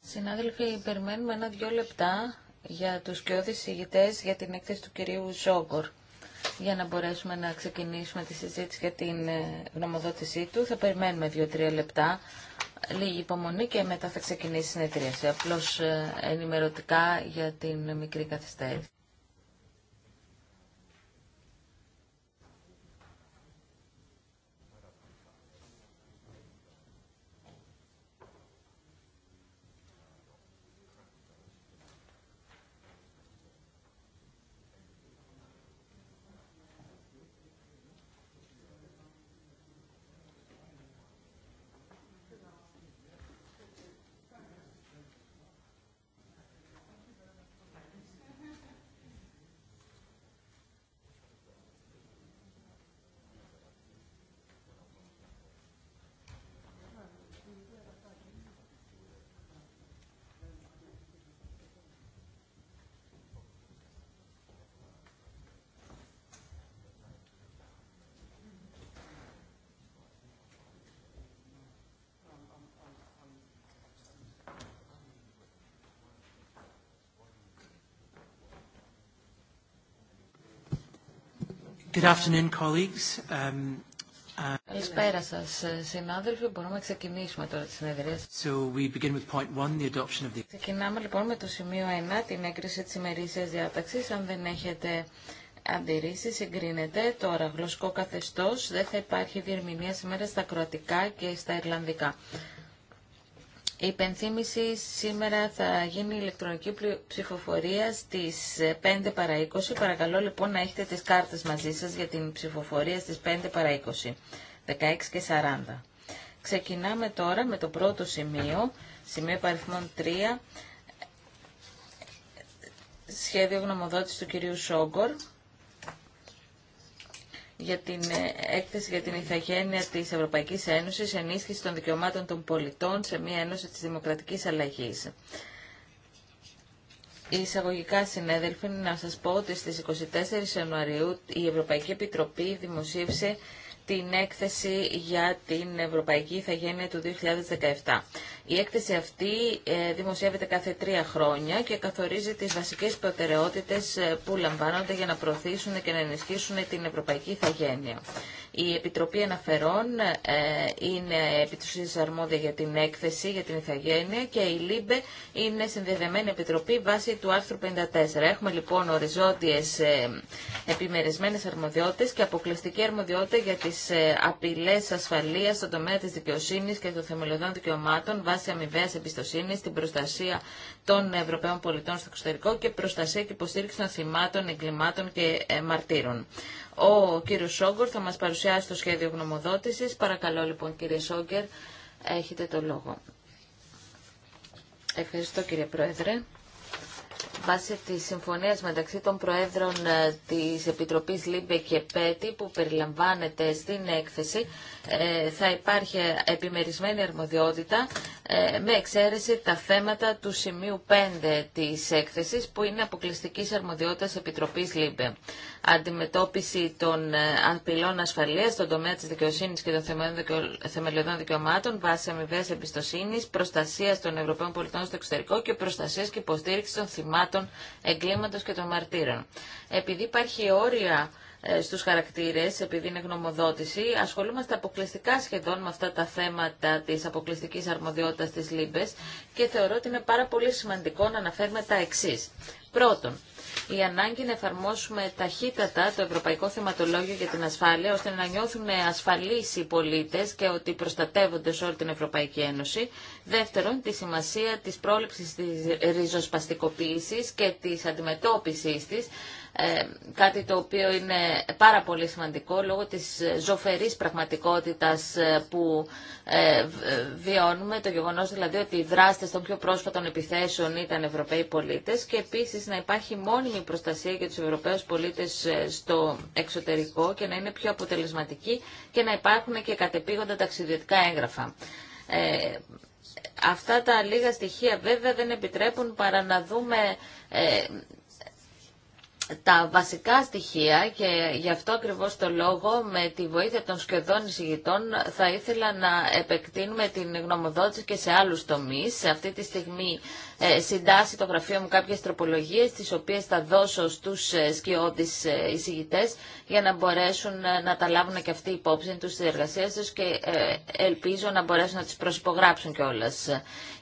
Συνάδελφοι, περιμένουμε ένα-δυο λεπτά για τους κοιόδης ηγητές για την έκθεση του κυρίου Ζόγκορ για να μπορέσουμε να ξεκινήσουμε τη συζήτηση για την ε, γνωμοδότησή του. Θα περιμένουμε δύο-τρία λεπτά, λίγη υπομονή και μετά θα ξεκινήσει η συνεδρίαση. Απλώς ε, ενημερωτικά για την μικρή καθυστέρηση. Good afternoon, colleagues. Um, uh, Καλησπέρα σα, ε, συνάδελφοι. Μπορούμε να ξεκινήσουμε τώρα τη συνεδρία. Ξεκινάμε λοιπόν με το σημείο 1, την έγκριση τη ημερήσια διάταξη. Αν δεν έχετε αντιρρήσει, συγκρίνεται Τώρα, γλωσσικό καθεστώ, δεν θα υπάρχει διερμηνία σήμερα στα κροατικά και στα ιρλανδικά. Η υπενθύμηση σήμερα θα γίνει ηλεκτρονική ψηφοφορία στις 5 παρα 20. Παρακαλώ λοιπόν να έχετε τις κάρτες μαζί σας για την ψηφοφορία στις 5 παρα 20, 16 και 40. Ξεκινάμε τώρα με το πρώτο σημείο, σημείο παριθμών 3, σχέδιο γνωμοδότης του κυρίου Σόγκορ για την ε, έκθεση για την ηθαγένεια της Ευρωπαϊκής Ένωσης, ενίσχυση των δικαιωμάτων των πολιτών σε μια ένωση της δημοκρατικής αλλαγής. Οι εισαγωγικά συνέδελφοι, να σας πω ότι στις 24 Ιανουαρίου η Ευρωπαϊκή Επιτροπή δημοσίευσε την έκθεση για την Ευρωπαϊκή Ιθαγένεια του 2017. Η έκθεση αυτή ε, δημοσιεύεται κάθε τρία χρόνια και καθορίζει τις βασικές προτεραιότητες ε, που λαμβάνονται για να προωθήσουν και να ενισχύσουν την ευρωπαϊκή ηθαγένεια. Η Επιτροπή Αναφερών ε, είναι επί αρμόδια για την έκθεση, για την ηθαγένεια και η ΛΥΜΠΕ είναι συνδεδεμένη επιτροπή βάσει του άρθρου 54. Έχουμε λοιπόν οριζόντιες επιμερισμένες αρμοδιότητες και αποκλειστική αρμοδιότητα για τις απειλές ασφαλείας στον τομέα της δικαιοσύνης και των θεμελιωδών δικαιωμάτων βάση αμοιβαία εμπιστοσύνη, στην προστασία των Ευρωπαίων πολιτών στο εξωτερικό και προστασία και υποστήριξη των θυμάτων, εγκλημάτων και ε, μαρτύρων. Ο κύριο Σόγκορ θα μα παρουσιάσει το σχέδιο γνωμοδότηση. Παρακαλώ λοιπόν κύριε Σόγκερ, έχετε το λόγο. Ευχαριστώ κύριε Πρόεδρε βάσει της συμφωνίας μεταξύ των Προέδρων ε, της Επιτροπής ΛΥΜΠΕ και ΠΕΤΗ που περιλαμβάνεται στην έκθεση ε, θα υπάρχει επιμερισμένη αρμοδιότητα ε, με εξαίρεση τα θέματα του σημείου 5 της έκθεσης που είναι αποκλειστική αρμοδιότητα Επιτροπής ΛΥΜΠΕ. Αντιμετώπιση των απειλών ασφαλείας στον τομέα τη δικαιοσύνη και των θεμελιωδών δικαιωμάτων βάσει αμοιβές εμπιστοσύνη, προστασία των Ευρωπαίων πολιτών στο εξωτερικό και προστασία και υποστήριξη των θυμάτων θυμάτων εγκλήματος και των μαρτύρων. Επειδή υπάρχει όρια ε, στους χαρακτήρες, επειδή είναι γνωμοδότηση, ασχολούμαστε αποκλειστικά σχεδόν με αυτά τα θέματα της αποκλειστικής αρμοδιότητας της ΛΥΜΠΕΣ και θεωρώ ότι είναι πάρα πολύ σημαντικό να αναφέρουμε τα εξής. Πρώτον, η ανάγκη να εφαρμόσουμε ταχύτατα το Ευρωπαϊκό Θεματολόγιο για την Ασφάλεια, ώστε να νιώθουν ασφαλείς οι πολίτες και ότι προστατεύονται σε όλη την Ευρωπαϊκή Ένωση. Δεύτερον, τη σημασία της πρόληψης της ριζοσπαστικοποίησης και της αντιμετώπισης της, ε, κάτι το οποίο είναι πάρα πολύ σημαντικό λόγω της ζωφερής πραγματικότητας ε, που ε, βιώνουμε, το γεγονός δηλαδή ότι οι δράστες των πιο πρόσφατων επιθέσεων ήταν Ευρωπαίοι πολίτες και επίσης να υπάρχει μόνιμη προστασία για τους Ευρωπαίους πολίτες στο εξωτερικό και να είναι πιο αποτελεσματική και να υπάρχουν και κατεπήγοντα ταξιδιωτικά έγγραφα. αυτά τα λίγα στοιχεία βέβαια δεν επιτρέπουν παρά να δούμε τα βασικά στοιχεία και γι' αυτό ακριβώς το λόγο με τη βοήθεια των σχεδόν εισηγητών θα ήθελα να επεκτείνουμε την γνωμοδότηση και σε άλλους τομείς. σε Αυτή τη στιγμή ε, συντάσει το γραφείο μου κάποιες τροπολογίες, τις οποίες θα δώσω στους ε, σκιώδεις ε, εισηγητές για να μπορέσουν να τα λάβουν και αυτοί υπόψη τους στις εργασίες τους και ελπίζω να μπορέσουν να τις προσυπογράψουν κιόλα.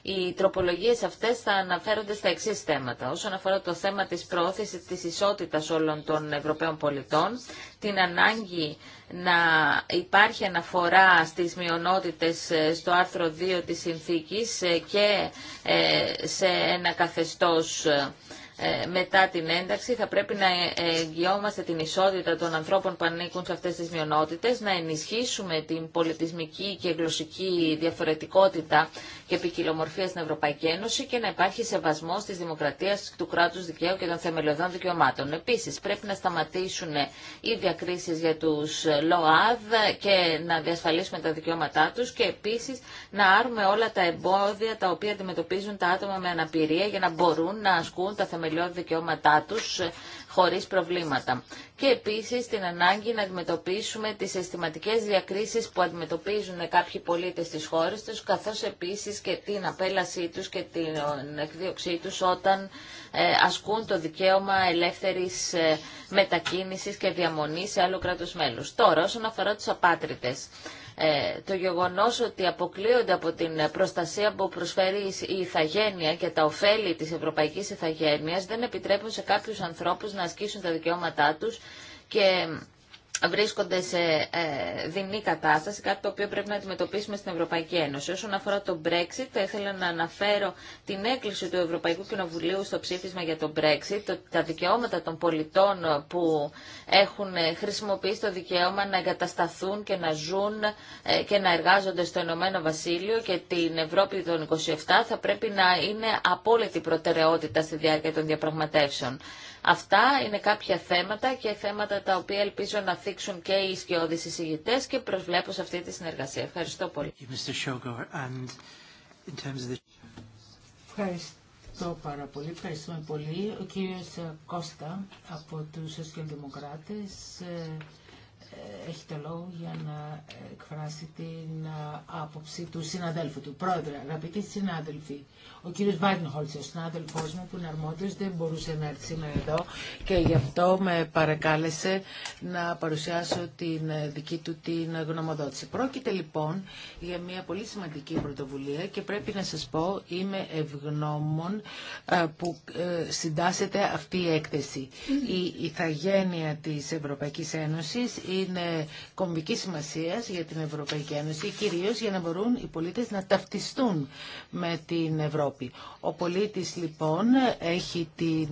Οι τροπολογίες αυτές θα αναφέρονται στα εξή θέματα. Όσον αφορά το θέμα της πρόθεσης της ισότητας όλων των Ευρωπαίων πολιτών, την ανάγκη να υπάρχει αναφορά στις μειονότητες ε, στο άρθρο 2 της συνθήκης ε, και ε, σε ένα καθεστώς μετά την ένταξη θα πρέπει να εγγυόμαστε την ισότητα των ανθρώπων που ανήκουν σε αυτές τις μειονότητες, να ενισχύσουμε την πολιτισμική και γλωσσική διαφορετικότητα και ποικιλομορφία στην Ευρωπαϊκή Ένωση και να υπάρχει σεβασμό τη δημοκρατία, του κράτου δικαίου και των θεμελιωδών δικαιωμάτων. Επίση, πρέπει να σταματήσουν οι διακρίσει για του ΛΟΑΔ και να διασφαλίσουμε τα δικαιώματά του και επίση να άρουμε όλα τα εμπόδια τα οποία αντιμετωπίζουν τα άτομα με αναπηρία για να μπορούν να ασκούν τα θεμελιώδη δικαιώματά του χωρίς προβλήματα. Και επίσης την ανάγκη να αντιμετωπίσουμε τις αισθηματικές διακρίσεις που αντιμετωπίζουν κάποιοι πολίτες στις χώρες τους, καθώς επίσης και την απέλασή τους και την εκδίωξή τους όταν ε, ασκούν το δικαίωμα ελεύθερης ε, μετακίνησης και διαμονής σε άλλο κράτος μέλους. Τώρα, όσον αφορά τους απάτριτες. Ε, το γεγονός ότι αποκλείονται από την προστασία που προσφέρει η ηθαγένεια και τα ωφέλη της ευρωπαϊκής ηθαγένειας δεν επιτρέπουν σε κάποιους ανθρώπους να ασκήσουν τα δικαιώματά τους και βρίσκονται σε ε, δεινή κατάσταση, κάτι το οποίο πρέπει να αντιμετωπίσουμε στην Ευρωπαϊκή Ένωση. Όσον αφορά το Brexit, θα ήθελα να αναφέρω την έκκληση του Ευρωπαϊκού Κοινοβουλίου στο ψήφισμα για το Brexit, τα δικαιώματα των πολιτών που έχουν χρησιμοποιήσει το δικαίωμα να εγκατασταθούν και να ζουν ε, και να εργάζονται στο Ηνωμένο Βασίλειο και την Ευρώπη των 27 θα πρέπει να είναι απόλυτη προτεραιότητα στη διάρκεια των διαπραγματεύσεων. Αυτά είναι κάποια θέματα και θέματα τα οποία ελπίζω να αναπτύξουν και οι ισχυώδει εισηγητές και προσβλέπω σε αυτή τη συνεργασία. Ευχαριστώ πολύ. Ευχαριστώ πάρα πολύ. Ευχαριστούμε πολύ. Ο κύριος Κώστα από τους Σοσιαλδημοκράτες. Ε, έχει το λόγο για να εκφράσει την ε, άποψη του συναδέλφου του. Πρόεδρε, αγαπητοί συνάδελφοι, ο κύριος Βάιντενχολτς, ο συνάδελφός μου που είναι αρμόδιος, δεν μπορούσε να έρθει σήμερα εδώ και γι' αυτό με παρακάλεσε να παρουσιάσω την ε, δική του την γνωμοδότηση. Πρόκειται λοιπόν για μια πολύ σημαντική πρωτοβουλία και πρέπει να σας πω είμαι ευγνώμων ε, που συντάσσεται αυτή η έκθεση. Η ηθαγένεια της Ευρωπαϊκής Ένωσης είναι κομβική σημασία για την Ευρωπαϊκή Ένωση, κυρίως για να μπορούν οι πολίτες να ταυτιστούν με την Ευρώπη. Ο πολίτης λοιπόν έχει τη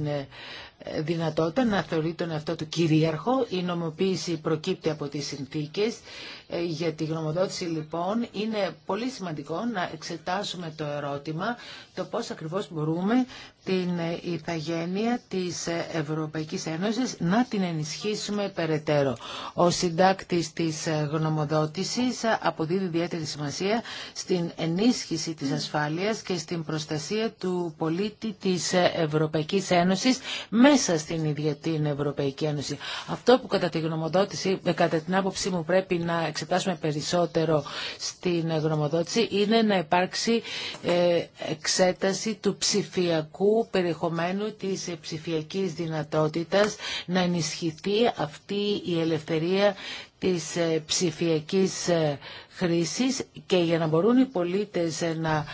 ε, δυνατότητα να θεωρεί τον εαυτό του κυρίαρχο. Η νομοποίηση προκύπτει από τις συνθήκες. Ε, για τη γνωμοδότηση λοιπόν είναι πολύ σημαντικό να εξετάσουμε το ερώτημα το πώς ακριβώς μπορούμε την ηθαγένεια της Ευρωπαϊκής Ένωσης να την ενισχύσουμε περαιτέρω. Ο συντάκτης της γνωμοδότησης αποδίδει ιδιαίτερη σημασία στην ενίσχυση της ασφάλειας και στην προστασία του πολίτη της Ευρωπαϊκής Ένωσης μέσα στην ίδια την Ευρωπαϊκή Ένωση. Αυτό που κατά τη γνωμοδότηση, ε, κατά την άποψή μου πρέπει να εξετάσουμε περισσότερο στην γνωμοδότηση είναι να υπάρξει ε, εξέταση του ψηφιακού περιχωμένου περιεχομένου της ψηφιακής δυνατότητας να ενισχυθεί αυτή η ελευθερία της ε, ψηφιακής ε, χρήσης και για να μπορούν οι πολίτες ε, να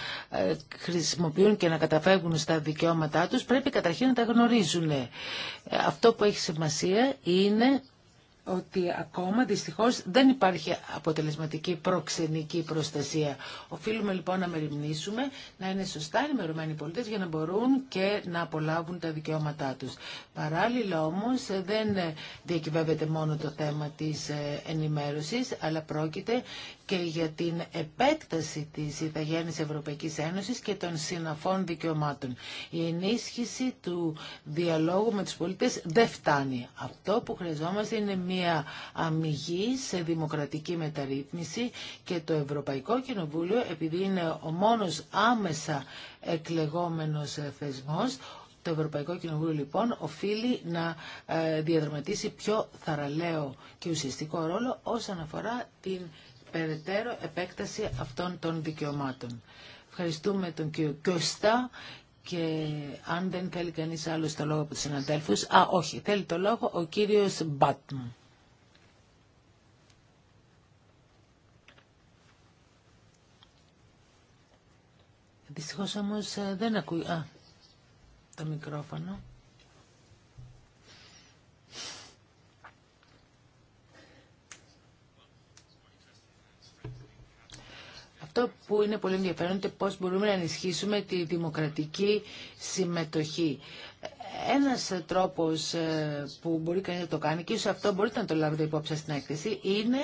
χρησιμοποιούν και να καταφεύγουν στα δικαιώματά τους πρέπει καταρχήν να τα γνωρίζουν. Αυτό που έχει σημασία είναι ότι ακόμα δυστυχώς δεν υπάρχει αποτελεσματική προξενική προστασία. Οφείλουμε λοιπόν να μεριμνήσουμε, να είναι σωστά ενημερωμένοι οι πολίτες για να μπορούν και να απολάβουν τα δικαιώματά τους. Παράλληλα όμως δεν διακυβεύεται μόνο το θέμα της ε, ενημέρωσης, αλλά πρόκειται και για την επέκταση της Ιθαγένης Ευρωπαϊκής Ένωσης και των συναφών δικαιωμάτων. Η ενίσχυση του διαλόγου με τους πολίτες δεν φτάνει. Αυτό που χρειαζόμαστε είναι μια αμυγή σε δημοκρατική μεταρρύθμιση και το Ευρωπαϊκό Κοινοβούλιο, επειδή είναι ο μόνος άμεσα εκλεγόμενος θεσμός, το Ευρωπαϊκό Κοινοβούλιο λοιπόν οφείλει να ε, διαδραματίσει πιο θαραλέο και ουσιαστικό ρόλο όσον αφορά την περαιτέρω επέκταση αυτών των δικαιωμάτων. Ευχαριστούμε τον κύριο Κιώστα και αν δεν θέλει κανείς άλλο το λόγο από τους συναδέλφους, α, όχι, θέλει το λόγο ο κύριος Μπάτμου. Δυστυχώς όμως ε, δεν ακούει. Α, το μικρόφωνο. Αυτό που είναι πολύ ενδιαφέρον είναι πώς μπορούμε να ενισχύσουμε τη δημοκρατική συμμετοχή. Ένας τρόπος ε, που μπορεί κανείς να το κάνει και ίσως αυτό μπορείτε να το λάβετε υπόψη στην έκθεση είναι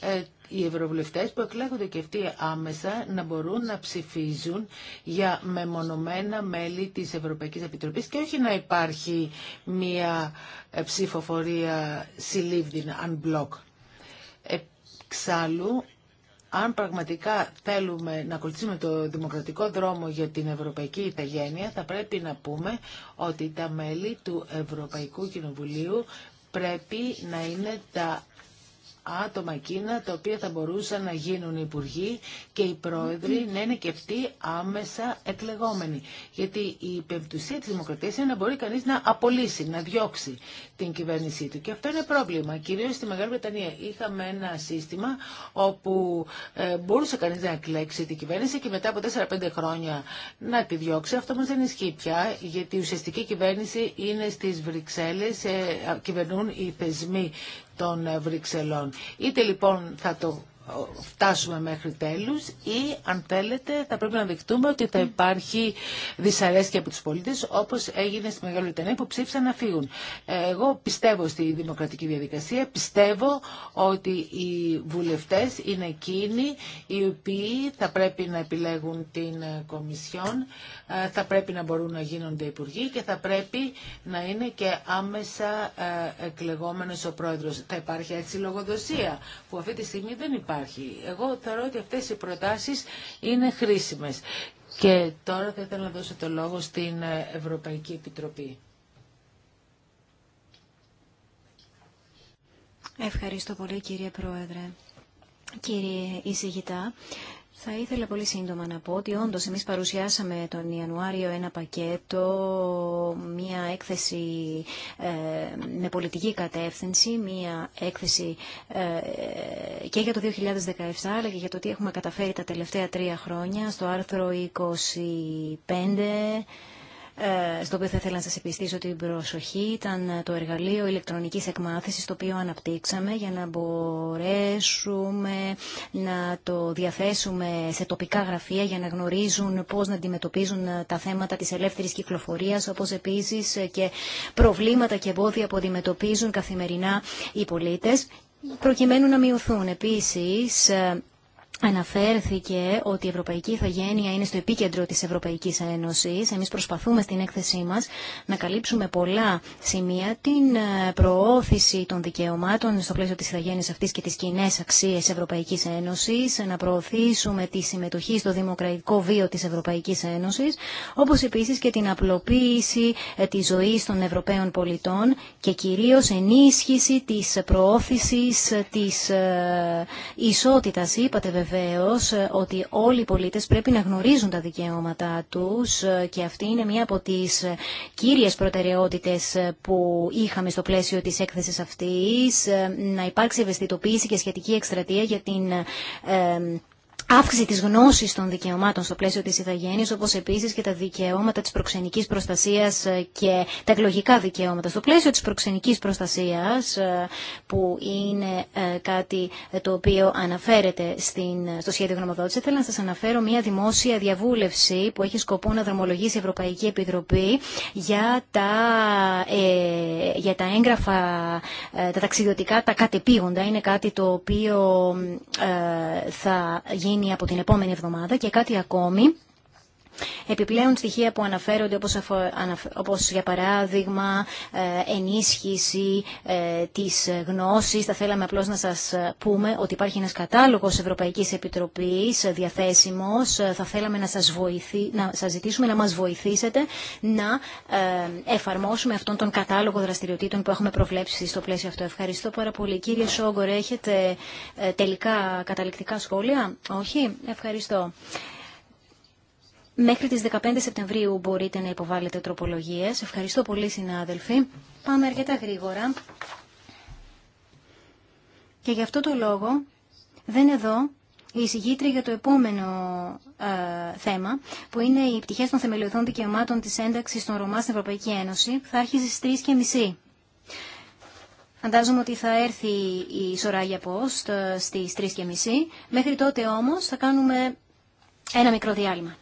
ε, οι ευρωβουλευτές που εκλέγονται και αυτοί άμεσα να μπορούν να ψηφίζουν για μεμονωμένα μέλη της Ευρωπαϊκής Επιτροπής και όχι να υπάρχει μία ε, ψηφοφορία συλλήβδη, unblock. Εξάλλου, αν πραγματικά θέλουμε να ακολουθήσουμε το δημοκρατικό δρόμο για την ευρωπαϊκή ηθαγένεια, θα πρέπει να πούμε ότι τα μέλη του Ευρωπαϊκού Κοινοβουλίου πρέπει να είναι τα άτομα εκείνα τα οποία θα μπορούσαν να γίνουν υπουργοί και οι πρόεδροι mm. να είναι και αυτοί άμεσα εκλεγόμενοι. Γιατί η υπεμπτουσία της δημοκρατίας είναι να μπορεί κανείς να απολύσει, να διώξει την κυβέρνησή του. Και αυτό είναι πρόβλημα. Κυρίως στη Μεγάλη Βρετανία είχαμε ένα σύστημα όπου ε, μπορούσε κανείς να εκλέξει την κυβέρνηση και μετά από 4-5 χρόνια να τη διώξει. Αυτό όμως δεν ισχύει πια γιατί η ουσιαστική κυβέρνηση είναι στις Βρυξέλλες, ε, κυβερνούν οι θεσμοί των ε, Βρυξελών. Είτε λοιπόν θα το φτάσουμε μέχρι τέλους ή αν θέλετε θα πρέπει να δεχτούμε ότι θα υπάρχει δυσαρέσκεια από τους πολίτες όπως έγινε στη Μεγάλη Βρετανία που ψήφισαν να φύγουν. Εγώ πιστεύω στη δημοκρατική διαδικασία, πιστεύω ότι οι βουλευτές είναι εκείνοι οι οποίοι θα πρέπει να επιλέγουν την ε, Κομισιόν, ε, θα πρέπει να μπορούν να γίνονται υπουργοί και θα πρέπει να είναι και άμεσα ε, εκλεγόμενος ο πρόεδρος. Θα υπάρχει έτσι λογοδοσία που αυτή τη στιγμή δεν υπάρχει. Εγώ θεωρώ ότι αυτές οι προτάσεις είναι χρήσιμες. Και τώρα θα ήθελα να δώσω το λόγο στην Ευρωπαϊκή Επιτροπή. Ευχαριστώ πολύ κύριε Πρόεδρε. Κύριε Ισηγητά, θα ήθελα πολύ σύντομα να πω ότι όντως εμείς παρουσιάσαμε τον Ιανουάριο ένα πακέτο, μία έκθεση ε, με πολιτική κατεύθυνση, μία έκθεση ε, και για το 2017 αλλά και για το τι έχουμε καταφέρει τα τελευταία τρία χρόνια στο άρθρο 25 ε, στο οποίο θα ήθελα να σας επιστήσω την προσοχή ήταν ε, το εργαλείο ηλεκτρονικής εκμάθησης το οποίο αναπτύξαμε για να μπορέσουμε να το διαθέσουμε σε τοπικά γραφεία για να γνωρίζουν πώς να αντιμετωπίζουν ε, τα θέματα της ελεύθερης κυκλοφορίας όπως επίσης και προβλήματα και εμπόδια που αντιμετωπίζουν καθημερινά οι πολίτες προκειμένου να μειωθούν. Επίσης, Αναφέρθηκε ότι η Ευρωπαϊκή Ιθαγένεια είναι στο επίκεντρο της Ευρωπαϊκής Ένωσης. Εμείς προσπαθούμε στην έκθεσή μας να καλύψουμε πολλά σημεία την ε, προώθηση των δικαιωμάτων στο πλαίσιο της Ιθαγένειας αυτής και τις κοινέ αξίες Ευρωπαϊκής Ένωσης, να προωθήσουμε τη συμμετοχή στο δημοκρατικό βίο της Ευρωπαϊκής Ένωσης, όπως επίσης και την απλοποίηση ε, της ζωής των Ευρωπαίων πολιτών και κυρίως ενίσχυση της προώθησης ε, της ισότητας. Είπατε βεβαίως ε, ότι όλοι οι πολίτες πρέπει να γνωρίζουν τα δικαιώματά τους ε, και αυτή είναι μία από τις ε, κύριες προτεραιότητες που είχαμε στο πλαίσιο της έκθεσης αυτής, να υπάρξει ευαισθητοποίηση και σχετική εκστρατεία για την αύξηση της γνώσης των δικαιωμάτων στο πλαίσιο της ηθαγένειας, όπως επίσης και τα δικαιώματα της προξενικής προστασίας ε, και τα εκλογικά δικαιώματα. Στο πλαίσιο της προξενικής προστασίας, ε, που είναι ε, κάτι το οποίο αναφέρεται στην, στο σχέδιο γνωμοδότηση, θέλω να σας αναφέρω μια δημόσια διαβούλευση που έχει σκοπό να δρομολογήσει η Ευρωπαϊκή Επιτροπή για τα, για τα έγγραφα, τα ταξιδιωτικά, τα κατεπήγοντα. Είναι κάτι το οποίο θα γίνει γίνει από την επόμενη εβδομάδα και κάτι ακόμη Επιπλέον στοιχεία που αναφέρονται όπως για παράδειγμα ε, ενίσχυση ε, της γνώσης. Θα θέλαμε απλώς να σας πούμε ότι υπάρχει ένας κατάλογος Ευρωπαϊκής Επιτροπής διαθέσιμος. Ε, θα θέλαμε να σας, βοηθεί, να σας ζητήσουμε να μας βοηθήσετε να εφαρμόσουμε αυτόν τον κατάλογο δραστηριοτήτων που έχουμε προβλέψει στο πλαίσιο αυτό. Ευχαριστώ πάρα πολύ. Κύριε Σόγκορ, έχετε τελικά καταληκτικά σχόλια. Όχι, ευχαριστώ. Μέχρι τις 15 Σεπτεμβρίου μπορείτε να υποβάλλετε τροπολογίες. Ευχαριστώ πολύ συνάδελφοι. Πάμε αρκετά γρήγορα. Και γι' αυτό το λόγο δεν εδώ η εισηγήτρια για το επόμενο ε, θέμα, που είναι οι πτυχέ των θεμελιωδών δικαιωμάτων τη ένταξη των Ρωμά στην Ευρωπαϊκή Ένωση, θα άρχισε στις 3.30. Φαντάζομαι ότι θα έρθει η Σοράγια Πόστ ε, στι 3.30. Μέχρι τότε όμως, θα κάνουμε ένα μικρό διάλειμμα.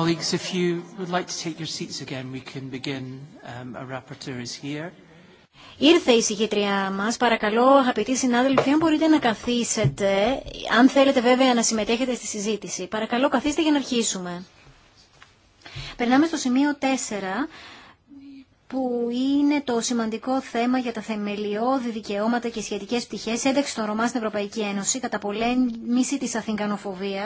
Colleagues, if you would like to take your seats again, we can begin. Um, our rapporteur is here. Ήρθε η συγχετριά μας. Παρακαλώ, αγαπητοί συνάδελφοι, αν μπορείτε να καθίσετε, αν θέλετε βέβαια να συμμετέχετε στη συζήτηση. Παρακαλώ, καθίστε για να αρχίσουμε. Περνάμε στο σημείο 4 που είναι το σημαντικό θέμα για τα θεμελιώδη δικαιώματα και σχετικέ πτυχέ, ένταξη των Ρωμά στην Ευρωπαϊκή Ένωση, κατά πολέμηση τη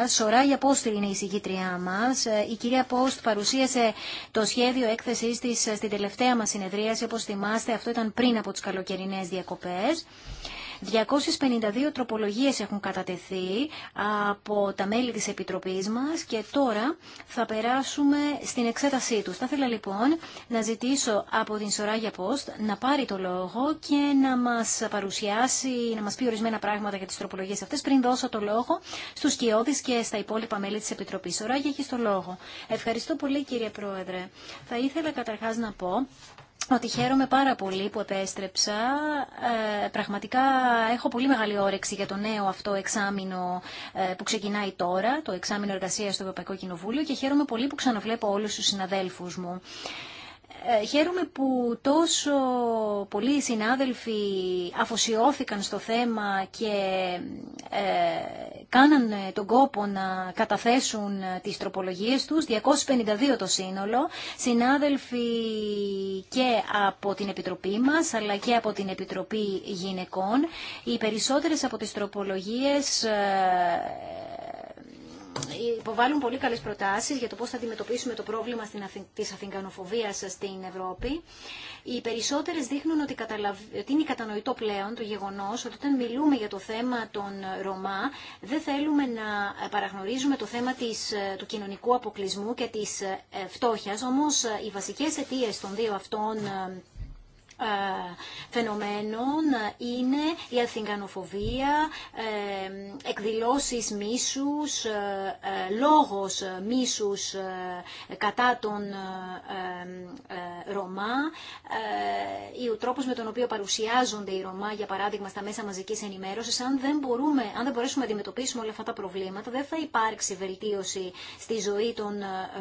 Σωρά η Πόστ είναι η συγκήτριά μα. Ε, η κυρία Πόστ παρουσίασε το σχέδιο έκθεσή τη ε, στην τελευταία μα συνεδρίαση. Όπω θυμάστε, αυτό ήταν πριν από τι καλοκαιρινέ διακοπέ. 252 τροπολογίες έχουν κατατεθεί από τα μέλη της Επιτροπής μας και τώρα θα περάσουμε στην εξέτασή τους. Θα ήθελα λοιπόν να ζητήσω από την Σοράγια Πόστ να πάρει το λόγο και να μας παρουσιάσει, να μας πει ορισμένα πράγματα για τις τροπολογίες αυτές πριν δώσω το λόγο στους Κιώδης και στα υπόλοιπα μέλη της Επιτροπής. Σοράγια, έχει το λόγο. Ευχαριστώ πολύ κύριε Πρόεδρε. Θα ήθελα καταρχάς να πω ότι χαίρομαι πάρα πολύ που επέστρεψα. Ε, πραγματικά έχω πολύ μεγάλη όρεξη για το νέο αυτό εξάμεινο ε, που ξεκινάει τώρα, το εξάμεινο εργασίας στο Ευρωπαϊκό Κοινοβούλιο και χαίρομαι πολύ που ξαναβλέπω όλους τους συναδέλφους μου. Ε, χαίρομαι που τόσο πολλοί συνάδελφοι αφοσιώθηκαν στο θέμα και ε, κάναν τον κόπο να καταθέσουν τις τροπολογίες τους, 252 το σύνολο, συνάδελφοι και από την Επιτροπή μας, αλλά και από την Επιτροπή Γυναικών. Οι περισσότερες από τις τροπολογίες ε, υποβάλλουν πολύ καλές προτάσεις για το πώς θα αντιμετωπίσουμε το πρόβλημα της αθηγανοφοβίας στην Ευρώπη. Οι περισσότερες δείχνουν ότι, είναι κατανοητό πλέον το γεγονός ότι όταν μιλούμε για το θέμα των Ρωμά δεν θέλουμε να παραγνωρίζουμε το θέμα της, ε, του κοινωνικού αποκλεισμού και της ε, φτώχειας. Όμως ε, οι βασικές αιτίες των δύο αυτών ε, φαινομένων είναι η αθηγανοφοβία, ε, εκδηλώσεις μίσους, ε, λόγος μίσους κατά τον Ρωμά, ο τρόπος με τον οποίο παρουσιάζονται οι Ρωμά, για παράδειγμα, στα μέσα μαζικής ενημέρωσης, αν δεν, μπορούμε, αν δεν μπορέσουμε να αντιμετωπίσουμε όλα αυτά τα προβλήματα, δεν θα υπάρξει βελτίωση στη ζωή των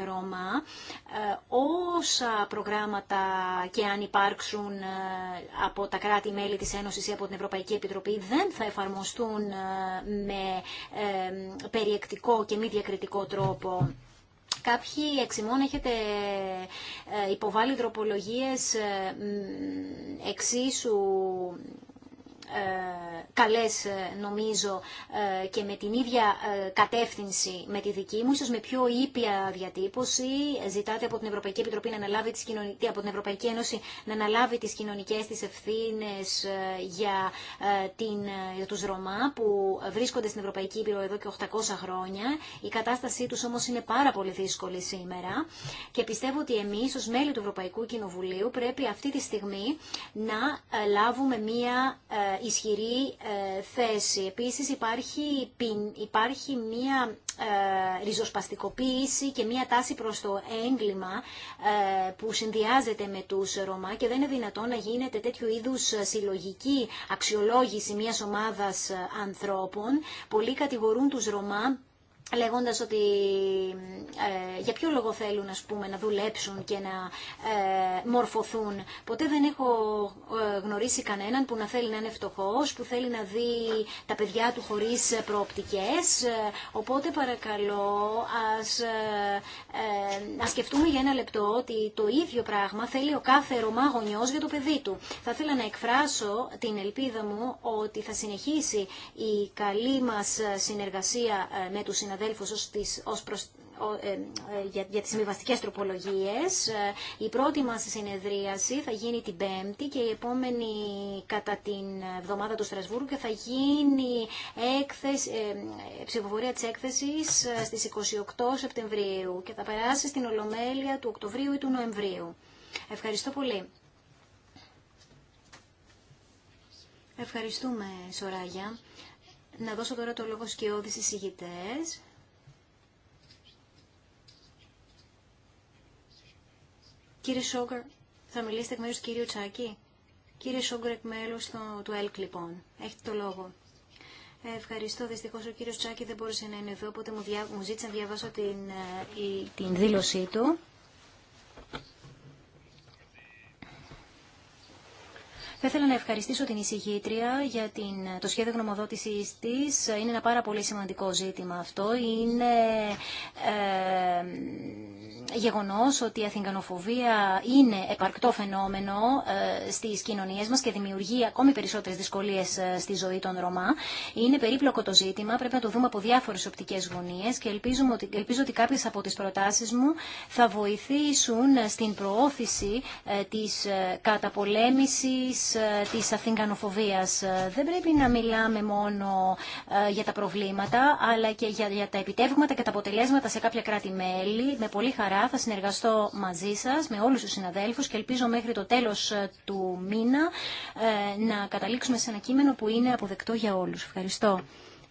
Ρωμά. Όσα προγράμματα και αν υπάρξουν ε, από τα κράτη-μέλη της Ένωσης ή από την Ευρωπαϊκή Επιτροπή δεν θα εφαρμοστούν ε, με ε, περιεκτικό και μη διακριτικό τρόπο. Κάποιοι εξημών έχετε υποβάλει τροπολογίες εξίσου ε, καλές ε, νομίζω ε, και με την ίδια κατεύθυνση με τη δική μου, ίσως με πιο ήπια διατύπωση. Ζητάτε από την Ευρωπαϊκή Επιτροπή να αναλάβει τις από την Ευρωπαϊκή Ένωση να αναλάβει τις κοινωνικές της ευθύνες για, την, τους Ρωμά που βρίσκονται στην Ευρωπαϊκή Ήπειρο εδώ και 800 χρόνια. Η κατάστασή τους όμως είναι πάρα πολύ δύσκολη σήμερα και πιστεύω ότι εμείς ως μέλη του Ευρωπαϊκού Κοινοβουλίου πρέπει αυτή τη στιγμή να λάβουμε μία ισχυρή ε, θέση. Επίσης υπάρχει, υπάρχει μία ε, ριζοσπαστικοποίηση και μία τάση προς το έγκλημα ε, που συνδυάζεται με τους Ρωμά και δεν είναι δυνατόν να γίνεται τέτοιου είδους συλλογική αξιολόγηση μιας ομάδας ανθρώπων. Πολλοί κατηγορούν τους Ρωμά λέγοντας ότι ε, για ποιο λόγο θέλουν ας πούμε, να δουλέψουν και να ε, μορφωθούν. Ποτέ δεν έχω ε, γνωρίσει κανέναν που να θέλει να είναι φτωχός, που θέλει να δει τα παιδιά του χωρίς προοπτικές. Ε, οπότε παρακαλώ ας, ας σκεφτούμε για ένα λεπτό ότι το ίδιο πράγμα θέλει ο κάθε Ρωμά για το παιδί του. Θα ήθελα να εκφράσω την ελπίδα μου ότι θα συνεχίσει η καλή μας συνεργασία με τους συναδέλφους ως, ως ε, ε, για, για τις συμβιβαστικέ τροπολογίες. Ε, η πρώτη μας συνεδρίαση θα γίνει την Πέμπτη και η επόμενη κατά την εβδομάδα του Στρασβούργου και θα γίνει έκθεση, ψηφοφορία της έκθεσης στις 28 Σεπτεμβρίου και θα περάσει στην Ολομέλεια του Οκτωβρίου ή του Νοεμβρίου. Ευχαριστώ πολύ. Ευχαριστούμε, Σοράγια. Να δώσω τώρα το λόγο στις Κύριε Σόγκορ, θα μιλήσετε εκ μέρους του κύριου Τσάκη. Κύριε Σόγκορ, εκ μέρους του ΕΛΚ, λοιπόν. Έχετε το λόγο. Ε, ευχαριστώ. Δυστυχώς ο κύριος Τσάκη δεν μπορούσε να είναι εδώ, οπότε μου, διά... μου ζήτησε να διαβάσω την, ε, την δήλωσή του. Θα ήθελα να ευχαριστήσω την εισηγήτρια για την, το σχέδιο γνωμοδότησής της. Είναι ένα πάρα πολύ σημαντικό ζήτημα αυτό. Είναι ε, ότι η αθηγανοφοβία είναι επαρκτό φαινόμενο ε, στις κοινωνίες μας και δημιουργεί ακόμη περισσότερες δυσκολίες ε, στη ζωή των Ρωμά. Είναι περίπλοκο το ζήτημα, πρέπει να το δούμε από διάφορε οπτικέ γωνίε και ότι, ελπίζω ότι κάποιε από τι προτάσει μου θα βοηθήσουν ε, στην προώθηση ε, της ε, καταπολέμησης της ε, αθηγανοφοβίας. Ε, δεν πρέπει να μιλάμε μόνο ε, για τα προβλήματα, αλλά και για τα επιτεύγματα και τα αποτελέσματα σε κάποια κράτη-μέλη. Με πολύ χαρά θα συνεργαστώ μαζί σας, με όλους τους συναδέλφους και ελπίζω μέχρι το τέλος του μήνα να καταλήξουμε σε ένα κείμενο που είναι αποδεκτό για όλους. Ευχαριστώ.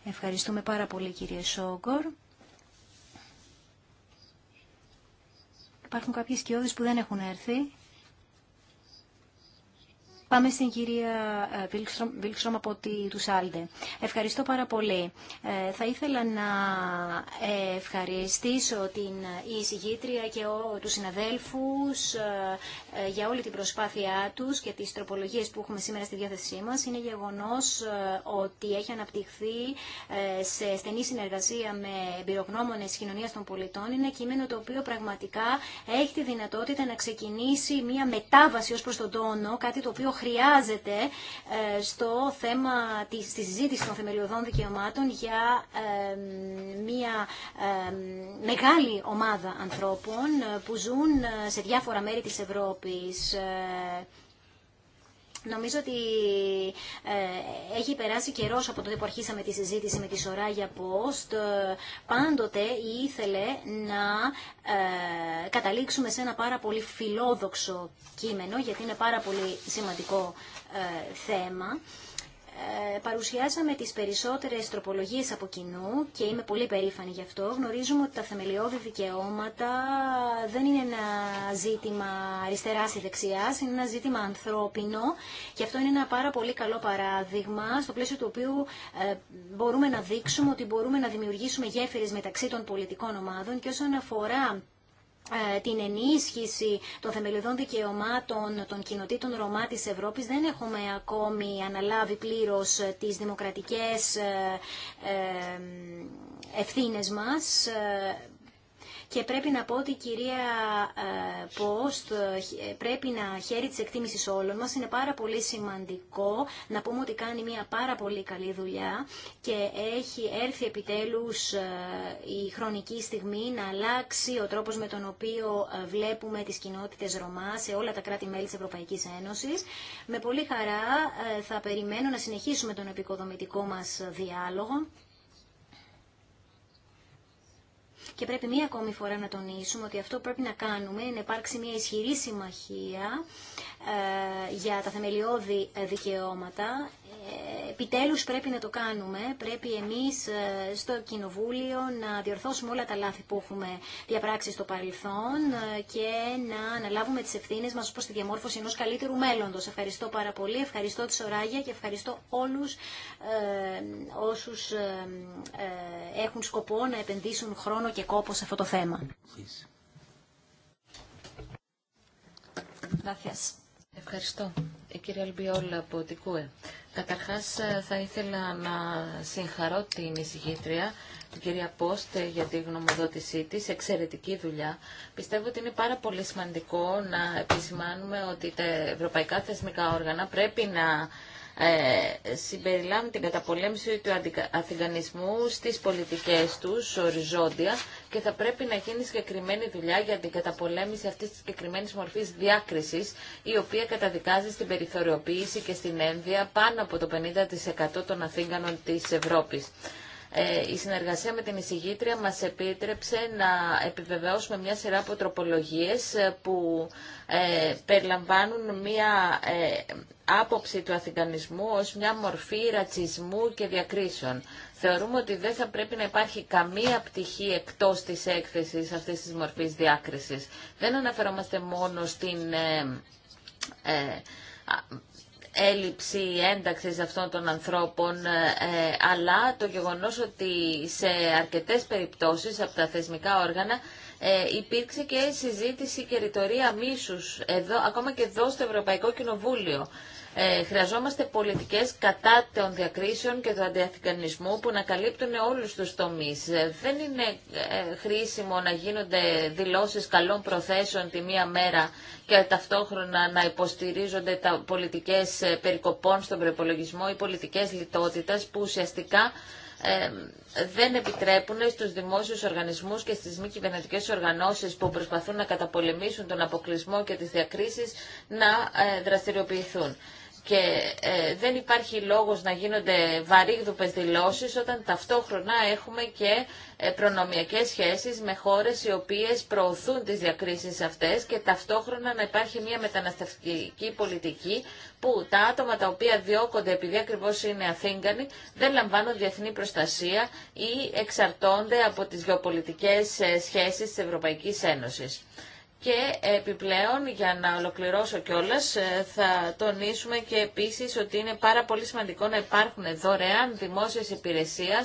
Ευχαριστούμε πάρα πολύ κύριε Σόγκορ. Υπάρχουν κάποιες σκιώδεις που δεν έχουν έρθει. Πάμε στην κυρία ε, Βίλξρομ από τη, Τουσάλντε. Ευχαριστώ πάρα πολύ. Ε, θα ήθελα να ε, ευχαριστήσω την εισηγήτρια και ο, τους συναδέλφους ε, για όλη την προσπάθειά τους και τις τροπολογίες που έχουμε σήμερα στη διάθεσή μας. Είναι γεγονός ότι έχει αναπτυχθεί σε στενή συνεργασία με εμπειρογνώμονες κοινωνίας των πολιτών. Είναι κείμενο το οποίο πραγματικά έχει τη δυνατότητα να ξεκινήσει μια μετάβαση ως προς τον τόνο, κάτι το οποίο χρειάζεται ε, στο θέμα της, στη συζήτηση των θεμελιωδών δικαιωμάτων για ε, μια ε, μεγάλη ομάδα ανθρώπων που ζουν σε διάφορα μέρη της Ευρώπης Νομίζω ότι ε, έχει περάσει καιρό από τότε που αρχίσαμε τη συζήτηση με τη Σωράγια για Post. Ε, πάντοτε ήθελε να ε, καταλήξουμε σε ένα πάρα πολύ φιλόδοξο κείμενο, γιατί είναι πάρα πολύ σημαντικό θέμα. Ε, παρουσιάσαμε τις περισσότερες τροπολογίες από κοινού και είμαι πολύ περήφανη γι' αυτό. Γνωρίζουμε ότι τα θεμελιώδη δικαιώματα δεν είναι ένα ζήτημα αριστεράς ή δεξιάς, είναι ένα ζήτημα ανθρώπινο και αυτό είναι ένα πάρα πολύ καλό παράδειγμα στο πλαίσιο του οποίου ε, μπορούμε να δείξουμε ότι μπορούμε να δημιουργήσουμε γέφυρες μεταξύ των πολιτικών ομάδων και όσον αφορά ε, την ενίσχυση των θεμελιωδών δικαιωμάτων των κοινοτήτων Ρωμά της Ευρώπης δεν έχουμε ακόμη αναλάβει πλήρως ε, τις δημοκρατικές ε, ευθύνες μας και πρέπει να πω ότι η κυρία ε, Πόστ πρέπει να χαίρει τη εκτίμηση όλων μας. Είναι πάρα πολύ σημαντικό να πούμε ότι κάνει μια πάρα πολύ καλή δουλειά και έχει έρθει επιτέλους ε, η χρονική στιγμή να αλλάξει ο τρόπος με τον οποίο ε, βλέπουμε τις κοινότητε Ρωμά σε όλα τα κράτη-μέλη της Ευρωπαϊκής Ένωσης. Με πολύ χαρά θα περιμένω να συνεχίσουμε τον επικοδομητικό μας διάλογο και πρέπει μία ακόμη φορά να τονίσουμε ότι αυτό πρέπει να κάνουμε είναι να υπάρξει μία ισχυρή συμμαχία ε, για τα θεμελιώδη ε, δικαιώματα επιτέλους πρέπει να το κάνουμε. Πρέπει εμείς ε, στο Κοινοβούλιο να διορθώσουμε όλα τα λάθη που έχουμε διαπράξει στο παρελθόν ε, και να αναλάβουμε τις ευθύνες μας προς τη διαμόρφωση ενός καλύτερου μέλλοντος. Ευχαριστώ πάρα πολύ, ευχαριστώ τη Σοράγια και ευχαριστώ όλους ε, όσους ε, έχουν σκοπό να επενδύσουν χρόνο και κόπο σε αυτό το θέμα. Gracias. Ευχαριστώ. Η ε, κυρία Αλμπιόλα από την ΚΟΕ. Καταρχάς ε, θα ήθελα να συγχαρώ την εισηγήτρια, την κυρία Πόστε, για τη γνωμοδότησή της. Εξαιρετική δουλειά. Πιστεύω ότι είναι πάρα πολύ σημαντικό να επισημάνουμε ότι τα ευρωπαϊκά θεσμικά όργανα πρέπει να ε, την καταπολέμηση του αθηγανισμού στις πολιτικές τους οριζόντια και θα πρέπει να γίνει συγκεκριμένη δουλειά για την καταπολέμηση αυτής τη συγκεκριμένη μορφής διάκριση, η οποία καταδικάζει στην περιθωριοποίηση και στην ένδυα πάνω από το 50% των αθήγανων τη Ευρώπης. Ε, η συνεργασία με την εισηγήτρια μας επίτρεψε να επιβεβαιώσουμε μια σειρά από τροπολογίες ε, που ε, περιλαμβάνουν μια άποψη του αθηγανισμού ως μια μορφή ρατσισμού και διακρίσεων. Θεωρούμε ότι δεν θα πρέπει να υπάρχει καμία πτυχή εκτός της έκθεσης αυτής της μορφής διάκρισης. Δεν αναφερόμαστε μόνο στην έλλειψη ένταξης αυτών των ανθρώπων, ε, ε, αλλά το γεγονός ότι σε αρκετές περιπτώσεις από τα θεσμικά όργανα ε, υπήρξε και συζήτηση και ρητορία μίσους εδώ, ακόμα και εδώ στο Ευρωπαϊκό Κοινοβούλιο. Ε, χρειαζόμαστε πολιτικέ κατά των διακρίσεων και του αντιαθηκανισμού που να καλύπτουν όλους τους τομείς. Ε, δεν είναι ε, χρήσιμο να γίνονται δηλώσει καλών προθέσεων τη μία μέρα και ταυτόχρονα να υποστηρίζονται τα πολιτικές ε, περικοπών στον προπολογισμό ή πολιτικέ λιτότητας που ουσιαστικά δεν επιτρέπουν στους δημόσιους οργανισμούς και στις μη κυβερνητικέ οργανώσεις που προσπαθούν να καταπολεμήσουν τον αποκλεισμό και τις διακρίσεις να ε, δραστηριοποιηθούν και ε, δεν υπάρχει λόγος να γίνονται βαρύγδουπες δηλώσεις όταν ταυτόχρονα έχουμε και ε, προνομιακές σχέσεις με χώρες οι οποίες προωθούν τις διακρίσεις αυτές και ταυτόχρονα να υπάρχει μια μεταναστευτική πολιτική που τα άτομα τα οποία διώκονται επειδή ακριβώ είναι αθήγκανοι δεν λαμβάνουν διεθνή προστασία ή εξαρτώνται από τις γεωπολιτικές ε, σχέσεις της Ευρωπαϊκής Ένωσης. Και επιπλέον, για να ολοκληρώσω κιόλα, ε, θα τονίσουμε και επίση ότι είναι πάρα πολύ σημαντικό να υπάρχουν δωρεάν δημόσιε υπηρεσίε,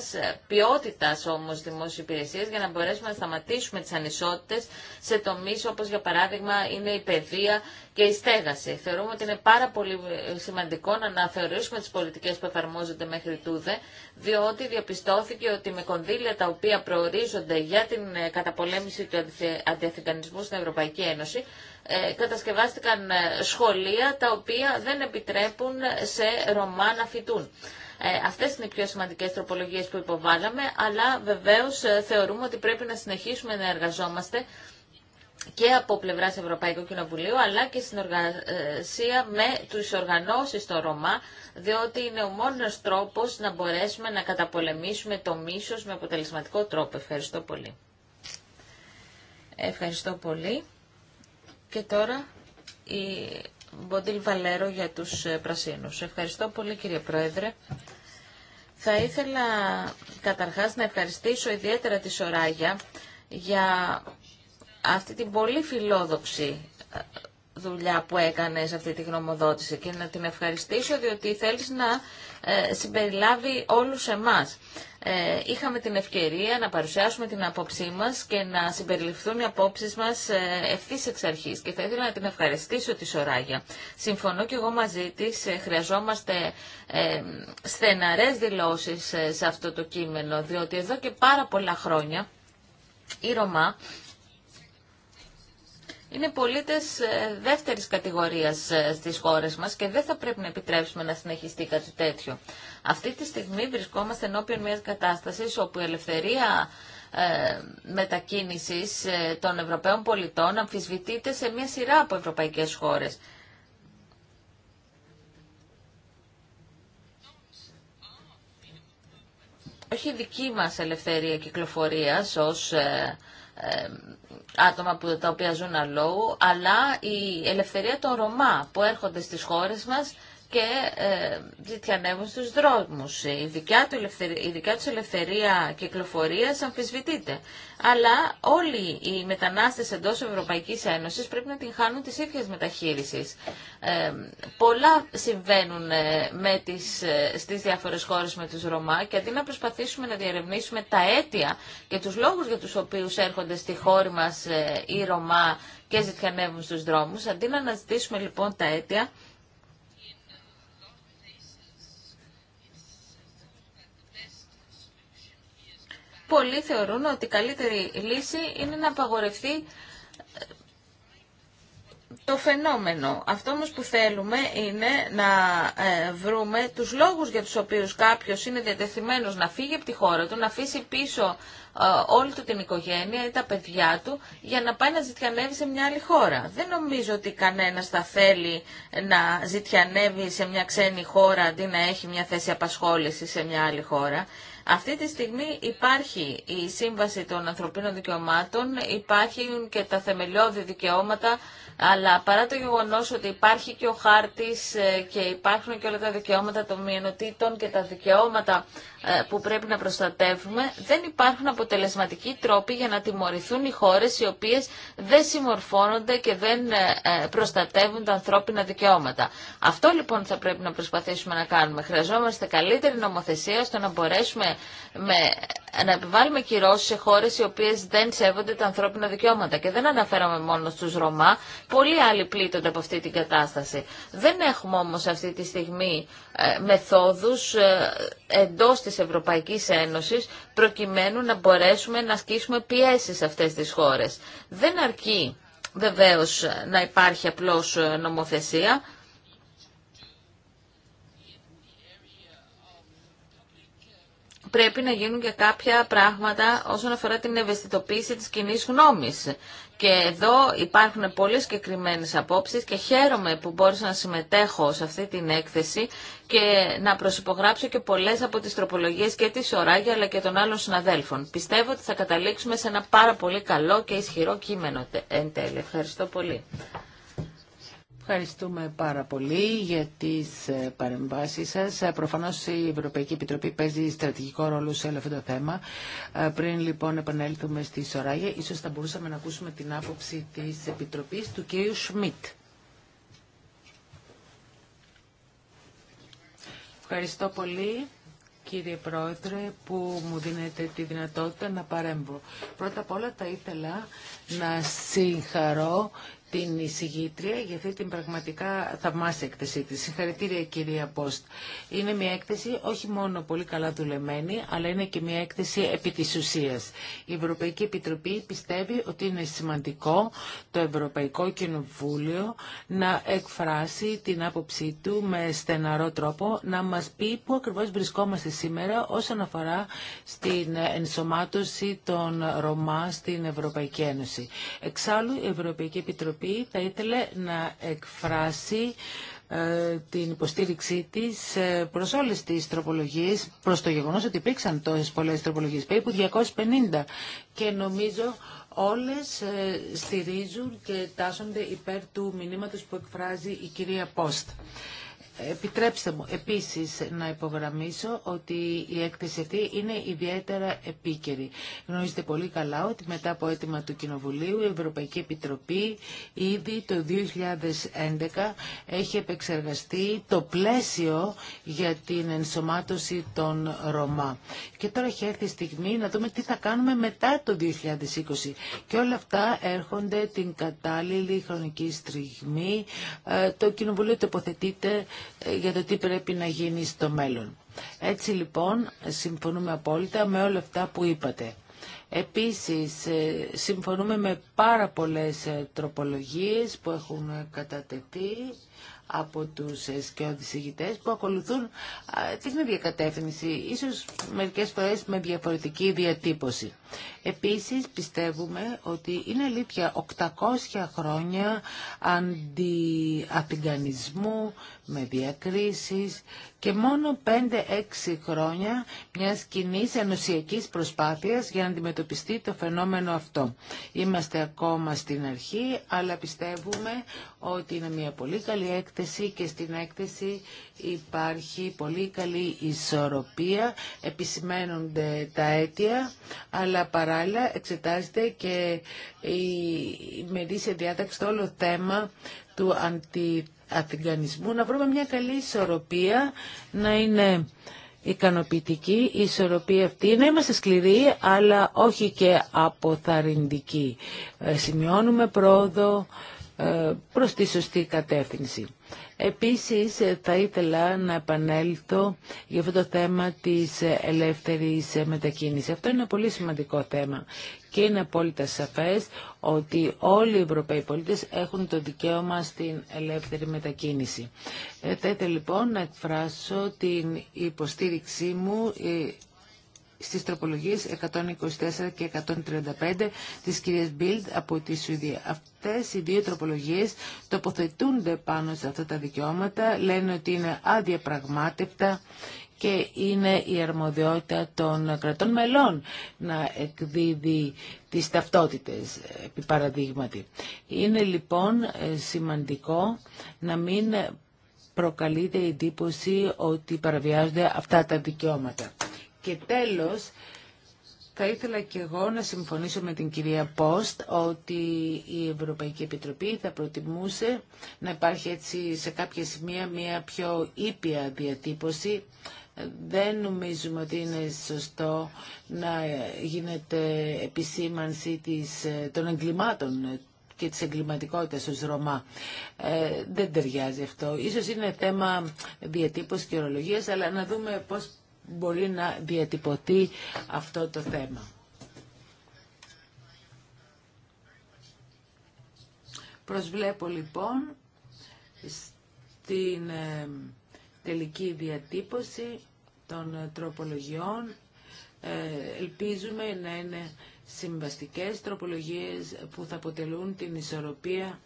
ποιότητα όμω δημόσιε υπηρεσίε, για να μπορέσουμε να σταματήσουμε τι ανισότητε σε τομεί όπω για παράδειγμα είναι η παιδεία και η στέγαση. Θεωρούμε ότι είναι πάρα πολύ ε, σημαντικό να αναθεωρήσουμε τι πολιτικέ που εφαρμόζονται μέχρι τούδε, διότι διαπιστώθηκε ότι με κονδύλια τα οποία προορίζονται για την ε, καταπολέμηση του αντιαθηκανισμού στην Ευρωπαϊκή Ένωση, ε, κατασκευάστηκαν σχολεία τα οποία δεν επιτρέπουν σε Ρωμά να φοιτούν. Ε, αυτές είναι οι πιο σημαντικές τροπολογίες που υποβάλαμε, αλλά βεβαίως θεωρούμε ότι πρέπει να συνεχίσουμε να εργαζόμαστε και από πλευρά Ευρωπαϊκού Κοινοβουλίου αλλά και στην με τους οργανώσεις στο Ρωμά διότι είναι ο μόνος τρόπος να μπορέσουμε να καταπολεμήσουμε το μίσος με αποτελεσματικό τρόπο. Ευχαριστώ πολύ. Ευχαριστώ πολύ. Και τώρα η Μποντήλ Βαλέρο για τους Πρασίνους. Ευχαριστώ πολύ κύριε Πρόεδρε. Θα ήθελα καταρχάς να ευχαριστήσω ιδιαίτερα τη Σωράγια για αυτή την πολύ φιλόδοξη ε, δουλειά που έκανε σε αυτή τη γνωμοδότηση και να την ευχαριστήσω διότι θέλεις να ε, συμπεριλάβει όλους εμάς. Ε, είχαμε την ευκαιρία να παρουσιάσουμε την απόψή μας και να συμπεριληφθούν οι απόψεις μας ευθύ εξ αρχής και θα ήθελα να την ευχαριστήσω τη Σωράγια. Συμφωνώ και εγώ μαζί της, χρειαζόμαστε ε, στεναρές δηλώσεις σε αυτό το κείμενο διότι εδώ και πάρα πολλά χρόνια η Ρωμά είναι πολίτες ε, δεύτερης κατηγορίας ε, στις χώρες μας και δεν θα πρέπει να επιτρέψουμε να συνεχιστεί κάτι τέτοιο. Αυτή τη στιγμή βρισκόμαστε ενώπιον μια κατάσταση, όπου η ελευθερία ε, μετακίνησης των Ευρωπαίων πολιτών αμφισβητείται σε μια σειρά από ευρωπαϊκές χώρες. Όχι δική μας ελευθερία κυκλοφορίας ως άτομα που, τα οποία ζουν αλλά η ελευθερία των Ρωμά που έρχονται στις χώρες μας και ε, ζητιανεύουν στους δρόμους. Η δικιά, του ελευθερία, η δικιά τους ελευθερία κυκλοφορίας αμφισβητείται. Αλλά όλοι οι μετανάστες εντός Ευρωπαϊκής Ένωσης πρέπει να την χάνουν τις ίδιες μεταχείρισης. Ε, πολλά συμβαίνουν ε, με τις, ε, στις διάφορες χώρες με τους Ρωμά και αντί να προσπαθήσουμε να διαρευνήσουμε τα αίτια και τους λόγους για τους οποίους έρχονται στη χώρα μας οι Ρωμά και ζητιανεύουν στους δρόμους, αντί να αναζητήσουμε λοιπόν τα αίτια, πολλοί θεωρούν ότι η καλύτερη λύση είναι να απαγορευτεί το φαινόμενο. Αυτό όμως που θέλουμε είναι να ε, βρούμε τους λόγους για τους οποίους κάποιος είναι διατεθειμένος να φύγει από τη χώρα του, να αφήσει πίσω ε, όλη του την οικογένεια ή τα παιδιά του για να πάει να ζητιανεύει σε μια άλλη χώρα. Δεν νομίζω ότι κανένας θα θέλει να ζητιανεύει σε μια ξένη χώρα αντί να έχει μια θέση απασχόληση σε μια άλλη χώρα. Αυτή τη στιγμή υπάρχει η Σύμβαση των Ανθρωπίνων Δικαιωμάτων, υπάρχουν και τα θεμελιώδη δικαιώματα, αλλά παρά το γεγονός ότι υπάρχει και ο χάρτης ε, και υπάρχουν και όλα τα δικαιώματα των μειονοτήτων και τα δικαιώματα ε, που πρέπει να προστατεύουμε, δεν υπάρχουν αποτελεσματικοί τρόποι για να τιμωρηθούν οι χώρες οι οποίες δεν συμμορφώνονται και δεν ε, ε, προστατεύουν τα ανθρώπινα δικαιώματα. Αυτό λοιπόν θα πρέπει να προσπαθήσουμε να κάνουμε. Χρειαζόμαστε καλύτερη νομοθεσία ώστε να μπορέσουμε με να επιβάλλουμε κυρώσει σε χώρε οι οποίε δεν σέβονται τα ανθρώπινα δικαιώματα. Και δεν αναφέραμε μόνο στου Ρωμά, πολλοί άλλοι πλήττονται από αυτή την κατάσταση. Δεν έχουμε όμω αυτή τη στιγμή ε, μεθόδου ε, εντό τη Ευρωπαϊκή Ένωση προκειμένου να μπορέσουμε να ασκήσουμε πιέσει σε αυτέ τι χώρε. Δεν αρκεί βεβαίω να υπάρχει απλώ ε, νομοθεσία. πρέπει να γίνουν και κάποια πράγματα όσον αφορά την ευαισθητοποίηση της κοινή γνώμης. Και εδώ υπάρχουν πολύ συγκεκριμένε απόψεις και χαίρομαι που μπόρεσα να συμμετέχω σε αυτή την έκθεση και να προσυπογράψω και πολλές από τις τροπολογίες και της Οράγια αλλά και των άλλων συναδέλφων. Πιστεύω ότι θα καταλήξουμε σε ένα πάρα πολύ καλό και ισχυρό κείμενο εν τέλει. Ευχαριστώ πολύ. Ευχαριστούμε πάρα πολύ για τις ε, παρεμβάσεις σας. Ε, προφανώς η Ευρωπαϊκή Επιτροπή παίζει στρατηγικό ρόλο σε όλο αυτό το θέμα. Ε, πριν λοιπόν επανέλθουμε στη Σοράγια, ίσως θα μπορούσαμε να ακούσουμε την άποψη της Επιτροπής του κ. Σμιτ. Ευχαριστώ πολύ κύριε Πρόεδρε που μου δίνετε τη δυνατότητα να παρέμβω. Πρώτα απ' όλα θα ήθελα να συγχαρώ την εισηγήτρια για αυτή την πραγματικά θαυμάσια έκθεσή της. Συγχαρητήρια κυρία Πόστ. Είναι μια έκθεση όχι μόνο πολύ καλά δουλεμένη, αλλά είναι και μια έκθεση επί της ουσίας. Η Ευρωπαϊκή Επιτροπή πιστεύει ότι είναι σημαντικό το Ευρωπαϊκό Κοινοβούλιο να εκφράσει την άποψή του με στεναρό τρόπο, να μας πει πού ακριβώς βρισκόμαστε σήμερα όσον αφορά στην ενσωμάτωση των Ρωμά στην Ευρωπαϊκή Ένωση. Εξάλλου η Ευρωπαϊκή Επιτροπή Επιτροπή θα ήθελε να εκφράσει ε, την υποστήριξή τη ε, προς όλες τις τροπολογίε προς το γεγονός ότι υπήρξαν τόσε πολλέ τροπολογίε, περίπου 250 και νομίζω όλες ε, στηρίζουν και τάσσονται υπέρ του μηνύματο που εκφράζει η κυρία Πόστ. Επιτρέψτε μου επίσης να υπογραμμίσω ότι η έκθεση αυτή είναι ιδιαίτερα επίκαιρη. Γνωρίζετε πολύ καλά ότι μετά από αίτημα του Κοινοβουλίου η Ευρωπαϊκή Επιτροπή ήδη το 2011 έχει επεξεργαστεί το πλαίσιο για την ενσωμάτωση των Ρωμά. Και τώρα έχει έρθει η στιγμή να δούμε τι θα κάνουμε μετά το 2020. Και όλα αυτά έρχονται την κατάλληλη χρονική στιγμή. Ε, το Κοινοβουλίο τοποθετείται ε, για το τι πρέπει να γίνει στο μέλλον. Έτσι λοιπόν συμφωνούμε απόλυτα με όλα αυτά που είπατε. Επίσης, ε, συμφωνούμε με πάρα πολλές ε, τροπολογίες που έχουν κατατεθεί από τους ε, σκιώδης ηγητές που ακολουθούν την ίδια κατεύθυνση, ίσως μερικές φορές με διαφορετική διατύπωση. Επίσης πιστεύουμε ότι είναι αλήθεια 800 χρόνια αντιαθηγανισμού με διακρίσεις και μόνο 5-6 χρόνια μιας κοινή ενωσιακής προσπάθειας για να αντιμετωπιστεί το φαινόμενο αυτό. Είμαστε ακόμα στην αρχή, αλλά πιστεύουμε ότι είναι μια πολύ καλή έκθεση και στην έκθεση υπάρχει πολύ καλή ισορροπία, επισημαίνονται τα αίτια, αλλά παράλληλα εξετάζεται και η μερίσια διάταξη το όλο θέμα του αντιθέτου Αφιγανισμού να βρούμε μια καλή ισορροπία να είναι ικανοποιητική η ισορροπία αυτή, να είμαστε σκληροί αλλά όχι και αποθαρρυντικοί. Ε, σημειώνουμε πρόοδο, ε, προς τη σωστή κατεύθυνση. Επίσης ε, θα ήθελα να επανέλθω για αυτό το θέμα της ε, ελεύθερης μετακίνησης. Αυτό είναι ένα πολύ σημαντικό θέμα και είναι απόλυτα σαφές ότι όλοι οι Ευρωπαίοι πολίτες έχουν το δικαίωμα στην ελεύθερη μετακίνηση. Θα ήθελα λοιπόν να εκφράσω την υποστήριξή μου στις τροπολογίες 124 και 135 της κυρίας Μπίλτ από τη Σουηδία. Αυτές οι δύο τροπολογίες τοποθετούνται πάνω σε αυτά τα δικαιώματα, λένε ότι είναι αδιαπραγμάτευτα και είναι η αρμοδιότητα των κρατών μελών να εκδίδει τις ταυτότητες, επί παραδείγματι. Είναι λοιπόν σημαντικό να μην προκαλείται η εντύπωση ότι παραβιάζονται αυτά τα δικαιώματα. Και τέλος, θα ήθελα και εγώ να συμφωνήσω με την κυρία Πόστ ότι η Ευρωπαϊκή Επιτροπή θα προτιμούσε να υπάρχει έτσι σε κάποια σημεία μια πιο ήπια διατύπωση. Δεν νομίζουμε ότι είναι σωστό να γίνεται επισήμανση της, των εγκλημάτων και της εγκληματικότητας ως Ρωμά. Ε, δεν ταιριάζει αυτό. Ίσως είναι θέμα διατύπωσης και ορολογίας, αλλά να δούμε πώς μπορεί να διατυπωθεί αυτό το θέμα. Προσβλέπω λοιπόν στην ε, τελική διατύπωση των τροπολογιών. Ε, ελπίζουμε να είναι συμβαστικές τροπολογίες που θα αποτελούν την ισορροπία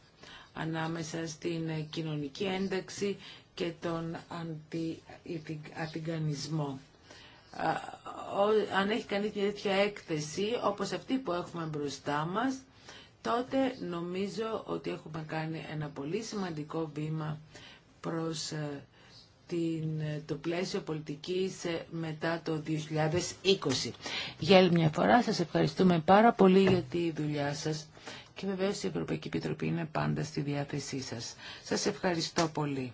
ανάμεσα στην κοινωνική ένταξη και τον αντιαθηγανισμό αν έχει κάνει μια τέτοια έκθεση όπως αυτή που έχουμε μπροστά μας, τότε νομίζω ότι έχουμε κάνει ένα πολύ σημαντικό βήμα προς ε, την, ε, το πλαίσιο πολιτικής ε, μετά το 2020. Για άλλη μια φορά σας ευχαριστούμε πάρα πολύ για τη δουλειά σας και βεβαίως η Ευρωπαϊκή Επιτροπή είναι πάντα στη διάθεσή σας. Σας ευχαριστώ πολύ.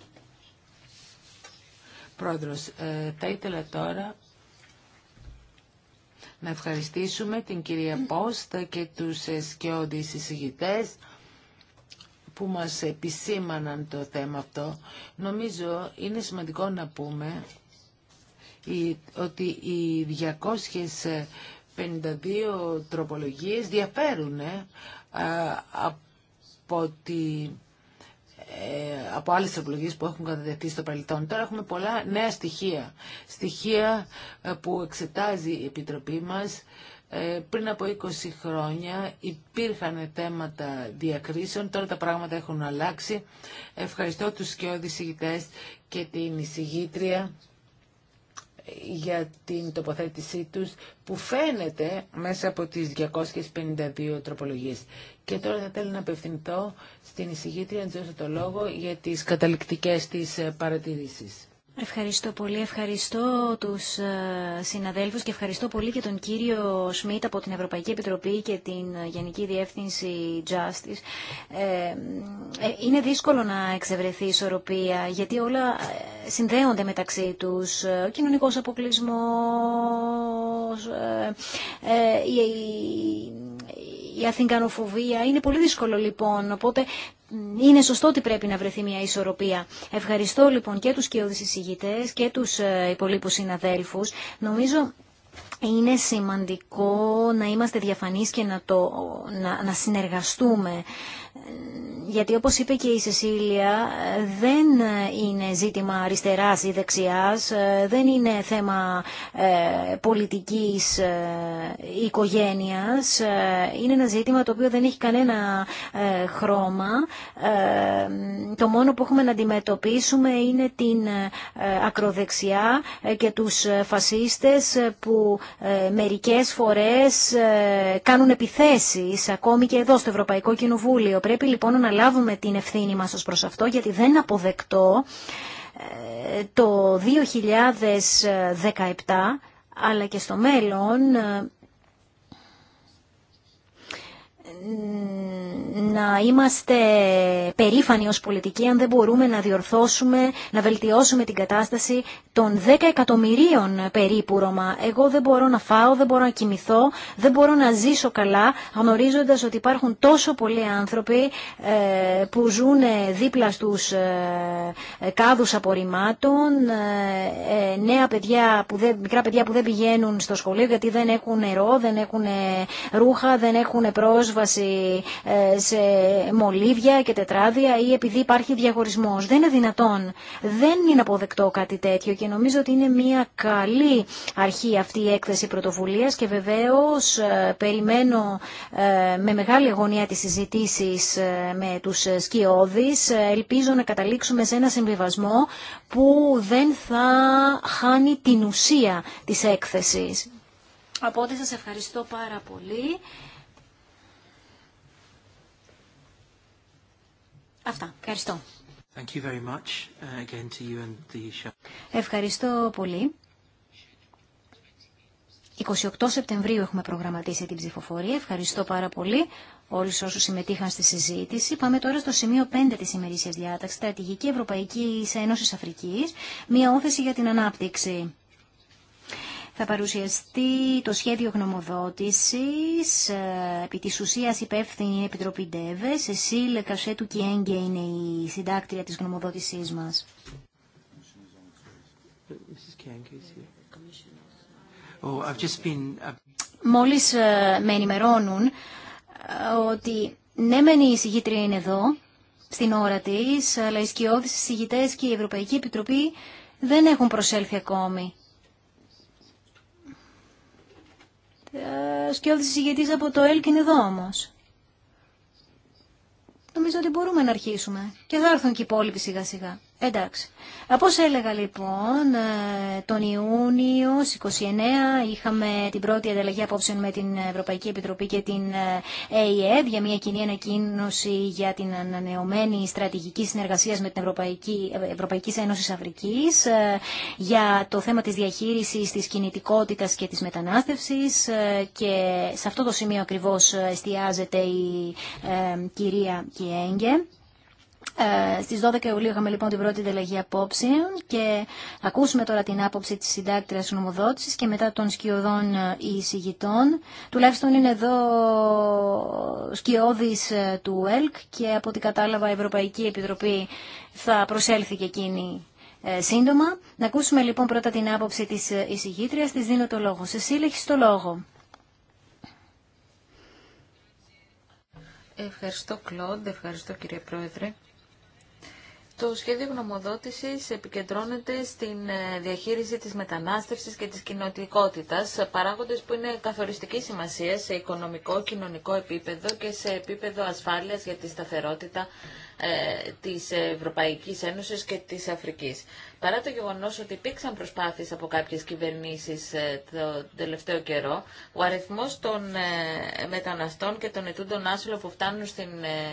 Πρόεδρος, θα ήθελα τώρα να ευχαριστήσουμε την κυρία Πόστα και τους σκιώδεις εισηγητές που μας επισήμαναν το θέμα αυτό. Νομίζω είναι σημαντικό να πούμε ότι οι 252 τροπολογίες διαφέρουν ε, από τη ε, από άλλες τροπολογίε που έχουν κατατεθεί στο παρελθόν. Τώρα έχουμε πολλά νέα στοιχεία. Στοιχεία ε, που εξετάζει η Επιτροπή μας. Ε, πριν από 20 χρόνια υπήρχαν θέματα διακρίσεων, τώρα τα πράγματα έχουν αλλάξει. Ευχαριστώ τους και οδησηγητές και την εισηγήτρια για την τοποθέτησή τους που φαίνεται μέσα από τις 252 τροπολογίες. Και τώρα θα θέλω να απευθυνθώ στην εισηγήτρια να δώσω το λόγο για τις καταληκτικές της ε, παρατηρήσεις. Ευχαριστώ πολύ. Ευχαριστώ τους ε, συναδέλφους και ευχαριστώ πολύ και τον κύριο Σμίτ από την Ευρωπαϊκή Επιτροπή και την Γενική Διεύθυνση Justice. Ε, ε, είναι δύσκολο να εξευρεθεί ισορροπία γιατί όλα συνδέονται μεταξύ τους. Ο κοινωνικός αποκλεισμός, η αθηγανοφοβία. Είναι πολύ δύσκολο λοιπόν. Οπότε είναι σωστό ότι πρέπει να βρεθεί μια ισορροπία. Ευχαριστώ λοιπόν και τους κοιόδης εισηγητές και τους ε, υπολείπους συναδέλφους. Νομίζω είναι σημαντικό να είμαστε διαφανείς και να, το, να συνεργαστούμε γιατί όπως είπε και η Σεσίλια, δεν είναι ζήτημα αριστεράς ή δεξιάς, δεν είναι θέμα ε, πολιτικής ε, οικογένειας, είναι ένα ζήτημα το οποίο δεν έχει κανένα ε, χρώμα. Το μόνο που έχουμε να αντιμετωπίσουμε είναι την ακροδεξιά και τους φασίστες που μερικές φορές κάνουν επιθέσεις, ακόμη και εδώ στο Ευρωπαϊκό Κοινοβούλιο πρέπει λοιπόν να λάβουμε την ευθύνη μας ως προς αυτό, γιατί δεν αποδεκτώ ε, το 2017 αλλά και στο μέλλον ε, να είμαστε περήφανοι ως πολιτικοί αν δεν μπορούμε να διορθώσουμε, να βελτιώσουμε την κατάσταση των 10 εκατομμυρίων περίπου Ρωμά. Εγώ δεν μπορώ να φάω, δεν μπορώ να κοιμηθώ, δεν μπορώ να ζήσω καλά γνωρίζοντας ότι υπάρχουν τόσο πολλοί άνθρωποι ε, που ζουν δίπλα στους ε, κάδους απορριμμάτων, ε, νέα παιδιά, που μικρά παιδιά που δεν πηγαίνουν στο σχολείο γιατί δεν έχουν νερό, δεν έχουν ρούχα, δεν έχουν πρόσβαση ε, σε μολύβια και τετράδια ή επειδή υπάρχει διαχωρισμός. Δεν είναι δυνατόν. Δεν είναι αποδεκτό κάτι τέτοιο και νομίζω ότι είναι μια καλή αρχή αυτή η έκθεση πρωτοβουλίας και βεβαίως ε, περιμένω ε, με μεγάλη αγωνία τις συζητήσεις με τους σκιώδεις. Ελπίζω να καταλήξουμε σε ένα συμβιβασμό που δεν θα χάνει την ουσία της έκθεσης. Από ό,τι σας ευχαριστώ πάρα πολύ. Αυτά. Ευχαριστώ. Thank you very much. Uh, again to you and the... Ευχαριστώ πολύ. 28 Σεπτεμβρίου έχουμε προγραμματίσει την ψηφοφορία. Ευχαριστώ πάρα πολύ όλους όσους συμμετείχαν στη συζήτηση. Πάμε τώρα στο σημείο 5 της ημερήσιας διάταξης, στρατηγική Ευρωπαϊκής Ένωση Αφρικής, μια όθεση για την ανάπτυξη θα παρουσιαστεί το σχέδιο γνωμοδότησης, ε, επί της ουσίας υπεύθυνη η Επιτροπή Ντέβε, Σεσίλ Κασέτου Κιέγκε, είναι η συντάκτρια της γνωμοδότησής μας. Μόλι oh, Μόλις ε, με ενημερώνουν ε, ότι ναι μεν η συγγήτρια είναι εδώ, στην ώρα της, αλλά οι σκιώδεις και η Ευρωπαϊκή Επιτροπή δεν έχουν προσέλθει ακόμη. Ε, σκιώδης ηγετής από το ΕΛΚ είναι εδώ όμως. Νομίζω ότι μπορούμε να αρχίσουμε και θα έρθουν και οι υπόλοιποι σιγά σιγά. Εντάξει. Από όσο έλεγα λοιπόν, ε, τον Ιούνιο στις 29 είχαμε την πρώτη ανταλλαγή απόψεων με την Ευρωπαϊκή Επιτροπή και την ΕΕ για μια κοινή ανακοίνωση για την ανανεωμένη στρατηγική συνεργασία με την Ευρωπαϊκή, Ευρωπαϊκή Ένωση Αφρικής ε, για το θέμα της διαχείρισης της κινητικότητας και της μετανάστευσης ε, και σε αυτό το σημείο ακριβώς εστιάζεται η κυρία Κιέγγε. Ε, Στι 12 Ιουλίου είχαμε λοιπόν την πρώτη τελεγή απόψεων και ακούσουμε τώρα την άποψη τη συντάκτρια νομοδότηση και μετά των σκιωδών ε, εισηγητών. Τουλάχιστον είναι εδώ σκιώδη ε, του ΕΛΚ και από ό,τι κατάλαβα η Ευρωπαϊκή Επιτροπή θα προσέλθει και εκείνη σύντομα. Να ακούσουμε λοιπόν πρώτα την άποψη τη εισηγήτρια. Τη δίνω το λόγο. Σε σύλληχη το λόγο. Ευχαριστώ Κλοντ, ευχαριστώ κύριε Πρόεδρε. Το σχέδιο γνωμοδότησης επικεντρώνεται στην ε, διαχείριση της μετανάστευσης και της κοινοτικότητας, ε, παράγοντες που είναι καθοριστική σημασία σε οικονομικό, κοινωνικό επίπεδο και σε επίπεδο ασφάλειας για τη σταθερότητα ε, της Ευρωπαϊκής Ένωσης και της Αφρικής. Παρά το γεγονός ότι υπήρξαν προσπάθειες από κάποιες κυβερνήσεις ε, το τελευταίο καιρό, ο αριθμός των ε, μεταναστών και των ετούντων άσυλων που φτάνουν στην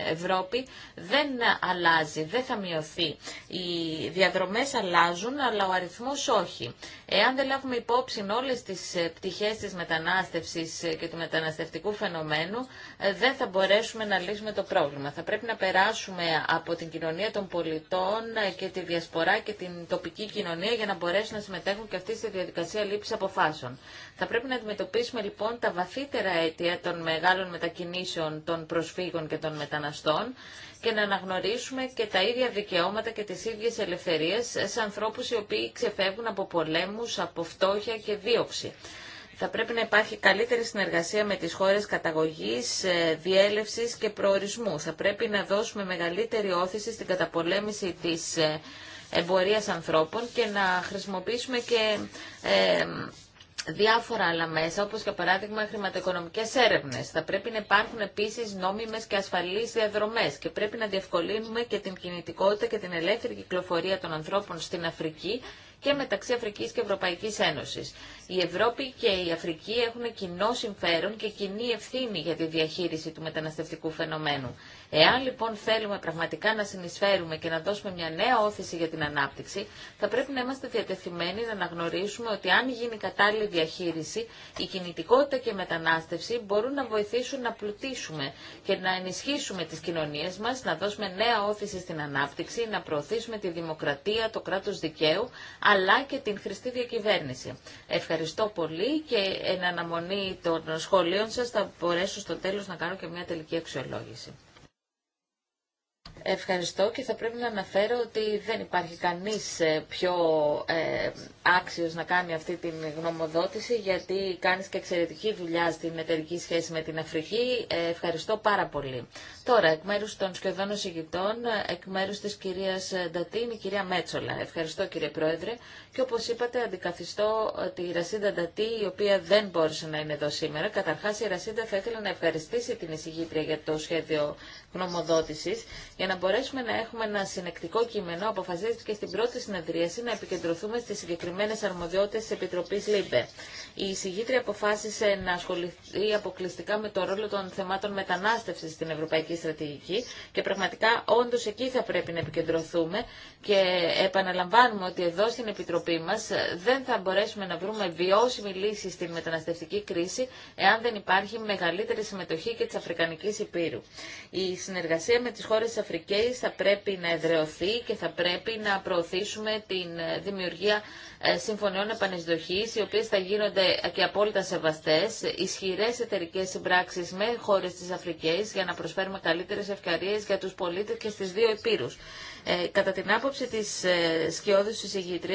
Ευρώπη δεν αλλάζει, δεν θα μειωθεί. Οι διαδρομές αλλάζουν, αλλά ο αριθμός όχι. Εάν δεν λάβουμε υπόψη όλες τις πτυχές της μετανάστευσης και του μεταναστευτικού φαινομένου, δεν θα μπορέσουμε να λύσουμε το πρόβλημα. Θα πρέπει να περάσουμε από την κοινωνία των πολιτών και τη διασπορά και την τοπική κοινωνία για να μπορέσουν να συμμετέχουν και αυτοί στη διαδικασία λήψη αποφάσεων. Θα πρέπει να αντιμετωπίσουμε λοιπόν τα βαθύτερα αίτια των μεγάλων μετακινήσεων των προσφύγων και των μεταναστών και να αναγνωρίσουμε και τα ίδια δικαιώματα και τις ίδιες ελευθερίες σε ανθρώπους οι οποίοι ξεφεύγουν από πολέμους, από φτώχεια και δίωξη. Θα πρέπει να υπάρχει καλύτερη συνεργασία με τις χώρες καταγωγής, ε, διέλευσης και προορισμού. Θα πρέπει να δώσουμε μεγαλύτερη όθηση στην καταπολέμηση της ε, εμπορίας ανθρώπων και να χρησιμοποιήσουμε και ε, διάφορα άλλα μέσα, όπως για παράδειγμα χρηματοοικονομικές έρευνες. Θα πρέπει να υπάρχουν επίσης νόμιμες και ασφαλείς διαδρομές και πρέπει να διευκολύνουμε και την κινητικότητα και την ελεύθερη κυκλοφορία των ανθρώπων στην Αφρική και μεταξύ Αφρικής και Ευρωπαϊκής Ένωσης. Η Ευρώπη και η Αφρική έχουν κοινό συμφέρον και κοινή ευθύνη για τη διαχείριση του μεταναστευτικού φαινομένου. Εάν λοιπόν θέλουμε πραγματικά να συνεισφέρουμε και να δώσουμε μια νέα όθηση για την ανάπτυξη, θα πρέπει να είμαστε διατεθειμένοι να αναγνωρίσουμε ότι αν γίνει κατάλληλη διαχείριση, η κινητικότητα και η μετανάστευση μπορούν να βοηθήσουν να πλουτίσουμε και να ενισχύσουμε τις κοινωνίες μας, να δώσουμε νέα όθηση στην ανάπτυξη, να προωθήσουμε τη δημοκρατία, το κράτος δικαίου, αλλά και την χρηστή διακυβέρνηση. Ευχαριστώ πολύ και εν αναμονή των σχολείων σας θα μπορέσω στο τέλος να κάνω και μια τελική αξιολόγηση. Ευχαριστώ και θα πρέπει να αναφέρω ότι δεν υπάρχει κανείς ε, πιο ε, άξιος να κάνει αυτή την γνωμοδότηση γιατί κάνεις και εξαιρετική δουλειά στην εταιρική σχέση με την Αφρική. Ε, ευχαριστώ πάρα πολύ. Τώρα, εκ μέρου των σχεδόν εισηγητών, εκ μέρους της κυρίας Ντατίν, η κυρία Μέτσολα. Ευχαριστώ κύριε Πρόεδρε και όπω είπατε αντικαθιστώ ε, τη Ρασίδα Ντατή η οποία δεν μπόρεσε να είναι εδώ σήμερα. Καταρχά, η Ρασίντα θα ήθελα να ευχαριστήσει την εισηγήτρια για το σχέδιο γνωμοδότηση για να μπορέσουμε να έχουμε ένα συνεκτικό κείμενο αποφασίστηκε στην πρώτη συνεδρίαση να επικεντρωθούμε στι συγκεκριμένε αρμοδιότητε τη Επιτροπή ΛΥΜΠΕ. Η εισηγήτρια αποφάσισε να ασχοληθεί αποκλειστικά με το ρόλο των θεμάτων μετανάστευση στην Ευρωπαϊκή στρατηγική και πραγματικά όντω εκεί θα πρέπει να επικεντρωθούμε και επαναλαμβάνουμε ότι εδώ στην Επιτροπή μα δεν θα μπορέσουμε να βρούμε βιώσιμη λύση στην μεταναστευτική κρίση εάν δεν υπάρχει μεγαλύτερη συμμετοχή και τη Αφρικανική Υπήρου. Η συνεργασία με τι χώρε τη Αφρική θα πρέπει να εδρεωθεί και θα πρέπει να προωθήσουμε την δημιουργία ε, συμφωνιών επανεισδοχή, οι οποίε θα γίνονται και απόλυτα σεβαστέ, ισχυρέ εταιρικέ συμπράξει με χώρε τη Αφρική για να προσφέρουμε μεγαλύτερε ευκαιρίε για του πολίτε και στι δύο επίρους. Ε, κατά την άποψη τη ε, τη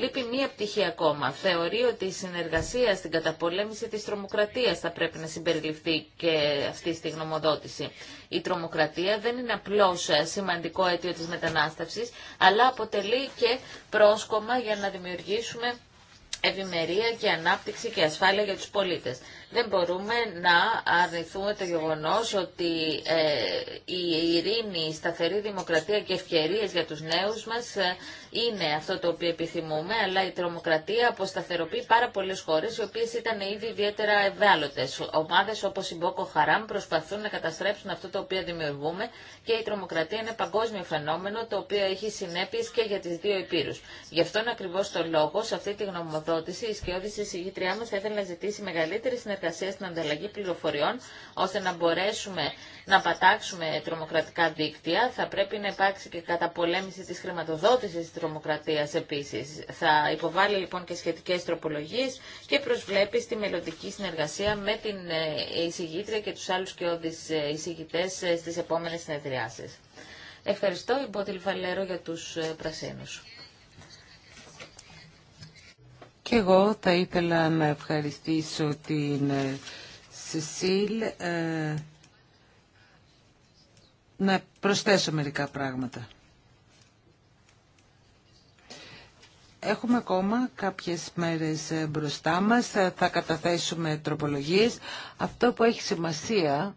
λείπει μία πτυχή ακόμα. Θεωρεί ότι η συνεργασία στην καταπολέμηση τη τρομοκρατία θα πρέπει να συμπεριληφθεί και αυτή στη γνωμοδότηση. Η τρομοκρατία δεν είναι απλώ ε, σημαντικό αίτιο τη μετανάστευση, αλλά αποτελεί και πρόσκομα για να δημιουργήσουμε ευημερία και ανάπτυξη και ασφάλεια για τους πολίτες δεν μπορούμε να αρνηθούμε το γεγονός ότι ε, η ειρήνη, η σταθερή δημοκρατία και ευκαιρίες για τους νέους μας ε, είναι αυτό το οποίο επιθυμούμε, αλλά η τρομοκρατία αποσταθεροποιεί πάρα πολλές χώρες, οι οποίες ήταν ήδη ιδιαίτερα ευάλωτες. Ομάδες όπως η Μπόκο Χαράμ προσπαθούν να καταστρέψουν αυτό το οποίο δημιουργούμε και η τρομοκρατία είναι παγκόσμιο φαινόμενο το οποίο έχει συνέπειες και για τις δύο υπήρους. Γι' αυτόν ακριβώς το λόγο, σε αυτή τη γνωμοδότηση, η σκιώδηση συγγήτριά μας θα ήθελε να ζητήσει μεγαλύτερη συνεργασία συνεργασία στην ανταλλαγή πληροφοριών, ώστε να μπορέσουμε να πατάξουμε τρομοκρατικά δίκτυα. Θα πρέπει να υπάρξει και καταπολέμηση της χρηματοδότησης τη τρομοκρατίας επίσης. Θα υποβάλει λοιπόν και σχετικές τροπολογίε και προσβλέπει στη μελλοντική συνεργασία με την ε, εισηγήτρια και τους άλλους και όδης ε, ε, στις επόμενες συνεδριάσεις. Ευχαριστώ, Ιμπότιλ Βαλέρο, για τους πρασίνους. Και εγώ θα ήθελα να ευχαριστήσω την ε, Σεσίλ ε, να προσθέσω μερικά πράγματα. Έχουμε ακόμα κάποιες μέρες ε, μπροστά μας, θα καταθέσουμε τροπολογίες. Αυτό που έχει σημασία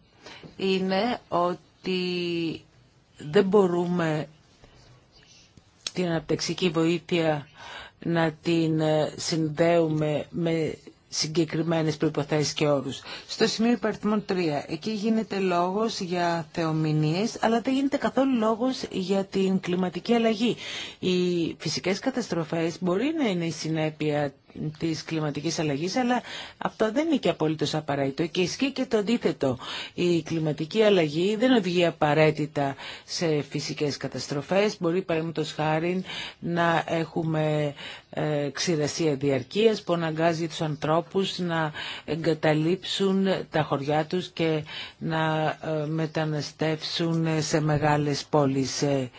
είναι ότι δεν μπορούμε την αναπτυξική βοήθεια να την ε, συνδέουμε με συγκεκριμένες προϋποθέσεις και όρους. Στο σημείο υπαριθμών 3, εκεί γίνεται λόγος για θεομηνίες, αλλά δεν γίνεται καθόλου λόγος για την κλιματική αλλαγή. Οι φυσικές καταστροφές μπορεί να είναι η συνέπεια της κλιματικής αλλαγής, αλλά αυτό δεν είναι και απολύτως απαραίτητο και ισχύει και το αντίθετο. Η κλιματική αλλαγή δεν οδηγεί απαραίτητα σε φυσικές καταστροφές. Μπορεί παραδείγματο χάρη να έχουμε ε, ξηρασία διαρκείας που αναγκάζει τους ανθρώπους να εγκαταλείψουν τα χωριά τους και να ε, μεταναστεύσουν σε μεγάλες πόλεις. Ε,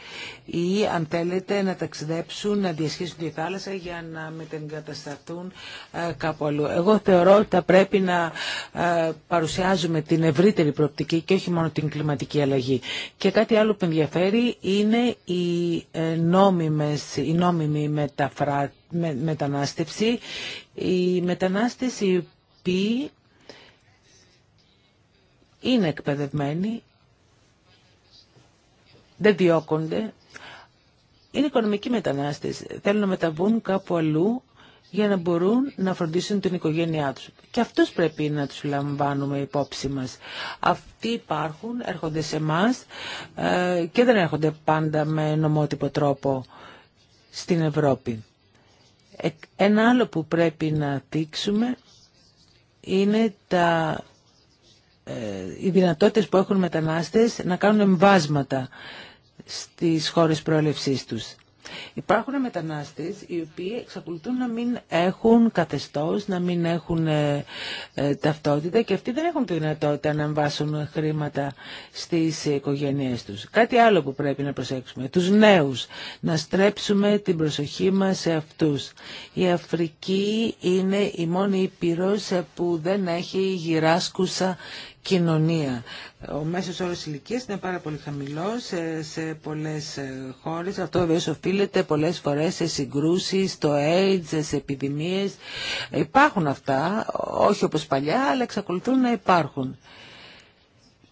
ή αν θέλετε να ταξιδέψουν, να διασχίσουν τη θάλασσα για να μετεγκατασταθούν ε, κάπου αλλού. Εγώ θεωρώ ότι θα πρέπει να ε, παρουσιάζουμε την ευρύτερη προοπτική και όχι μόνο την κλιματική αλλαγή. Και κάτι άλλο που ενδιαφέρει είναι η ε, νόμιμη με, μετανάστευση. Οι μετανάστες οι οποίοι είναι εκπαιδευμένοι, δεν διώκονται, είναι οικονομικοί μετανάστες. Θέλουν να μεταβούν κάπου αλλού για να μπορούν να φροντίσουν την οικογένειά τους. Και αυτούς πρέπει να τους λαμβάνουμε υπόψη μας. Αυτοί υπάρχουν, έρχονται σε εμά ε, και δεν έρχονται πάντα με νομότυπο τρόπο στην Ευρώπη. Ε, ένα άλλο που πρέπει να δείξουμε είναι τα, ε, οι δυνατότητες που έχουν μετανάστες να κάνουν εμβάσματα στις χώρες προέλευσής τους. Υπάρχουν μετανάστες οι οποίοι εξακολουθούν να μην έχουν καθεστώς, να μην έχουν ε, ε, ταυτότητα και αυτοί δεν έχουν τη δυνατότητα να βάσουν χρήματα στις οικογένειές τους. Κάτι άλλο που πρέπει να προσέξουμε. Τους νέους. Να στρέψουμε την προσοχή μας σε αυτούς. Η Αφρική είναι η μόνη ήπειρος που δεν έχει γυράσκουσα κοινωνία. Ο μέσος όρος ηλικίας είναι πάρα πολύ χαμηλός σε, σε πολλές ε, χώρες. Αυτό βέβαια οφείλεται πολλές φορές σε συγκρούσεις, στο AIDS, σε επιδημίες. Υπάρχουν αυτά, όχι όπως παλιά, αλλά εξακολουθούν να υπάρχουν.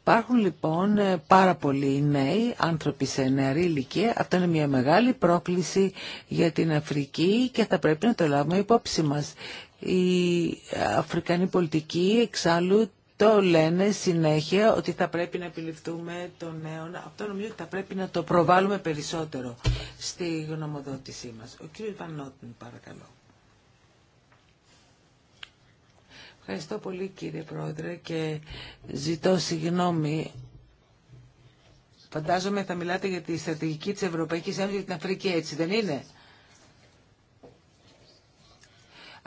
Υπάρχουν λοιπόν ε, πάρα πολλοί νέοι άνθρωποι σε νεαρή ηλικία. Αυτό είναι μια μεγάλη πρόκληση για την Αφρική και θα πρέπει να το λάβουμε υπόψη μας. Η Αφρικανή πολιτική εξάλλου το λένε συνέχεια ότι θα πρέπει να επιληφθούμε των νέων. Αυτό νομίζω ότι θα πρέπει να το προβάλλουμε περισσότερο στη γνωμοδότησή μας. Ο κύριος Βανότην, παρακαλώ. Ευχαριστώ πολύ κύριε Πρόεδρε και ζητώ συγγνώμη. Φαντάζομαι θα μιλάτε για τη στρατηγική της Ευρωπαϊκής Ένωσης για την Αφρική, έτσι δεν είναι.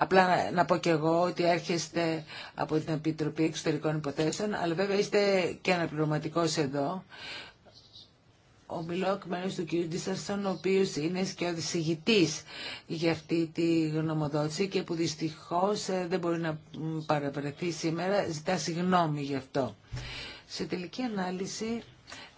Απλά να πω και εγώ ότι έρχεστε από την Επιτροπή Εξωτερικών Υποθέσεων, αλλά βέβαια είστε και αναπληρωματικός εδώ. Ο εκ μέρου του κ. Τίσσαρσον, ο οποίο είναι ο για αυτή τη γνωμοδότηση και που δυστυχώς ε, δεν μπορεί να παραβρεθεί σήμερα, ζητά συγγνώμη γι' αυτό. Σε τελική ανάλυση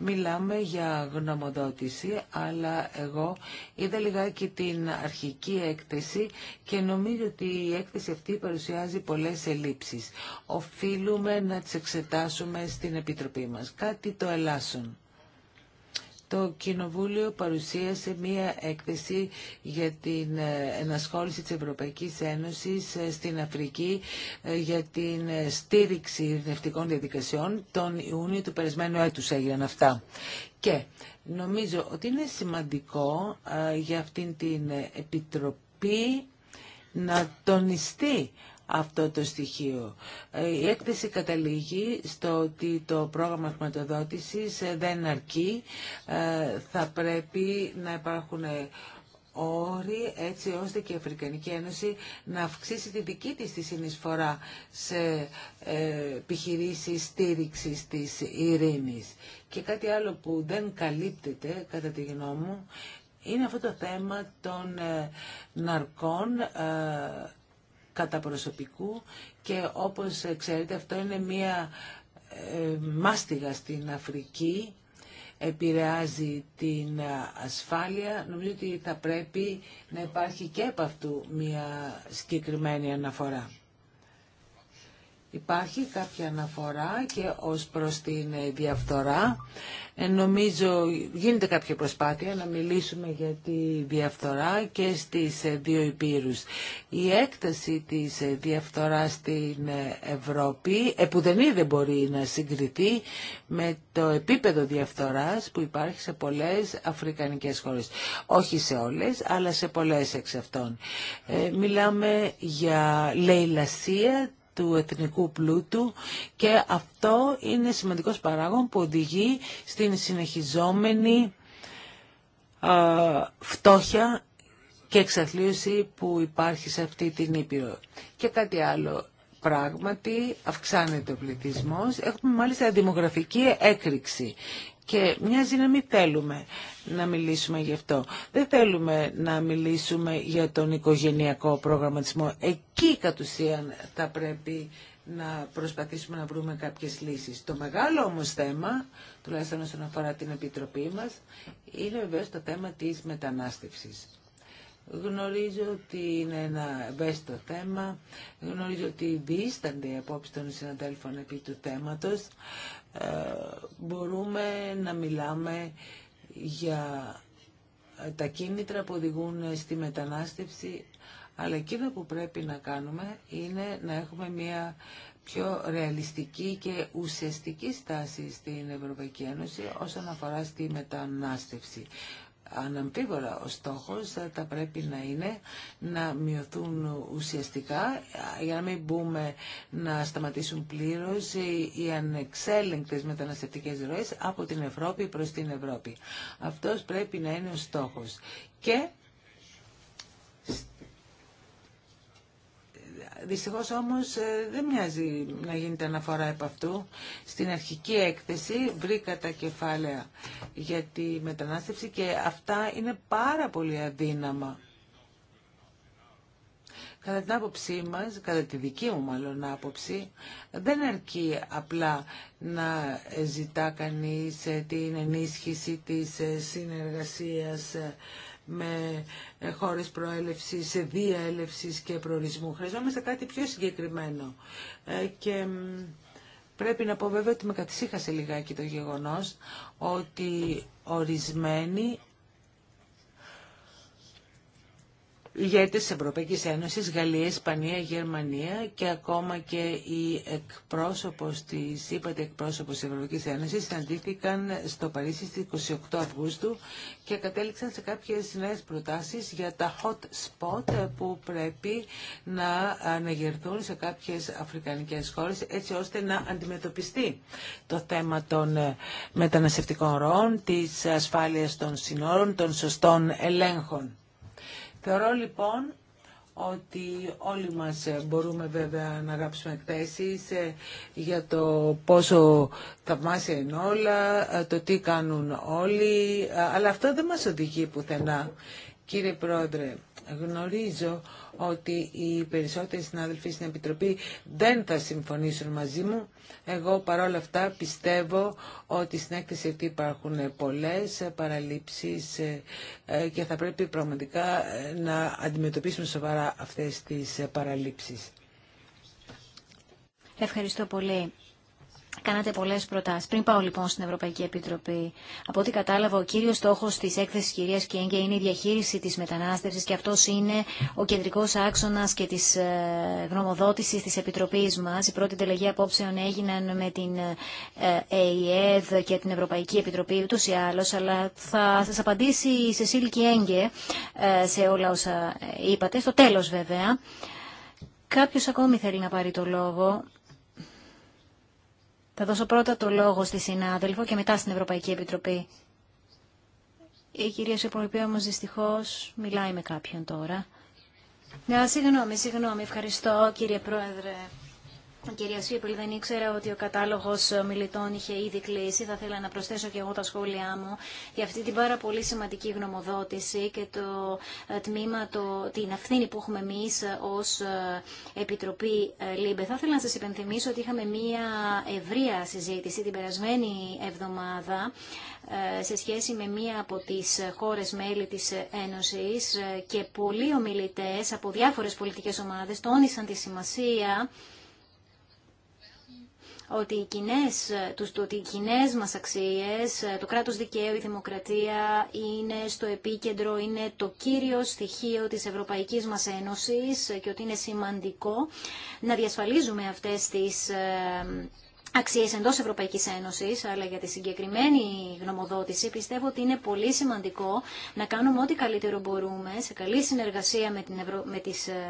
Μιλάμε για γνωμοδότηση, αλλά εγώ είδα λιγάκι την αρχική έκθεση και νομίζω ότι η έκθεση αυτή παρουσιάζει πολλές ελλείψεις. Οφείλουμε να τις εξετάσουμε στην Επιτροπή μας. Κάτι το ελάσσον το Κοινοβούλιο παρουσίασε μία έκθεση για την ε, ενασχόληση της Ευρωπαϊκής Ένωσης ε, στην Αφρική ε, για την στήριξη ειρηνευτικών διαδικασιών. Τον Ιούνιο του περασμένου έτους έγιναν αυτά. Και νομίζω ότι είναι σημαντικό για αυτήν την Επιτροπή να τονιστεί αυτό το στοιχείο. Ε, η έκθεση καταλήγει στο ότι το πρόγραμμα χρηματοδότησης ε, δεν αρκεί. Ε, θα πρέπει να υπάρχουν όροι έτσι ώστε και η Αφρικανική Ένωση να αυξήσει τη δική της τη συνεισφορά σε επιχειρήσει στήριξης της ειρήνης. Και κάτι άλλο που δεν καλύπτεται κατά τη γνώμη μου είναι αυτό το θέμα των ναρκών κατά προσωπικού και όπως ξέρετε αυτό είναι μία ε, μάστιγα στην Αφρική, επηρεάζει την ασφάλεια. Νομίζω ότι θα πρέπει να υπάρχει και από αυτού μία συγκεκριμένη αναφορά. Υπάρχει κάποια αναφορά και ως προς την ε, διαφθορά. Ε, νομίζω γίνεται κάποια προσπάθεια να μιλήσουμε για τη διαφθορά και στις ε, δύο υπήρους. Η έκταση της διαφθοράς στην Ευρώπη, που δεν μπορεί να συγκριθεί με το επίπεδο διαφθοράς που υπάρχει σε πολλές αφρικανικές χώρες. Όχι σε όλες, αλλά σε πολλές εξ αυτών. μιλάμε για λαιλασία του εθνικού πλούτου και αυτό είναι σημαντικός παράγων που οδηγεί στην συνεχιζόμενη φτώχεια και εξαθλίωση που υπάρχει σε αυτή την Ήπειρο. Και κάτι άλλο. Πράγματι αυξάνεται ο πληθυσμός. Έχουμε μάλιστα δημογραφική έκρηξη. Και να μην θέλουμε να μιλήσουμε γι' αυτό. Δεν θέλουμε να μιλήσουμε για τον οικογενειακό προγραμματισμό. Εκεί κατ' ουσίαν θα πρέπει να προσπαθήσουμε να βρούμε κάποιες λύσεις. Το μεγάλο όμως θέμα, τουλάχιστον όσον αφορά την Επιτροπή μας, είναι βεβαίως το θέμα της μετανάστευσης. Γνωρίζω ότι είναι ένα ευαίσθητο θέμα, γνωρίζω ότι δίστανται οι απόψεις των συναντέλφων επί του θέματος. Ε, μπορούμε να μιλάμε για ε, τα κίνητρα που οδηγούν ε, στη μετανάστευση, αλλά εκείνο που πρέπει να κάνουμε είναι να έχουμε μια πιο ρεαλιστική και ουσιαστική στάση στην Ευρωπαϊκή Ένωση όσον αφορά στη μετανάστευση. Αναμφίβολα ο στόχος θα πρέπει να είναι να μειωθούν ουσιαστικά για να μην μπούμε να σταματήσουν πλήρως οι ανεξέλεγκτες μεταναστευτικές ροές από την Ευρώπη προς την Ευρώπη. Αυτός πρέπει να είναι ο στόχος. Και Δυστυχώς όμως ε, δεν μοιάζει να γίνεται αναφορά επ' αυτού. Στην αρχική έκθεση βρήκα τα κεφάλαια για τη μετανάστευση και αυτά είναι πάρα πολύ αδύναμα. Κατά την άποψή μας, κατά τη δική μου μάλλον άποψη, δεν αρκεί απλά να ζητά κανείς ε, την ενίσχυση της ε, συνεργασίας με ε, χώρες προέλευσης, διαέλευσης και προορισμού. Χρειαζόμαστε κάτι πιο συγκεκριμένο. Ε, και πρέπει να πω βέβαια ότι με κατησύχασε λιγάκι το γεγονός ότι ορισμένοι ηγέτε τη Ευρωπαϊκή Ένωσης, Γαλλία, Ισπανία, Γερμανία και ακόμα και η εκπρόσωπο τη, είπατε εκπρόσωπο της Ευρωπαϊκής Ένωσης, συναντήθηκαν στο Παρίσι στις 28 Αυγούστου και κατέληξαν σε κάποιε νέε προτάσει για τα hot spot που πρέπει να αναγερθούν σε κάποιε Αφρικανικέ χώρε, έτσι ώστε να αντιμετωπιστεί το θέμα των μεταναστευτικών ροών, τη ασφάλεια των συνόρων, των σωστών ελέγχων. Θεωρώ λοιπόν ότι όλοι μας μπορούμε βέβαια να γράψουμε εκθέσεις ε, για το πόσο θαυμάσια είναι όλα, ε, το τι κάνουν όλοι, ε, αλλά αυτό δεν μας οδηγεί πουθενά. Κύριε Πρόεδρε, Γνωρίζω ότι οι περισσότεροι συνάδελφοι στην Επιτροπή δεν θα συμφωνήσουν μαζί μου. Εγώ παρόλα αυτά πιστεύω ότι στην έκθεση αυτή υπάρχουν πολλές παραλήψεις ε, ε, και θα πρέπει πραγματικά ε, να αντιμετωπίσουμε σοβαρά αυτές τις παραλήψεις. Ευχαριστώ πολύ. Κάνατε πολλέ προτάσει. Πριν πάω λοιπόν στην Ευρωπαϊκή Επιτροπή, από ό,τι κατάλαβα, ο κύριο στόχο τη έκθεση κυρία Κιέγκε είναι η διαχείριση τη μετανάστευση και αυτό είναι ο κεντρικό άξονα και τη ε, γνωμοδότηση τη Επιτροπή μα. Η πρώτη τελεγή απόψεων έγιναν με την ε, ΕΙΕΔ και την Ευρωπαϊκή Επιτροπή ούτω ή άλλω, αλλά θα σα απαντήσει η Σεσίλ Κιέγκε ε, σε όλα όσα είπατε, στο τέλο βέβαια. Κάποιο ακόμη θέλει να πάρει το λόγο. Θα δώσω πρώτα το λόγο στη συνάδελφο και μετά στην Ευρωπαϊκή Επιτροπή. Η κυρία Σεπολπία όμω δυστυχώς μιλάει με κάποιον τώρα. Ναι, συγγνώμη, συγγνώμη. Ευχαριστώ κύριε Πρόεδρε. Κυρία Σίπελ, δεν ήξερα ότι ο κατάλογο μιλητών είχε ήδη κλείσει. Θα ήθελα να προσθέσω και εγώ τα σχόλιά μου για αυτή την πάρα πολύ σημαντική γνωμοδότηση και το ε, τμήμα, το, την αυθύνη που έχουμε εμεί ω ε, Επιτροπή ε, ΛΥΜΠΕ. Θα ήθελα να σα υπενθυμίσω ότι είχαμε μία ευρεία συζήτηση την περασμένη εβδομάδα σε σχέση με μία από τις χώρες μέλη της Ένωσης και πολλοί ομιλητές από διάφορες πολιτικές ομάδες τόνισαν τη σημασία ότι οι κοινέ τους, το ότι οι μας αξίες, το κράτος δικαίου, η δημοκρατία είναι στο επίκεντρο, είναι το κύριο στοιχείο της Ευρωπαϊκής μας Ένωσης και ότι είναι σημαντικό να διασφαλίζουμε αυτές τις ε, Αξίε εντός Ευρωπαϊκής Ένωσης, αλλά για τη συγκεκριμένη γνωμοδότηση πιστεύω ότι είναι πολύ σημαντικό να κάνουμε ό,τι καλύτερο μπορούμε σε καλή συνεργασία με, την Ευρω... με τις ε,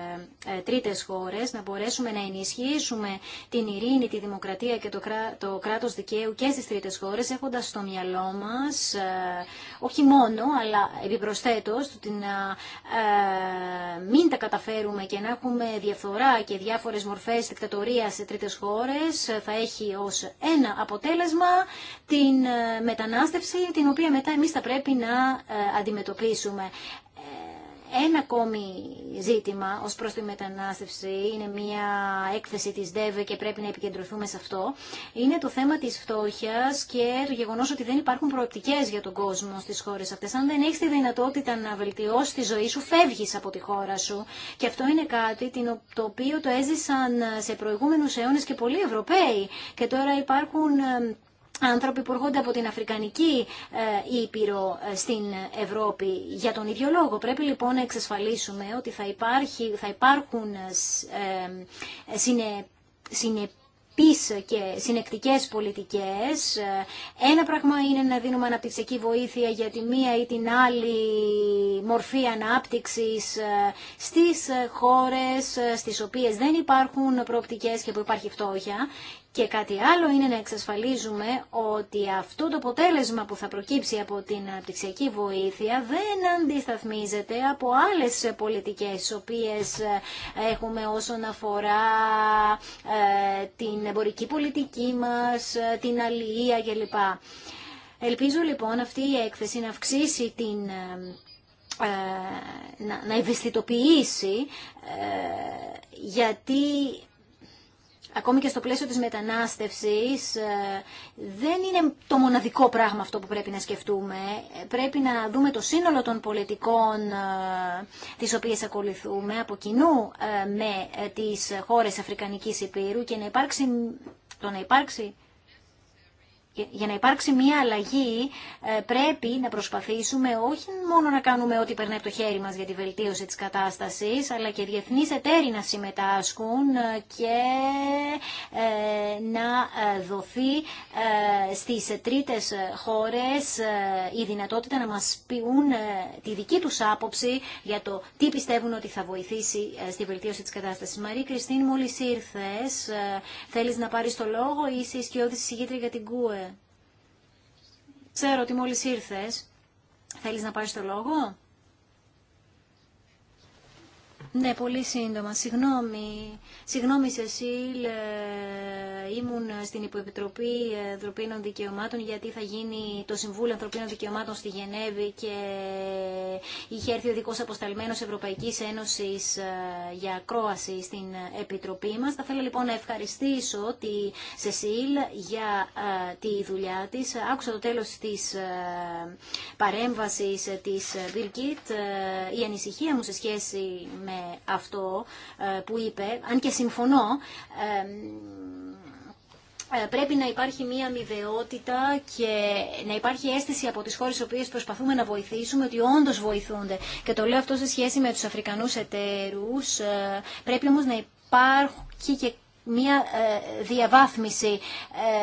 ε, τρίτες χώρες, να μπορέσουμε να ενισχύσουμε την ειρήνη, τη δημοκρατία και το, κρά... κράτος δικαίου και στις τρίτες χώρες, έχοντας στο μυαλό μας, ε, όχι μόνο, αλλά επιπροσθέτως, ότι να μην τα καταφέρουμε και να έχουμε διαφθορά και διάφορες μορφές δικτατορία σε τρίτες χώρες, θα έχει ένα αποτέλεσμα την ε, μετανάστευση την οποία μετά εμείς θα πρέπει να ε, αντιμετωπίσουμε. Ένα ακόμη ζήτημα ως προς τη μετανάστευση, είναι μια έκθεση της ΔΕΒΕ και πρέπει να επικεντρωθούμε σε αυτό, είναι το θέμα της φτώχειας και το γεγονός ότι δεν υπάρχουν προοπτικές για τον κόσμο στις χώρες αυτές. Αν δεν έχεις τη δυνατότητα να βελτιώσεις τη ζωή σου, φεύγεις από τη χώρα σου. Και αυτό είναι κάτι το οποίο το έζησαν σε προηγούμενους αιώνες και πολλοί Ευρωπαίοι. Και τώρα υπάρχουν ε, άνθρωποι που έρχονται από την Αφρικανική ε, Ήπειρο ε, στην Ευρώπη για τον ίδιο λόγο. Πρέπει λοιπόν να εξασφαλίσουμε ότι θα, υπάρχει, θα υπάρχουν ε, συνε, και συνεκτικές πολιτικές. Ένα πράγμα είναι να δίνουμε αναπτυξιακή βοήθεια για τη μία ή την άλλη μορφή ανάπτυξης στις χώρες στις οποίες δεν υπάρχουν προοπτικές και που υπάρχει φτώχεια. Και κάτι άλλο είναι να εξασφαλίζουμε ότι αυτό το αποτέλεσμα που θα προκύψει από την αναπτυξιακή βοήθεια δεν αντισταθμίζεται από άλλες πολιτικές οποίες ε, έχουμε όσον αφορά ε, την εμπορική πολιτική μας, ε, την αλληλεία κλπ. Ελπίζω λοιπόν αυτή η έκθεση να αυξήσει την να ευαισθητοποιήσει γιατί ακόμη και στο πλαίσιο της μετανάστευσης, ε, δεν είναι το μοναδικό πράγμα αυτό που πρέπει να σκεφτούμε. Πρέπει να δούμε το σύνολο των πολιτικών ε, τις οποίες ακολουθούμε από κοινού ε, με τις χώρες Αφρικανικής Επίρου και να υπάρξει, το να υπάρξει για να υπάρξει μια αλλαγή ε, πρέπει να προσπαθήσουμε όχι μόνο να κάνουμε ό,τι περνάει από το χέρι μας για τη βελτίωση της κατάστασης, αλλά και διεθνείς εταίροι να συμμετάσχουν ε, και ε, να δοθεί στις τρίτες χώρες η δυνατότητα να μας πιούν τη δική τους άποψη για το τι πιστεύουν ότι θα βοηθήσει στη βελτίωση της κατάστασης. Μαρή Κριστίν, μόλις ήρθες, θέλεις να πάρεις το λόγο, είσαι η για την ΚΟΕ. Ξέρω ότι μόλις ήρθες. Θέλεις να πάρεις το λόγο? Ναι, πολύ σύντομα. Συγγνώμη, Συγγνώμη Σεσίλ, ε, ήμουν στην Υποεπιτροπή Ανθρωπίνων Δικαιωμάτων γιατί θα γίνει το Συμβούλιο Ανθρωπίνων Δικαιωμάτων στη Γενέβη και είχε έρθει ο δικός αποσταλμένος Ευρωπαϊκής Ένωσης ε, για ακρόαση στην Επιτροπή μας. Θα θέλω λοιπόν να ευχαριστήσω τη Σεσίλ για ε, τη δουλειά της. Άκουσα το τέλος της παρέμβασης της Βίλκιτ, Η ανησυχία μου σε σχέση με αυτό ε, που είπε, αν και συμφωνώ, ε, ε, πρέπει να υπάρχει μία αμοιβαιότητα και να υπάρχει αίσθηση από τις χώρες οποίες προσπαθούμε να βοηθήσουμε ότι όντως βοηθούνται. Και το λέω αυτό σε σχέση με τους Αφρικανούς εταίρους. Πρέπει όμως να υπάρχει και μια ε, διαβάθμιση.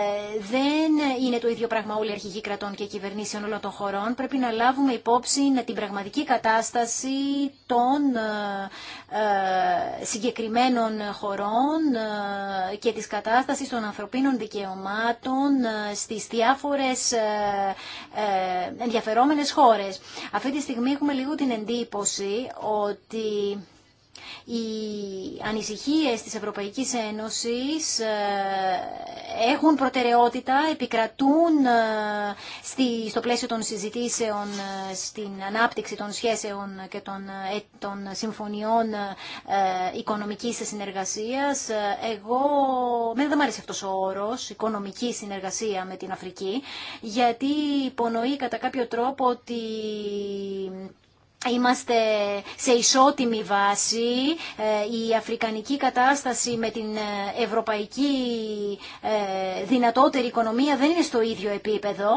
Ε, δεν είναι το ίδιο πράγμα όλοι οι αρχηγοί κρατών και κυβερνήσεων όλων των χωρών. Πρέπει να λάβουμε υπόψη ε, την πραγματική κατάσταση των συγκεκριμένων χωρών και της κατάστασης των ανθρωπίνων δικαιωμάτων στις διάφορες ενδιαφερόμενες χώρες. Αυτή τη στιγμή έχουμε λίγο την εντύπωση ότι οι ανησυχίες της Ευρωπαϊκής Ένωσης ε, έχουν προτεραιότητα, επικρατούν ε, στο πλαίσιο των συζητήσεων ε, στην ανάπτυξη των σχέσεων και των συμφωνιών οικονομικής συνεργασίας. Εγώ, δεν μου άρεσε αυτός ο όρος, οικονομική συνεργασία με την Αφρική, γιατί υπονοεί κατά κάποιο τρόπο ότι Είμαστε σε ισότιμη βάση. Ε, η αφρικανική κατάσταση με την ε, ευρωπαϊκή ε, δυνατότερη οικονομία δεν είναι στο ίδιο επίπεδο.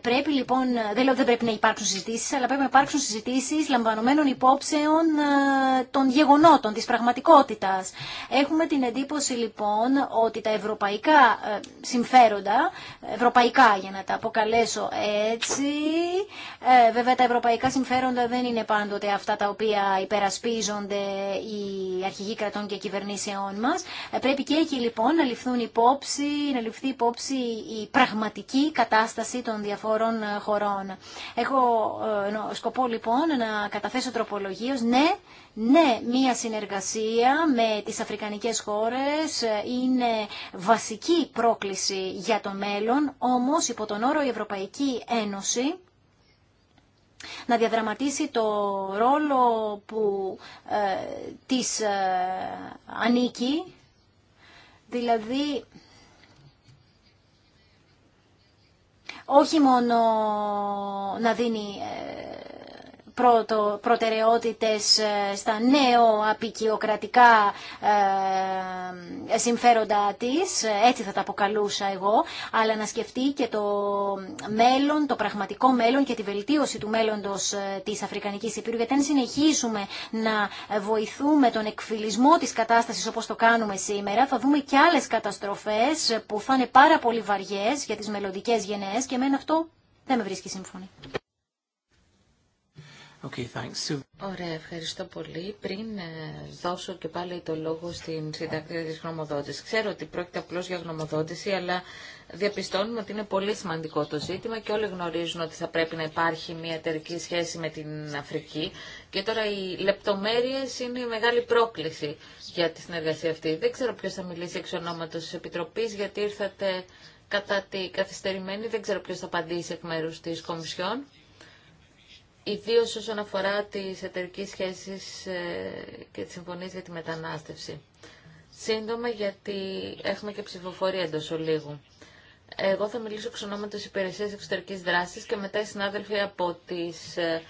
Πρέπει λοιπόν, δεν λέω δεν πρέπει να υπάρξουν συζητήσεις, αλλά πρέπει να υπάρξουν συζητήσεις λαμβανομένων υπόψεων των γεγονότων, της πραγματικότητας. Έχουμε την εντύπωση λοιπόν ότι τα ευρωπαϊκά συμφέροντα, ευρωπαϊκά για να τα αποκαλέσω έτσι, βέβαια τα ευρωπαϊκά συμφέροντα δεν είναι πάντοτε αυτά τα οποία υπερασπίζονται οι αρχηγοί κρατών και κυβερνήσεών μας. Ε, πρέπει και εκεί λοιπόν να, ληφθούν υπόψη, να ληφθεί υπόψη η πραγματική κατάσταση των διαφόρων ε, χωρών. Έχω ε, σκοπό λοιπόν να καταθέσω τροπολογίω. ναι, ναι, μία συνεργασία με τις αφρικανικές χώρες είναι βασική πρόκληση για το μέλλον, όμως υπό τον όρο η Ευρωπαϊκή Ένωση να διαδραματίσει το ρόλο που ε, της ε, ανήκει, δηλαδή όχι μόνο να δίνει ε, προτεραιότητες ε, στα νέο απεικιοκρατικά ε, συμφέροντα της, έτσι θα τα αποκαλούσα εγώ, αλλά να σκεφτεί και το μέλλον, το πραγματικό μέλλον και τη βελτίωση του μέλλοντος ε, της Αφρικανικής Υπήρου, γιατί αν συνεχίσουμε να βοηθούμε τον εκφυλισμό της κατάστασης όπως το κάνουμε σήμερα, θα δούμε και άλλες καταστροφές που θα είναι πάρα πολύ βαριές για τις μελλοντικέ γενναίες και εμένα αυτό δεν με βρίσκει σύμφωνη. Okay, thanks. Ωραία, ευχαριστώ πολύ. Πριν ε, δώσω και πάλι το λόγο στην συντακτήρια της γνωμοδότησης. Ξέρω ότι πρόκειται απλώς για γνωμοδότηση, αλλά διαπιστώνουμε ότι είναι πολύ σημαντικό το ζήτημα και όλοι γνωρίζουν ότι θα πρέπει να υπάρχει μια εταιρική σχέση με την Αφρική. Και τώρα οι λεπτομέρειες είναι η μεγάλη πρόκληση για τη συνεργασία αυτή. Δεν ξέρω ποιος θα μιλήσει εξ ονόματος της Επιτροπής, γιατί ήρθατε κατά τη καθυστερημένη. Δεν ξέρω ποιος θα απαντήσει εκ μέρου της Κομισιόν ιδίω όσον αφορά τι εταιρικέ σχέσεις ε, και τις συμφωνίε για τη μετανάστευση. Σύντομα, γιατί έχουμε και ψηφοφορία εντό ολίγου. Εγώ θα μιλήσω ξανά με τις υπηρεσίες εξωτερικής και μετά οι συνάδελφοι από τις ε,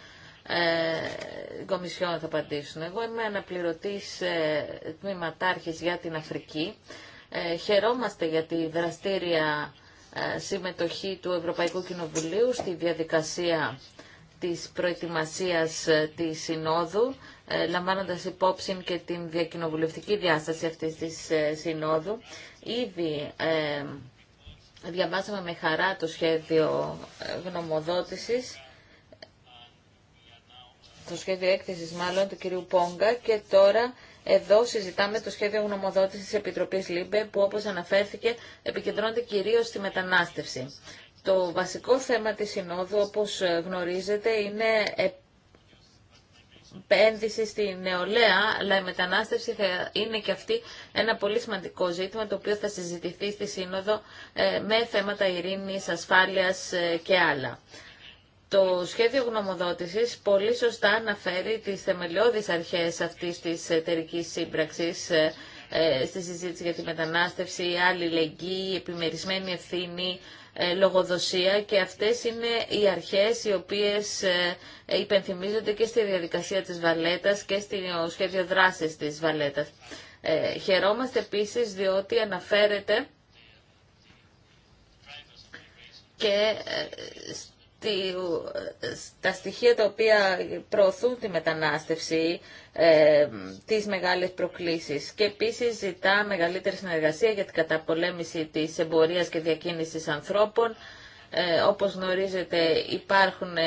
ε, Κομισιόν θα απαντήσουν. Εγώ είμαι αναπληρωτής ε, τμήματάρχης για την Αφρική. Ε, χαιρόμαστε για τη δραστήρια ε, συμμετοχή του Ευρωπαϊκού Κοινοβουλίου στη διαδικασία της προετοιμασίας ε, της Συνόδου, ε, λαμβάνοντας υπόψη και την διακοινοβουλευτική διάσταση αυτής της ε, Συνόδου. Ήδη ε, διαβάσαμε με χαρά το σχέδιο γνωμοδότησης, το σχέδιο έκθεσης μάλλον του κυρίου Πόγκα και τώρα εδώ συζητάμε το σχέδιο γνωμοδότησης της Επιτροπής ΛΥΜΠΕ που όπως αναφέρθηκε επικεντρώνεται κυρίως στη μετανάστευση. Το βασικό θέμα της Συνόδου, όπως ε, γνωρίζετε, είναι επένδυση στη νεολαία, αλλά η μετανάστευση είναι και αυτή ένα πολύ σημαντικό ζήτημα, το οποίο θα συζητηθεί στη Σύνοδο ε, με θέματα ειρήνης, ασφάλειας ε, και άλλα. Το σχέδιο γνωμοδότησης πολύ σωστά αναφέρει τις θεμελιώδεις αρχές αυτής της εταιρική σύμπραξης στη συζήτηση για τη μετανάστευση, αλληλεγγύη, επιμερισμένη ευθύνη, ε, λογοδοσία και αυτές είναι οι αρχές οι οποίες ε, υπενθυμίζονται και στη διαδικασία της Βαλέτας και στο ε, σχέδιο δράσης της Βαλέτας. Χαιρόμαστε επίσης διότι αναφέρεται και τα στοιχεία τα οποία προωθούν τη μετανάστευση, ε, τις μεγάλες προκλήσεις και επίσης ζητά μεγαλύτερη συνεργασία για την καταπολέμηση της εμπορίας και διακίνησης ανθρώπων. Ε, όπως γνωρίζετε υπάρχουν ε,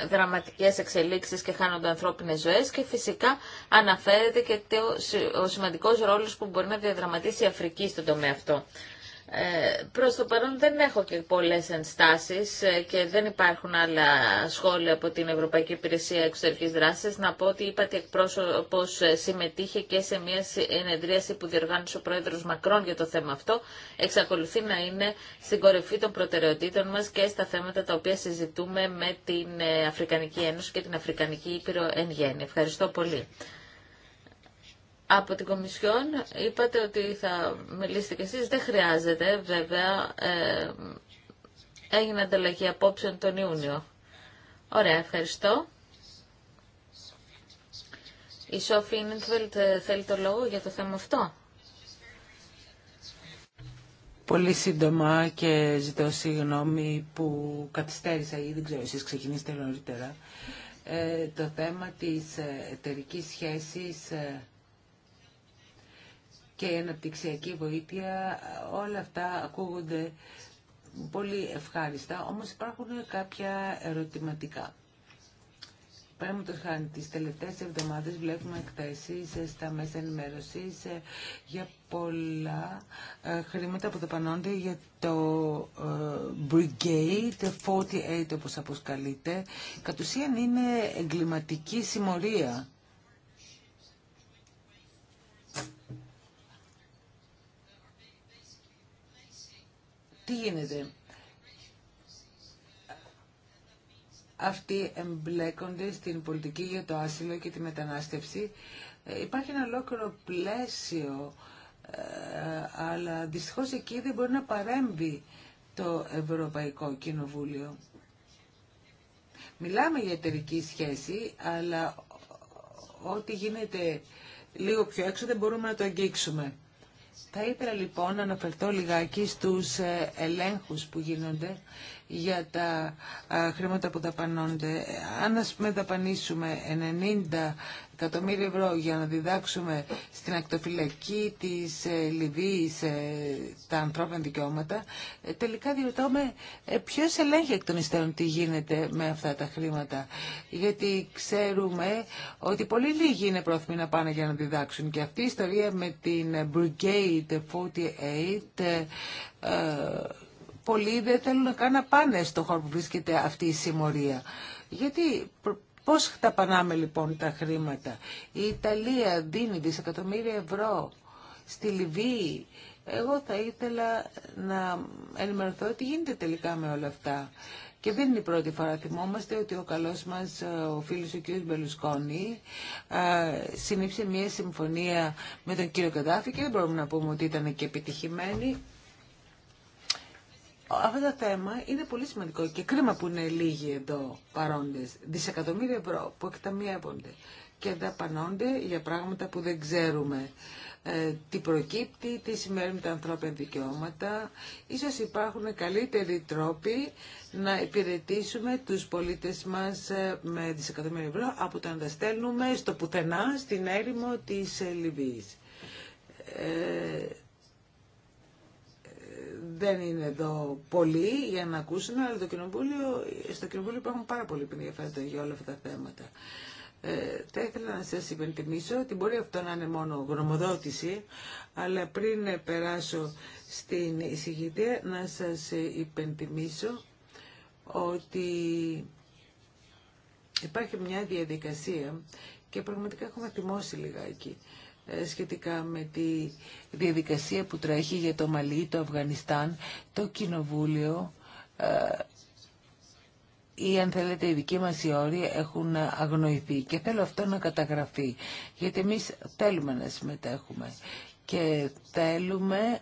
ε, δραματικές εξελίξεις και χάνονται ανθρώπινες ζωές και φυσικά αναφέρεται και το, ο σημαντικός ρόλος που μπορεί να διαδραματίσει η Αφρική στον τομέα αυτό. Ε, προς το παρόν δεν έχω και πολλές ενστάσεις ε, και δεν υπάρχουν άλλα σχόλια από την Ευρωπαϊκή Υπηρεσία Εξωτερικής Δράσης. Να πω ότι είπατε εκπρόσωπος ε, συμμετείχε και σε μια ενεδρίαση που διοργάνωσε ο Πρόεδρος Μακρόν για το θέμα αυτό. Εξακολουθεί να είναι στην κορυφή των προτεραιοτήτων μας και στα θέματα τα οποία συζητούμε με την ε, Αφρικανική Ένωση και την Αφρικανική Ήπειρο εν γέννη. Ευχαριστώ πολύ. Από την Κομισιόν είπατε ότι θα μιλήσετε κι εσείς. Δεν χρειάζεται, βέβαια. Ε, έγινε ανταλλαγή απόψεων τον Ιούνιο. Ωραία, ευχαριστώ. Η Σόφη ε, θέλει το λόγο για το θέμα αυτό. Πολύ σύντομα και ζητώ συγγνώμη που καθυστέρησα ή δεν ξέρω εσείς ξεκινήσετε νωρίτερα. Ε, το θέμα της ε, εταιρική σχέσης ε, και η αναπτυξιακή βοήθεια, όλα αυτά ακούγονται πολύ ευχάριστα, όμως υπάρχουν κάποια ερωτηματικά. Παραδείγματο χάρη, τι τελευταίε εβδομάδε βλέπουμε εκθέσει στα μέσα ενημέρωση για πολλά ε, χρήματα που δαπανώνται για το ε, Brigade 48, όπω αποσκαλείται, Κατ' ουσίαν είναι εγκληματική συμμορία τι γίνεται. Αυτοί εμπλέκονται στην πολιτική για το άσυλο και τη μετανάστευση. Ε, υπάρχει ένα ολόκληρο πλαίσιο, ε, αλλά δυστυχώς εκεί δεν μπορεί να παρέμβει το Ευρωπαϊκό Κοινοβούλιο. Μιλάμε για εταιρική σχέση, αλλά ό,τι γίνεται λίγο πιο έξω δεν μπορούμε να το αγγίξουμε. Θα ήθελα λοιπόν να αναφερθώ λιγάκι στους ε, ελέγχους που γίνονται για τα χρήματα που δαπανώνται. Αν ας πούμε δαπανίσουμε εκατομμύριο ευρώ για να διδάξουμε στην ακτοφυλακή της ε, Λιβύης ε, τα ανθρώπινα δικαιώματα, ε, τελικά ε, ποιος ελέγχει εκ των υστέρων τι γίνεται με αυτά τα χρήματα. Γιατί ξέρουμε ότι πολύ λίγοι είναι πρόθυμοι να πάνε για να διδάξουν. Και αυτή η ιστορία με την Brigade 48 πολλοί δεν θέλουν καν να πάνε στον χώρο που βρίσκεται αυτή η συμμορία. Γιατί Πώς χταπανάμε λοιπόν τα χρήματα. Η Ιταλία δίνει δισεκατομμύρια ευρώ στη Λιβύη. Εγώ θα ήθελα να ενημερωθώ τι γίνεται τελικά με όλα αυτά. Και δεν είναι η πρώτη φορά. Θυμόμαστε ότι ο καλός μας ο φίλος ο κ. Μπελουσκόνη συνήψε μια συμφωνία με τον κύριο Καντάφη και δεν μπορούμε να πούμε ότι ήταν και επιτυχημένη. Αυτό το θέμα είναι πολύ σημαντικό και κρίμα που είναι λίγοι εδώ παρόντες. Δισεκατομμύρια ευρώ που εκταμιεύονται και δαπανώνται για πράγματα που δεν ξέρουμε. Ε, τι προκύπτει, τι σημαίνουν τα ανθρώπινα δικαιώματα. Ίσως υπάρχουν καλύτεροι τρόποι να υπηρετήσουμε τους πολίτες μας ε, με δισεκατομμύρια ευρώ από το να τα στέλνουμε στο πουθενά, στην έρημο της Λιβύης. Ε, δεν είναι εδώ πολλοί για να ακούσουν, αλλά το κοινοβούλιο, στο κοινοβούλιο υπάρχουν πάρα πολλοί που ενδιαφέρονται για όλα αυτά τα θέματα. Ε, θα ήθελα να σας υπενθυμίσω ότι μπορεί αυτό να είναι μόνο γνωμοδότηση, αλλά πριν περάσω στην εισηγητία να σας υπενθυμίσω ότι υπάρχει μια διαδικασία και πραγματικά έχουμε θυμώσει λιγάκι. Ε, σχετικά με τη διαδικασία που τρέχει για το Μαλί, το Αφγανιστάν, το Κοινοβούλιο ε, ή αν θέλετε οι δικοί μας οι όροι έχουν αγνοηθεί και θέλω αυτό να καταγραφεί γιατί εμείς θέλουμε να συμμετέχουμε και θέλουμε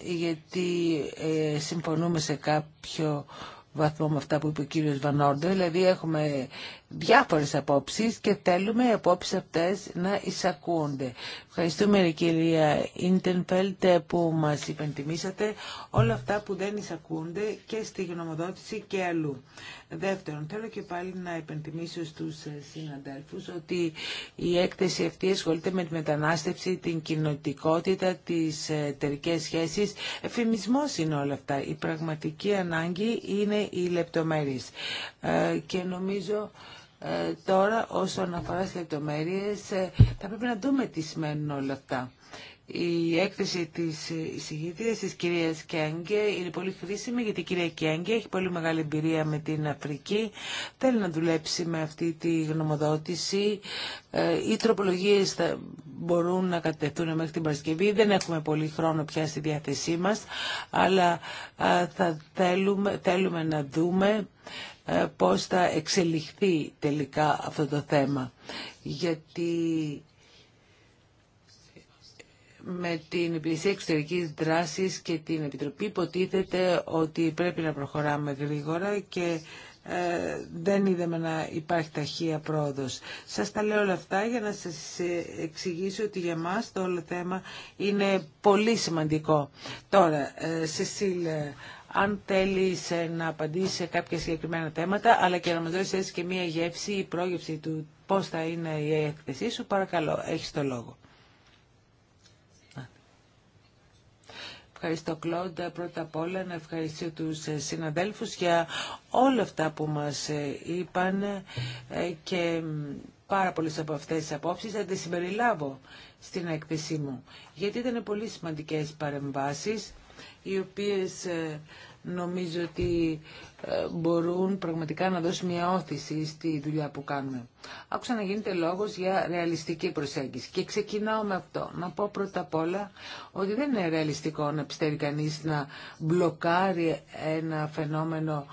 γιατί ε, συμφωνούμε σε κάποιο βαθμό με αυτά που είπε ο κύριος Βανόρντο δηλαδή έχουμε διάφορες απόψεις και θέλουμε οι απόψεις αυτές να εισακούνται. Ευχαριστούμε κυρία Ιντενφέλτ που μας υπενθυμίσατε όλα αυτά που δεν εισακούνται και στη γνωμοδότηση και αλλού. Δεύτερον, θέλω και πάλι να υπενθυμίσω στους συναντέλφους ότι η έκθεση αυτή ασχολείται με τη μετανάστευση, την κοινωτικότητα, τις εταιρικέ σχέσεις. Εφημισμός είναι όλα αυτά. Η πραγματική ανάγκη είναι οι λεπτομέρειες. Ε, και νομίζω ε, τώρα όσον αφορά στις λεπτομέρειες ε, θα πρέπει να δούμε τι σημαίνουν όλα αυτά. Η έκθεση της εισηγήτρια της κυρίας Κιάνγκε είναι πολύ χρήσιμη γιατί η κυρία Κιάνγκε έχει πολύ μεγάλη εμπειρία με την Αφρική. Θέλει να δουλέψει με αυτή τη γνωμοδότηση. Ε, οι τροπολογίες θα μπορούν να κατευθούν μέχρι την Παρασκευή. Δεν έχουμε πολύ χρόνο πια στη διάθεσή μας, αλλά θα θέλουμε, θέλουμε να δούμε ε, πώς θα εξελιχθεί τελικά αυτό το θέμα. Γιατί με την Υπηρεσία εξωτερική δράση και την Επιτροπή υποτίθεται ότι πρέπει να προχωράμε γρήγορα και ε, δεν είδαμε να υπάρχει ταχεία πρόοδος. Σας τα λέω όλα αυτά για να σας ε, εξηγήσω ότι για μας το όλο θέμα είναι πολύ σημαντικό. Τώρα, ε, Σεσίλ, αν θέλεις ε, να απαντήσει σε κάποια συγκεκριμένα θέματα, αλλά και να μας δώσει έτσι και μία γεύση ή πρόγευση του πώς θα είναι η έκθεσή σου, παρακαλώ, έχεις το λόγο. Ευχαριστώ Κλόντα πρώτα απ' όλα να ευχαριστήσω τους ε, συναδέλφους για όλα αυτά που μας ε, είπαν και πάρα πολλές από αυτές τις απόψεις θα τις συμπεριλάβω στην έκθεσή μου γιατί ήταν πολύ σημαντικές παρεμβάσεις οι οποίες ε, νομίζω ότι ε, μπορούν πραγματικά να δώσουν μια όθηση στη δουλειά που κάνουμε. Άκουσα να γίνεται λόγος για ρεαλιστική προσέγγιση και ξεκινάω με αυτό. Να πω πρώτα απ' όλα ότι δεν είναι ρεαλιστικό να πιστεύει κανείς να μπλοκάρει ένα φαινόμενο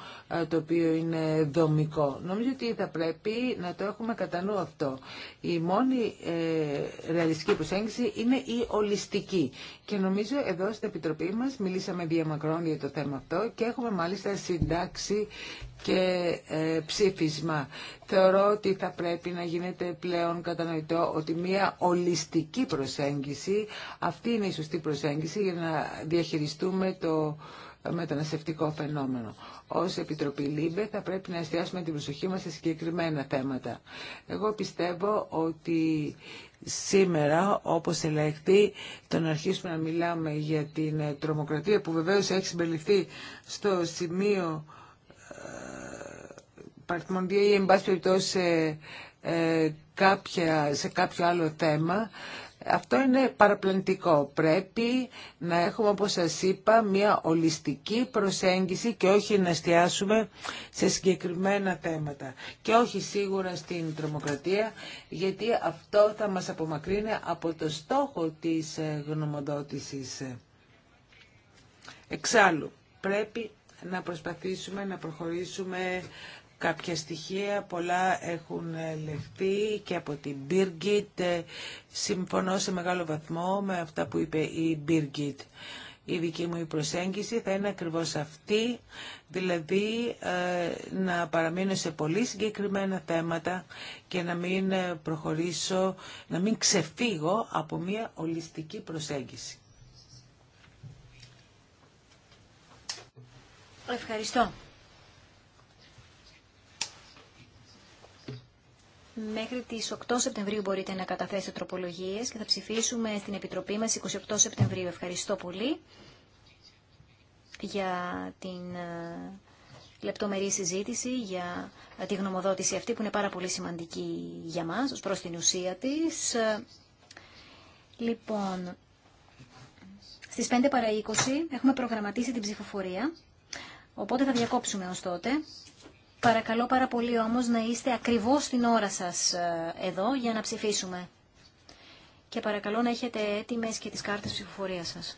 το οποίο είναι δομικό. Νομίζω ότι θα πρέπει να το έχουμε κατά νου αυτό. Η μόνη ε, ρεαλιστική προσέγγιση είναι η ολιστική. Και νομίζω εδώ στην Επιτροπή μας μιλήσαμε διαμακρών για το θέμα αυτό και έχουμε μάλιστα συντάξει και ε, ψήφισμα. Θεωρώ ότι θα πρέπει να γίνεται πλέον κατανοητό ότι μια ολιστική προσέγγιση, αυτή είναι η σωστή προσέγγιση για να διαχειριστούμε το μεταναστευτικό φαινόμενο. Ω Επιτροπή ΛΥΜΠΕ θα πρέπει να εστιάσουμε την προσοχή μας σε συγκεκριμένα θέματα. Εγώ πιστεύω ότι σήμερα, όπως ελέγχθη, το να αρχίσουμε να μιλάμε για την τρομοκρατία που βεβαίω έχει συμπεριληφθεί στο σημείο ε, παρτιμοντία ή εν πάση ε, σε κάποιο άλλο θέμα αυτό είναι παραπλανητικό. Πρέπει να έχουμε, όπως σας είπα, μια ολιστική προσέγγιση και όχι να εστιάσουμε σε συγκεκριμένα θέματα. Και όχι σίγουρα στην τρομοκρατία, γιατί αυτό θα μας απομακρύνει από το στόχο της ε, γνωμοδότησης. Εξάλλου, πρέπει να προσπαθήσουμε να προχωρήσουμε κάποια στοιχεία, πολλά έχουν λεχθεί και από την Birgit. Ε, συμφωνώ σε μεγάλο βαθμό με αυτά που είπε η Birgit. Η δική μου προσέγγιση θα είναι ακριβώς αυτή, δηλαδή ε, να παραμείνω σε πολύ συγκεκριμένα θέματα και να μην ε, προχωρήσω, να μην ξεφύγω από μια ολιστική προσέγγιση. Ευχαριστώ. Μέχρι τις 8 Σεπτεμβρίου μπορείτε να καταθέσετε τροπολογίες και θα ψηφίσουμε στην Επιτροπή μας 28 Σεπτεμβρίου. Ευχαριστώ πολύ για την ε, λεπτομερή συζήτηση για ε, τη γνωμοδότηση αυτή που είναι πάρα πολύ σημαντική για μας ως προς την ουσία της. Ε, λοιπόν, στις 5 παρα 20 έχουμε προγραμματίσει την ψηφοφορία, οπότε θα διακόψουμε ως τότε. Παρακαλώ πάρα πολύ όμως να είστε ακριβώς την ώρα σας ε, εδώ για να ψηφίσουμε. Και παρακαλώ να έχετε έτοιμες και τις κάρτες ψηφοφορίας σας.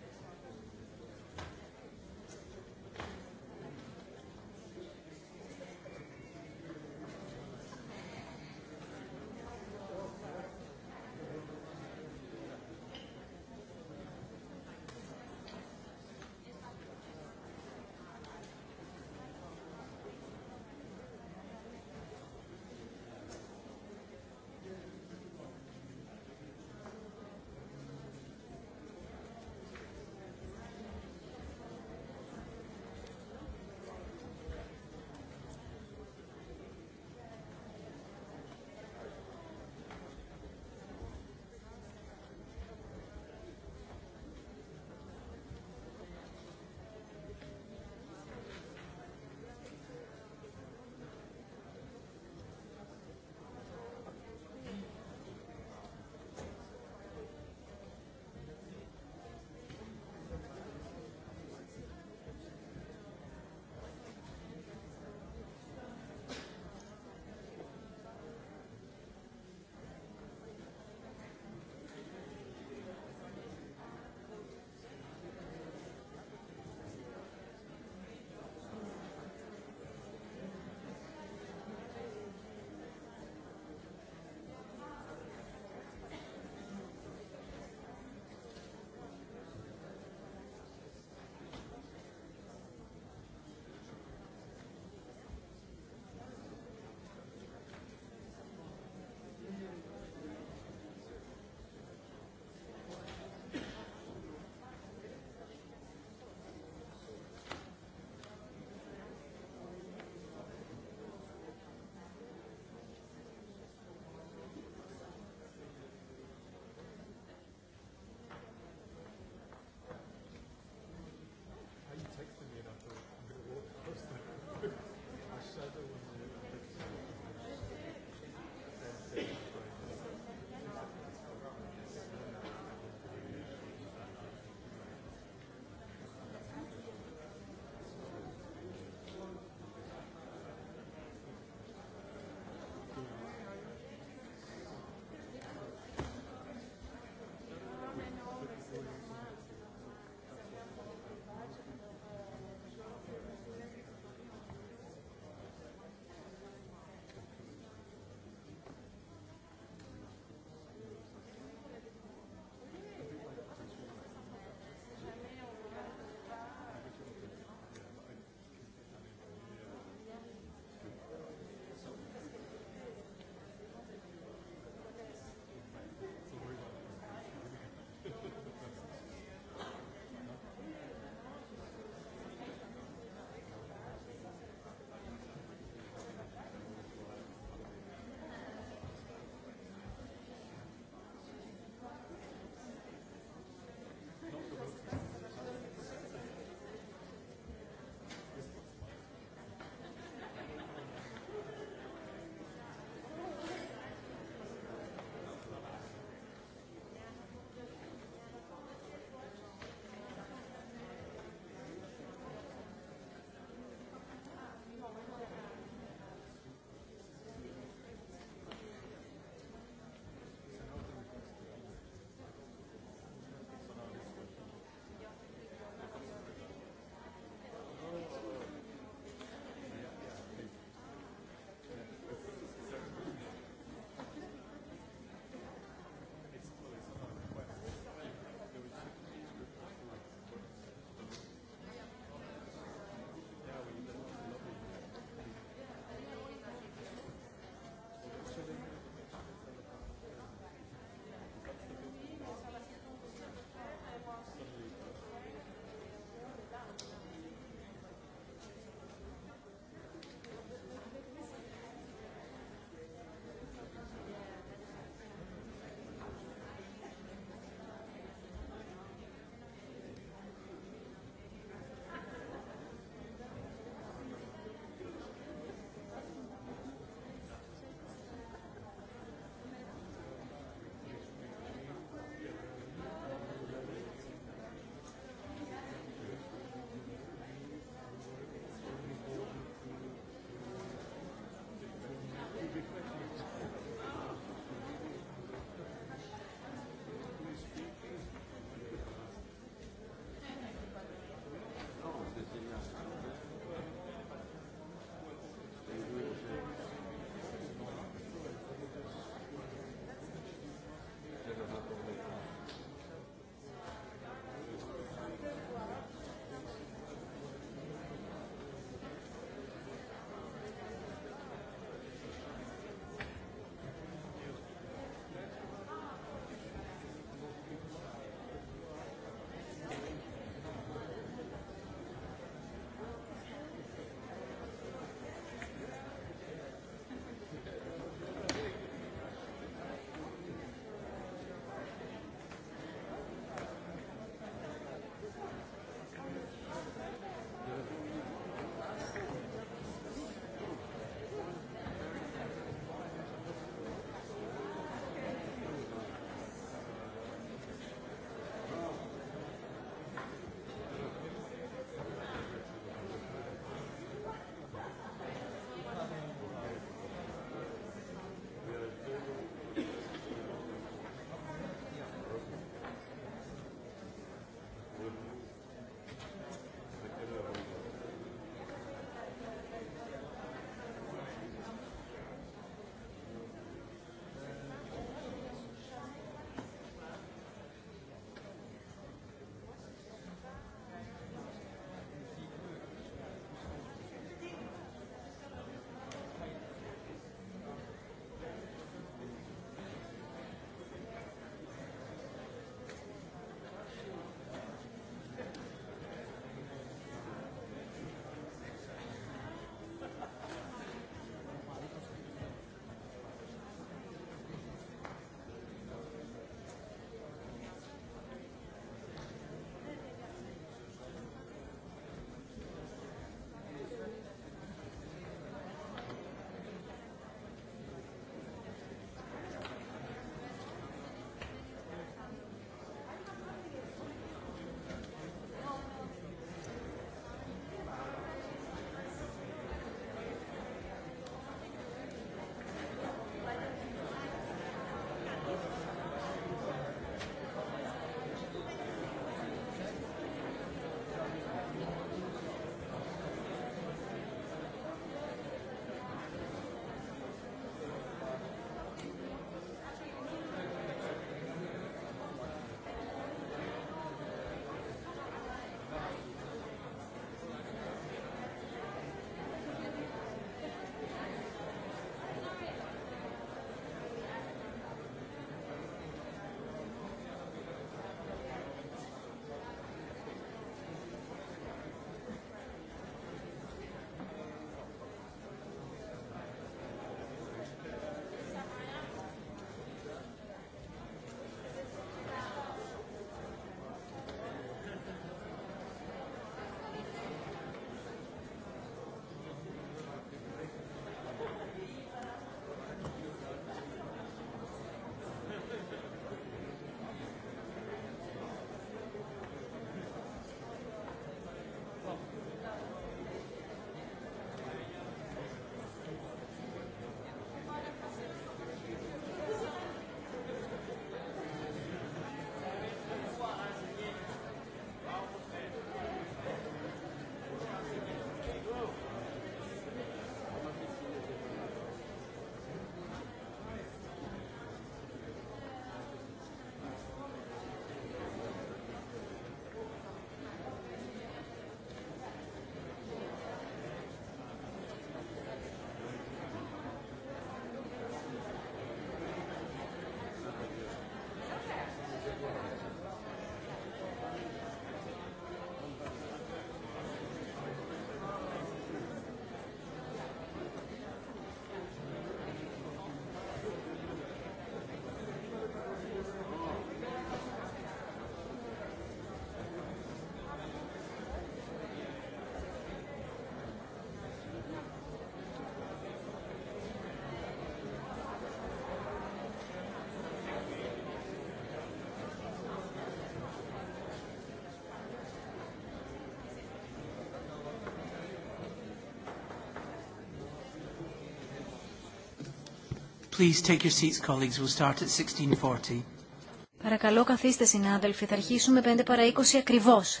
Παρακαλώ καθίστε συνάδελφοι, θα αρχίσουμε 5 παρα 20 ακριβώς.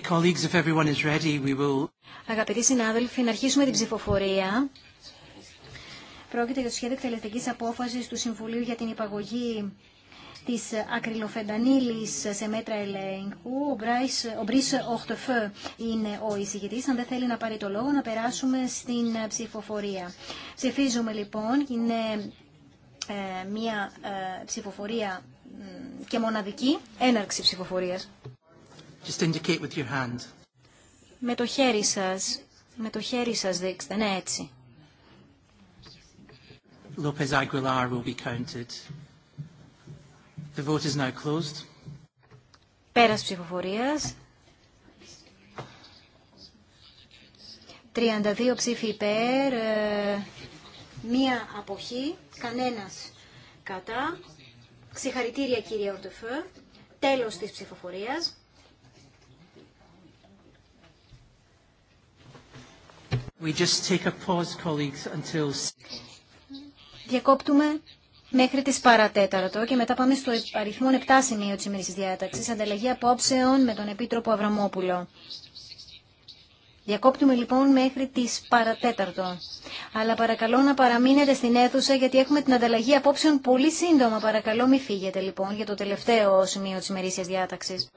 colleagues, if everyone is ready, we will... Αγαπητοί συνάδελφοι, να αρχίσουμε την ψηφοφορία. Πρόκειται για το σχέδιο εκτελεστική απόφασης του Συμβουλίου για την υπαγωγή της ακριλοφεντανίλης σε μέτρα ελέγχου. Ο Μπρίς Οχτεφέ είναι ο εισηγητή. Αν δεν θέλει να πάρει το λόγο, να περάσουμε στην ψηφοφορία. Ψηφίζουμε λοιπόν. Είναι ε, μια ε, ψηφοφορία και μοναδική έναρξη ψηφοφορίας. Just indicate with your hand. Με το χέρι σας. Με το χέρι σας δείξτε. Ναι, έτσι. Lopez Aguilar will be counted. The vote is now closed. Πέρας ψηφοφορίας. 32 ψήφοι υπέρ, ε, μία αποχή, κανένας κατά. Συγχαρητήρια κύριε Ορτεφέ. Τέλος της ψηφοφορίας. Διακόπτουμε μέχρι τις παρατέταρτο και μετά πάμε στο αριθμό 7 σημείο της διάταξης, ανταλλαγή απόψεων με τον Επίτροπο Αβραμόπουλο. Διακόπτουμε λοιπόν μέχρι τις παρατέταρτο. Αλλά παρακαλώ να παραμείνετε στην αίθουσα γιατί έχουμε την ανταλλαγή απόψεων πολύ σύντομα. Παρακαλώ μη φύγετε λοιπόν για το τελευταίο σημείο της διάταξης.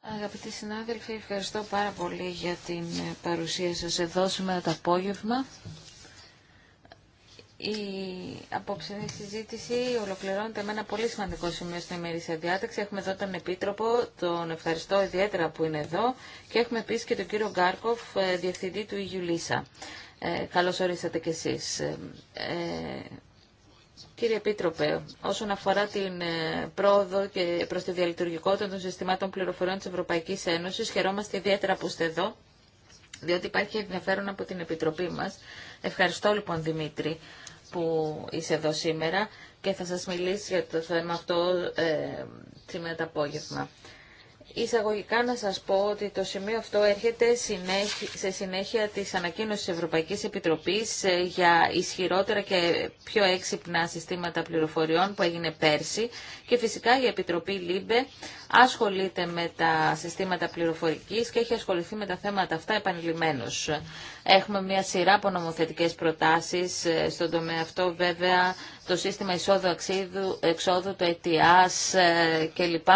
Αγαπητοί συνάδελφοι, ευχαριστώ πάρα πολύ για την ε, παρουσία σας εδώ σήμερα το απόγευμα. Η απόψινή συζήτηση ολοκληρώνεται με ένα πολύ σημαντικό σημείο στην ημερήσια διάταξη. Έχουμε εδώ τον Επίτροπο, τον ευχαριστώ ιδιαίτερα που είναι εδώ και έχουμε επίσης και τον κύριο Γκάρκοφ, ε, διευθυντή του Ιουλίσα. Ε, καλώς ορίσατε κι εσείς. Ε, ε Κύριε Επίτροπε, όσον αφορά την ε, πρόοδο και προς τη διαλειτουργικότητα των συστημάτων πληροφοριών της Ευρωπαϊκής Ένωσης, χαιρόμαστε ιδιαίτερα που είστε εδώ, διότι υπάρχει ενδιαφέρον από την Επιτροπή μας. Ευχαριστώ λοιπόν Δημήτρη που είσαι εδώ σήμερα και θα σας μιλήσει για το θέμα αυτό ε, σήμερα το απόγευμα. Εισαγωγικά να σας πω ότι το σημείο αυτό έρχεται σε συνέχεια της ανακοίνωσης της Ευρωπαϊκής Επιτροπής ε, για ισχυρότερα και πιο έξυπνα συστήματα πληροφοριών που έγινε πέρσι και φυσικά η Επιτροπή ΛΥΜΠΕ ασχολείται με τα συστήματα πληροφορικής και έχει ασχοληθεί με τα θέματα αυτά επανειλημμένως. Έχουμε μια σειρά από νομοθετικές προτάσεις ε, στον τομέα αυτό βέβαια το σύστημα εισόδου αξίδου, εξόδου, το ETIAS ε, κλπ.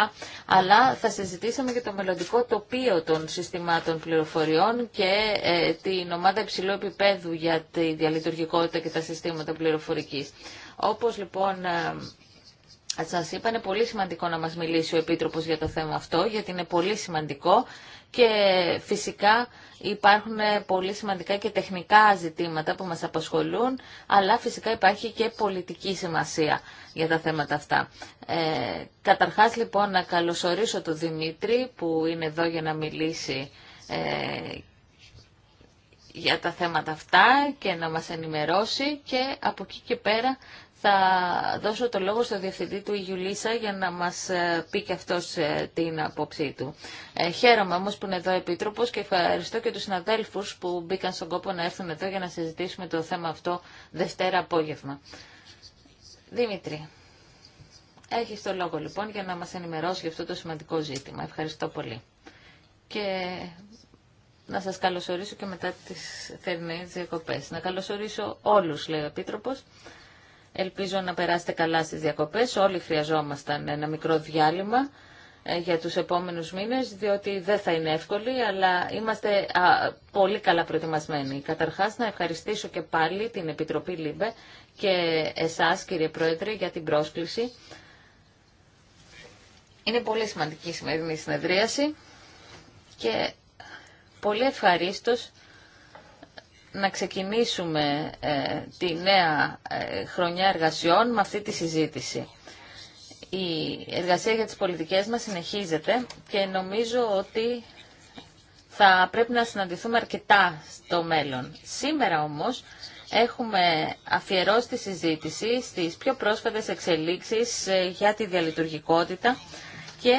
Αλλά θα συζητήσαμε και το μελλοντικό τοπίο των συστημάτων πληροφοριών και ε, την ομάδα υψηλού επίπεδου για τη διαλειτουργικότητα και τα συστήματα πληροφορικής. Όπως λοιπόν ε, σας είπα, είναι πολύ σημαντικό να μας μιλήσει ο Επίτροπος για το θέμα αυτό, γιατί είναι πολύ σημαντικό και φυσικά υπάρχουν πολύ σημαντικά και τεχνικά ζητήματα που μας απασχολούν, αλλά φυσικά υπάρχει και πολιτική σημασία για τα θέματα αυτά. Ε, καταρχάς λοιπόν να καλωσορίσω τον Δημήτρη που είναι εδώ για να μιλήσει ε, για τα θέματα αυτά και να μας ενημερώσει και από εκεί και πέρα θα δώσω το λόγο στο διευθυντή του Ιουλίσα για να μας ε, πει και αυτός ε, την απόψή του. Ε, χαίρομαι όμως που είναι εδώ ο Επίτροπος και ευχαριστώ και τους συναδέλφους που μπήκαν στον κόπο να έρθουν εδώ για να συζητήσουμε το θέμα αυτό Δευτέρα απόγευμα. Δήμητρη, έχεις το λόγο λοιπόν για να μας ενημερώσει για αυτό το σημαντικό ζήτημα. Ευχαριστώ πολύ. Και να σας καλωσορίσω και μετά τις θερινές διακοπές. Να καλωσορίσω όλους, λέει ο Επίτροπος. Ελπίζω να περάσετε καλά στις διακοπές. Όλοι χρειαζόμασταν ένα μικρό διάλειμμα ε, για τους επόμενους μήνες, διότι δεν θα είναι εύκολοι, αλλά είμαστε πολύ καλά προετοιμασμένοι. Καταρχάς, να ευχαριστήσω και πάλι την Επιτροπή ΛΥΜΠΕ και εσάς, κύριε Πρόεδρε, για την πρόσκληση. Είναι πολύ σημαντική η σημερινή συνεδρίαση και πολύ ευχαρίστως να ξεκινήσουμε ε, τη νέα ε, χρονιά εργασιών με αυτή τη συζήτηση. Η εργασία για τις πολιτικές μας συνεχίζεται και νομίζω ότι θα πρέπει να συναντηθούμε αρκετά στο μέλλον. Σήμερα όμως έχουμε αφιερώσει τη συζήτηση στις πιο πρόσφατες εξελίξεις ε, για τη διαλειτουργικότητα και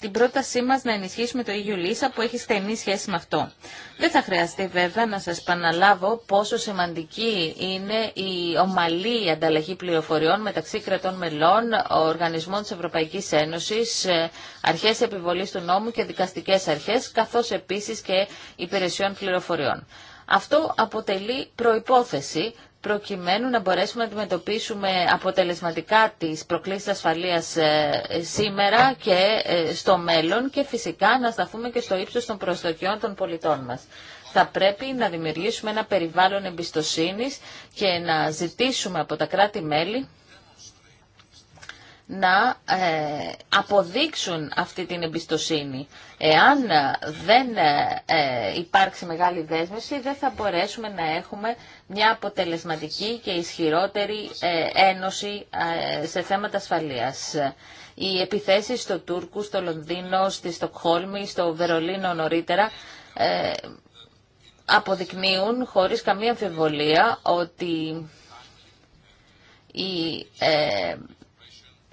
την πρότασή μας να ενισχύσουμε το ίδιο e λύσα που έχει στενή σχέση με αυτό. Δεν θα χρειαστεί βέβαια να σας παναλάβω πόσο σημαντική είναι η ομαλή ανταλλαγή πληροφοριών μεταξύ κρατών μελών, οργανισμών της Ευρωπαϊκής Ένωσης, ε, αρχές επιβολής του νόμου και δικαστικές αρχές, καθώς επίσης και υπηρεσιών πληροφοριών. Αυτό αποτελεί προϋπόθεση προκειμένου να μπορέσουμε να αντιμετωπίσουμε αποτελεσματικά τις προκλήσεις ασφαλείας ε, ε, σήμερα και ε, στο μέλλον και φυσικά να σταθούμε και στο ύψος των προσδοκιών των πολιτών μας. Θα πρέπει να δημιουργήσουμε ένα περιβάλλον εμπιστοσύνης και να ζητήσουμε από τα κράτη-μέλη να ε, αποδείξουν αυτή την εμπιστοσύνη. Εάν δεν ε, ε, υπάρξει μεγάλη δέσμευση, δεν θα μπορέσουμε να έχουμε μια αποτελεσματική και ισχυρότερη ένωση σε θέματα ασφαλείας. Οι επιθέσεις στο Τούρκου, στο Λονδίνο, στη Στοκχόλμη, στο Βερολίνο νωρίτερα αποδεικνύουν χωρίς καμία αμφιβολία ότι η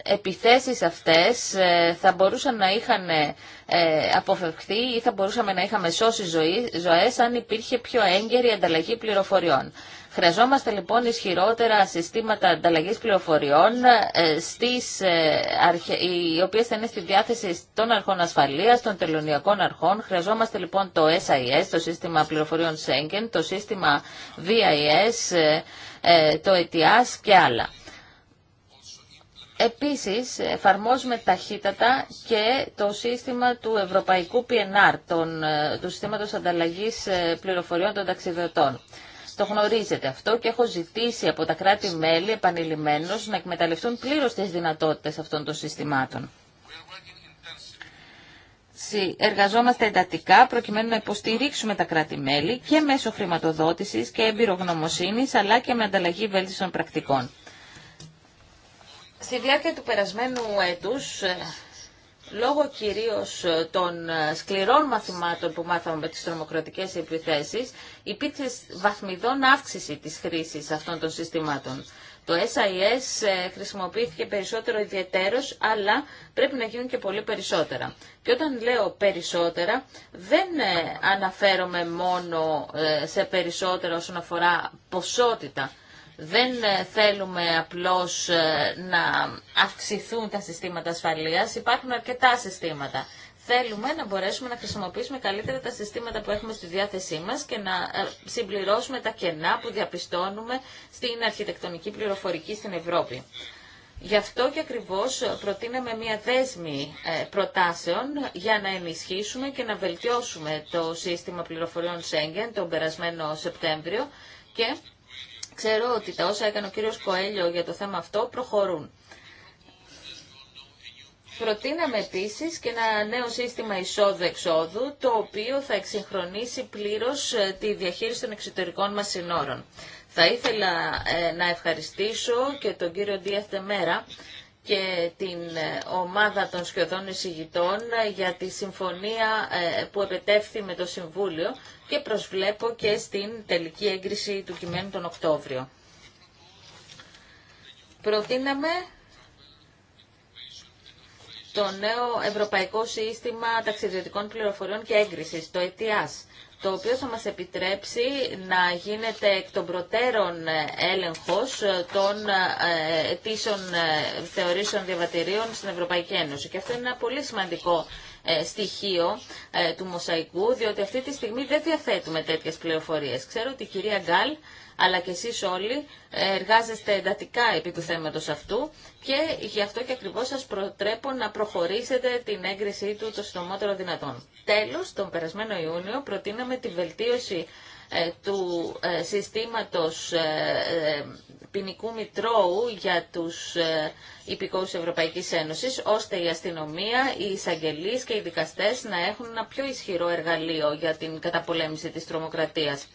επιθέσεις αυτές ε, θα μπορούσαν να είχαν ε, αποφευχθεί ή θα μπορούσαμε να είχαμε σώσει ζωή, ζωές αν υπήρχε πιο έγκαιρη ανταλλαγή πληροφοριών. Χρειαζόμαστε λοιπόν ισχυρότερα συστήματα ανταλλαγή πληροφοριών, ε, στις, οι οποίε θα είναι στη διάθεση των αρχών ασφαλεία, των τελωνιακών αρχών. Χρειαζόμαστε λοιπόν το SIS, το σύστημα πληροφοριών Schengen, το σύστημα VIS, το ETIAS και άλλα. Επίσης, εφαρμόζουμε ταχύτατα και το σύστημα του Ευρωπαϊκού PNR, τον, ε, του Συστήματος Ανταλλαγής ε, Πληροφοριών των Ταξιδιωτών. Το γνωρίζετε αυτό και έχω ζητήσει από τα κράτη-μέλη επανειλημμένως να εκμεταλλευτούν πλήρως τις δυνατότητες αυτών των συστημάτων. Εργαζόμαστε εντατικά προκειμένου να υποστηρίξουμε τα κράτη-μέλη και μέσω χρηματοδότησης και εμπειρογνωμοσύνης αλλά και με ανταλλαγή βέλτιστων πρακτικών. Στη διάρκεια του περασμένου έτους, ε, λόγω κυρίως ε, των ε, σκληρών μαθημάτων που μάθαμε με τις τρομοκρατικές επιθέσεις, υπήρξε βαθμιδόν αύξηση της χρήσης αυτών των συστημάτων. Το SIS χρησιμοποιήθηκε περισσότερο ιδιαιτέρως, αλλά πρέπει να γίνουν και πολύ περισσότερα. Και όταν λέω περισσότερα, δεν αναφέρομαι μόνο σε περισσότερα όσον αφορά ποσότητα, δεν ε, θέλουμε απλώς ε, να αυξηθούν τα συστήματα ασφαλείας, υπάρχουν αρκετά συστήματα. Θέλουμε να μπορέσουμε να χρησιμοποιήσουμε καλύτερα τα συστήματα που έχουμε στη διάθεσή μας και να ε, συμπληρώσουμε τα κενά που διαπιστώνουμε στην αρχιτεκτονική πληροφορική στην Ευρώπη. Γι' αυτό και ακριβώς προτείναμε μια δέσμη προτάσεων για να ενισχύσουμε και να βελτιώσουμε το σύστημα πληροφοριών Σέγγεν τον περασμένο Σεπτέμβριο και Ξέρω ότι τα όσα έκανε ο κύριος Κοέλιο για το θέμα αυτό προχωρούν. Προτείναμε επίσης και ένα νέο σύστημα εισόδου-εξόδου, το οποίο θα εξυγχρονίσει πλήρως ε, τη διαχείριση των εξωτερικών μας συνόρων. Θα ήθελα ε, να ευχαριστήσω και τον κύριο Ντίαθ Μέρα και την ε, ομάδα των σχεδόν εισηγητών για τη συμφωνία που επετεύχθη με το Συμβούλιο και προσβλέπω και στην τελική έγκριση του κειμένου τον Οκτώβριο. Προτείναμε το νέο Ευρωπαϊκό Σύστημα Ταξιδιωτικών Πληροφοριών και Έγκρισης, το ETIAS, το οποίο θα μας επιτρέψει να γίνεται εκ των προτέρων έλεγχος των ε, αιτήσεων ε, θεωρήσεων διαβατηρίων στην Ευρωπαϊκή Ένωση. Και αυτό είναι ένα πολύ σημαντικό ε, στοιχείο ε, του μοσαϊκού, διότι αυτή τη στιγμή δεν διαθέτουμε τέτοιε πληροφορίε. Ξέρω ότι η κυρία Γκάλ αλλά και εσείς όλοι ε, εργάζεστε εντατικά επί του θέματο αυτού και γι' αυτό και ακριβώς σας προτρέπω να προχωρήσετε την έγκρισή του το συντομότερο δυνατόν. Τέλος, τον περασμένο Ιούνιο προτείναμε τη βελτίωση ε, του ε, συστήματος ε, ποινικού μητρώου για τους υπηκόους Ευρωπαϊκής Ένωσης, ώστε η αστυνομία, οι εισαγγελείς και οι δικαστές να έχουν ένα πιο ισχυρό εργαλείο για την καταπολέμηση της τρομοκρατίας.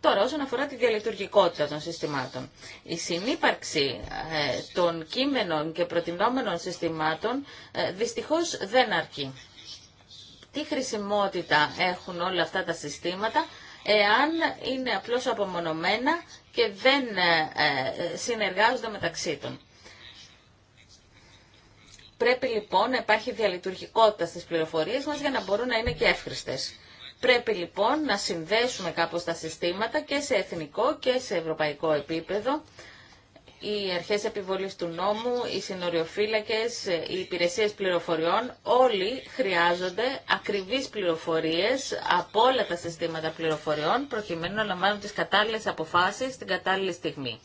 Τώρα, όσον αφορά τη διαλειτουργικότητα των συστημάτων, η συνύπαρξη των κείμενων και προτινόμενων συστημάτων δυστυχώς δεν αρκεί. Τι χρησιμότητα έχουν όλα αυτά τα συστήματα εάν είναι απλώς απομονωμένα και δεν ε, ε, συνεργάζονται μεταξύ των. Πρέπει λοιπόν να υπάρχει διαλειτουργικότητα στις πληροφορίες μας για να μπορούν να είναι και εύχριστες. Πρέπει λοιπόν να συνδέσουμε κάπως τα συστήματα και σε εθνικό και σε ευρωπαϊκό επίπεδο οι αρχές επιβολής του νόμου, οι συνοριοφύλακες, οι υπηρεσίες πληροφοριών, όλοι χρειάζονται ακριβείς πληροφορίες από όλα τα συστήματα πληροφοριών, προκειμένου να λαμβάνουν τις κατάλληλες αποφάσεις στην κατάλληλη στιγμή.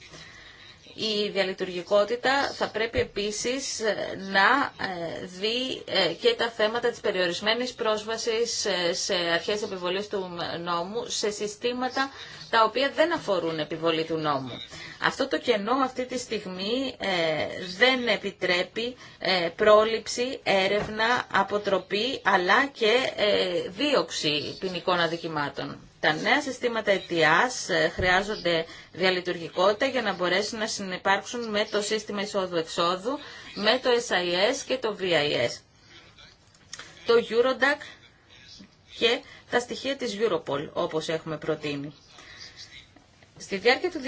Η διαλειτουργικότητα θα πρέπει επίσης ε, να ε, δει ε, και τα θέματα της περιορισμένης πρόσβασης σε αρχές επιβολής του νόμου, σε συστήματα τα οποία δεν αφορούν επιβολή του νόμου. Αυτό το κενό αυτή τη στιγμή δεν επιτρέπει πρόληψη, έρευνα, αποτροπή αλλά και δίωξη ποινικών αδικημάτων. Τα νέα συστήματα αιτιάς ε, χρειάζονται διαλειτουργικότητα για να μπορέσουν να συνεπάρξουν με το σύστημα εισόδου-εξόδου, με το SIS και το VIS, το Eurodac και τα στοιχεία της Europol, όπως έχουμε προτείνει. Στη διάρκεια του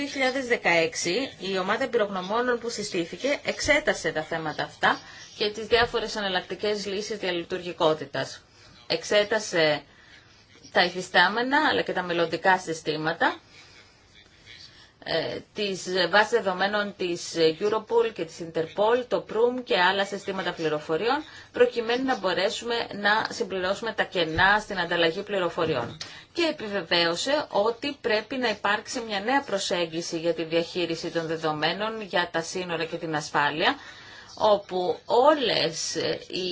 2016, η ομάδα εμπειρογνωμόνων που συστήθηκε εξέτασε τα θέματα αυτά και τις διάφορες αναλλακτικές λύσεις διαλειτουργικότητας. Εξέτασε τα υφιστάμενα αλλά και τα μελλοντικά συστήματα ε, τις βάσεις δεδομένων της Europol και της Interpol, το PRUM και άλλα συστήματα πληροφοριών, προκειμένου να μπορέσουμε να συμπληρώσουμε τα κενά στην ανταλλαγή πληροφοριών. Και επιβεβαίωσε ότι πρέπει να υπάρξει μια νέα προσέγγιση για τη διαχείριση των δεδομένων, για τα σύνορα και την ασφάλεια, όπου όλες οι,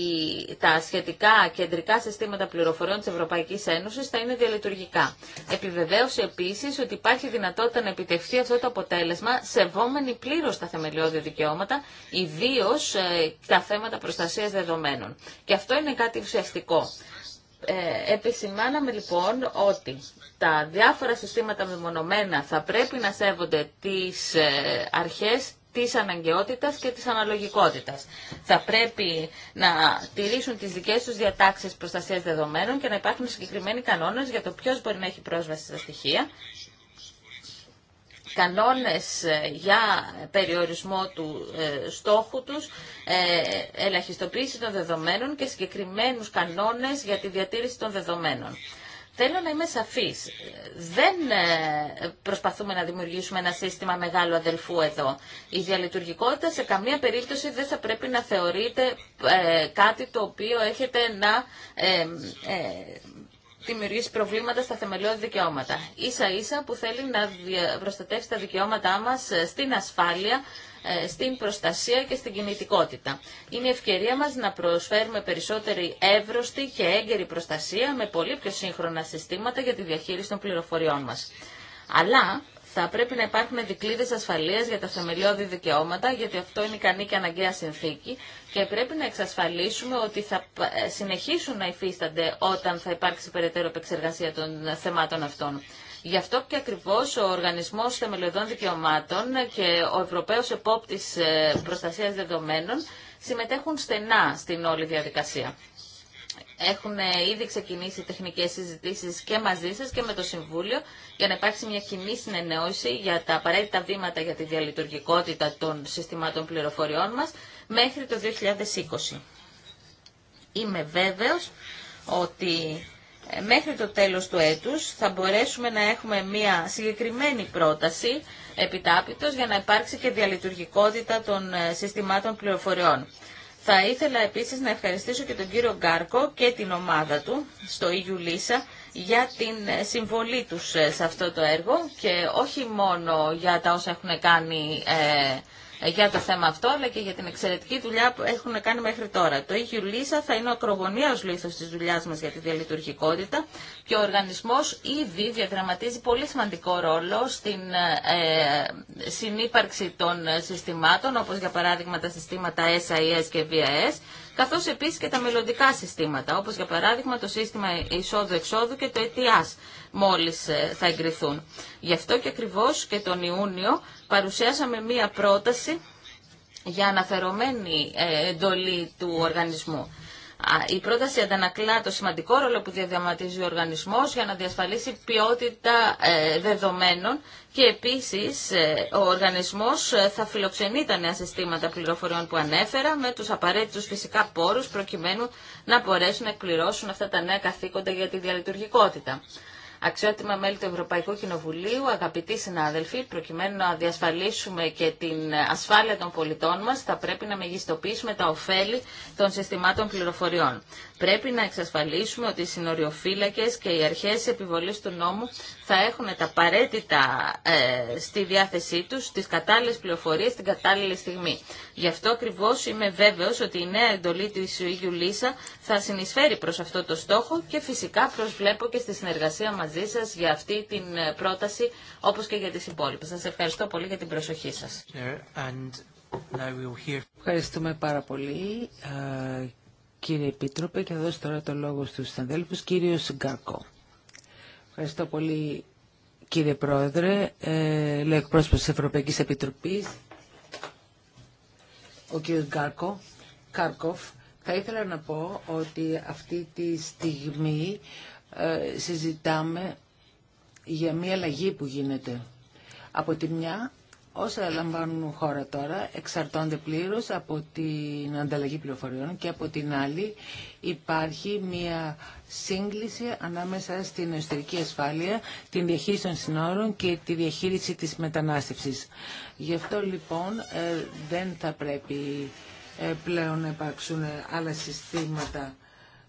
τα σχετικά κεντρικά συστήματα πληροφοριών της Ευρωπαϊκής Ένωσης θα είναι διαλειτουργικά. Επιβεβαίωσε επίσης ότι υπάρχει δυνατότητα να επιτευχθεί αυτό το αποτέλεσμα σεβόμενοι πλήρως τα θεμελιώδη δικαιώματα, ιδίω ε, τα θέματα προστασίας δεδομένων. Και αυτό είναι κάτι ουσιαστικό. Ε, επισημάναμε λοιπόν ότι τα διάφορα συστήματα μεμονωμένα θα πρέπει να σέβονται τις ε, αρχές της αναγκαιότητας και της αναλογικότητας. Θα πρέπει να τηρήσουν τις δικές τους διατάξεις προστασίας δεδομένων και να υπάρχουν συγκεκριμένοι κανόνες για το ποιος μπορεί να έχει πρόσβαση στα στοιχεία κανόνες ε, για περιορισμό του ε, στόχου τους, ε, ελαχιστοποίηση των δεδομένων και συγκεκριμένους κανόνες για τη διατήρηση των δεδομένων. Θέλω να είμαι σαφής. Δεν ε, προσπαθούμε να δημιουργήσουμε ένα σύστημα μεγάλου αδελφού εδώ. Η διαλειτουργικότητα σε καμία περίπτωση δεν θα πρέπει να θεωρείται ε, κάτι το οποίο έχετε να ε, δημιουργήσει προβλήματα στα θεμελιώδη δικαιώματα. Ίσα ίσα που θέλει να προστατεύσει τα δικαιώματά μας ε, στην ασφάλεια, ε, στην προστασία και στην κινητικότητα. Είναι η ευκαιρία μας να προσφέρουμε περισσότερη εύρωστη και έγκαιρη προστασία με πολύ πιο σύγχρονα συστήματα για τη διαχείριση των πληροφοριών μας. Αλλά θα πρέπει να υπάρχουν δικλείδες ασφαλείας για τα θεμελιώδη δικαιώματα, γιατί αυτό είναι ικανή και αναγκαία συνθήκη και πρέπει να εξασφαλίσουμε ότι θα ε, συνεχίσουν να υφίστανται όταν θα υπάρξει περαιτέρω επεξεργασία των θεμάτων αυτών. Γι' αυτό και ακριβώς ο Οργανισμός Θεμελιωδών Δικαιωμάτων και ο Ευρωπαϊο Επόπτη ε, Προστασία Δεδομένων συμμετέχουν στενά στην όλη διαδικασία. Έχουν ήδη ξεκινήσει τεχνικές συζητήσει και μαζί σα και με το Συμβούλιο για να υπάρξει μια κοινή συνεννόηση για τα απαραίτητα βήματα για τη διαλειτουργικότητα των συστημάτων πληροφοριών μας μέχρι το 2020. Είμαι βέβαιος ότι ε, μέχρι το τέλος του έτους θα μπορέσουμε να έχουμε μια συγκεκριμένη πρόταση επιτάπητος για να υπάρξει και διαλειτουργικότητα των ε, συστημάτων πληροφοριών. Θα ήθελα επίσης να ευχαριστήσω και τον κύριο Γκάρκο και την ομάδα του στο Ιουλίσα e για την ε, συμβολή τους ε, σε αυτό το έργο και όχι μόνο για τα όσα έχουν κάνει ε, ε, για το θέμα αυτό, αλλά και για την εξαιρετική δουλειά που έχουν κάνει μέχρι τώρα. Το Ίγιου Λίσα θα είναι ο ακρογωνία λίθος της δουλειάς μας για τη διαλειτουργικότητα και ο οργανισμός ήδη διαδραματίζει πολύ σημαντικό ρόλο στην ε, ε συνύπαρξη των συστημάτων, όπως για παράδειγμα τα συστήματα SIS και VAS καθώς επίσης και τα μελλοντικά συστήματα, όπως για παράδειγμα το σύστημα εισόδου-εξόδου και το ETIAS μόλις ε, θα εγκριθούν. Γι' αυτό και ακριβώς και τον Ιούνιο παρουσιάσαμε μία πρόταση για αναφερομένη ε, εντολή του οργανισμού. Η πρόταση αντανακλά το σημαντικό ρόλο που διαδραματίζει ο οργανισμός για να διασφαλίσει ποιότητα ε, δεδομένων και επίσης ε, ο οργανισμός θα φιλοξενεί τα νέα συστήματα πληροφοριών που ανέφερα με τους απαραίτητους φυσικά πόρους προκειμένου να μπορέσουν να εκπληρώσουν αυτά τα νέα καθήκοντα για τη διαλειτουργικότητα. Αξιότιμα μέλη του Ευρωπαϊκού Κοινοβουλίου, αγαπητοί συνάδελφοι, προκειμένου να διασφαλίσουμε και την ασφάλεια των πολιτών μας, θα πρέπει να μεγιστοποιήσουμε τα ωφέλη των συστημάτων πληροφοριών. Πρέπει να εξασφαλίσουμε ότι οι συνοριοφύλακες και οι αρχές επιβολής του νόμου θα έχουν τα απαραίτητα ε, στη διάθεσή τους, τις κατάλληλες πληροφορίες, την κατάλληλη στιγμή. Γι' αυτό ακριβώ είμαι βέβαιος ότι η νέα εντολή της Υγιού Λίσα θα συνεισφέρει προς αυτό το στόχο και φυσικά προσβλέπω και στη συνεργασία μαζί σας για αυτή την ε, πρόταση όπως και για τις υπόλοιπες. Σας ευχαριστώ πολύ για την προσοχή σας. Ευχαριστούμε πάρα πολύ ε, κύριε Επίτροπε και θα δώσω τώρα το λόγο στους συναδέλφους. Κύριο Γκάκο. Ευχαριστώ πολύ κύριε Πρόεδρε, ε, λέω εκπρόσωπος της Ευρωπαϊκής Επιτροπής, ο κύριος Γκάρκο, Κάρκοφ. Θα ήθελα να πω ότι αυτή τη στιγμή ε, συζητάμε για μια αλλαγή που γίνεται. Από τη μια Όσα λαμβάνουν χώρα τώρα εξαρτώνται πλήρως από την ανταλλαγή πληροφοριών και από την άλλη υπάρχει μια σύγκληση ανάμεσα στην εσωτερική ασφάλεια, την διαχείριση των συνόρων και τη διαχείριση της μετανάστευσης. Γι' αυτό λοιπόν ε, δεν θα πρέπει ε, πλέον να υπάρξουν άλλα συστήματα.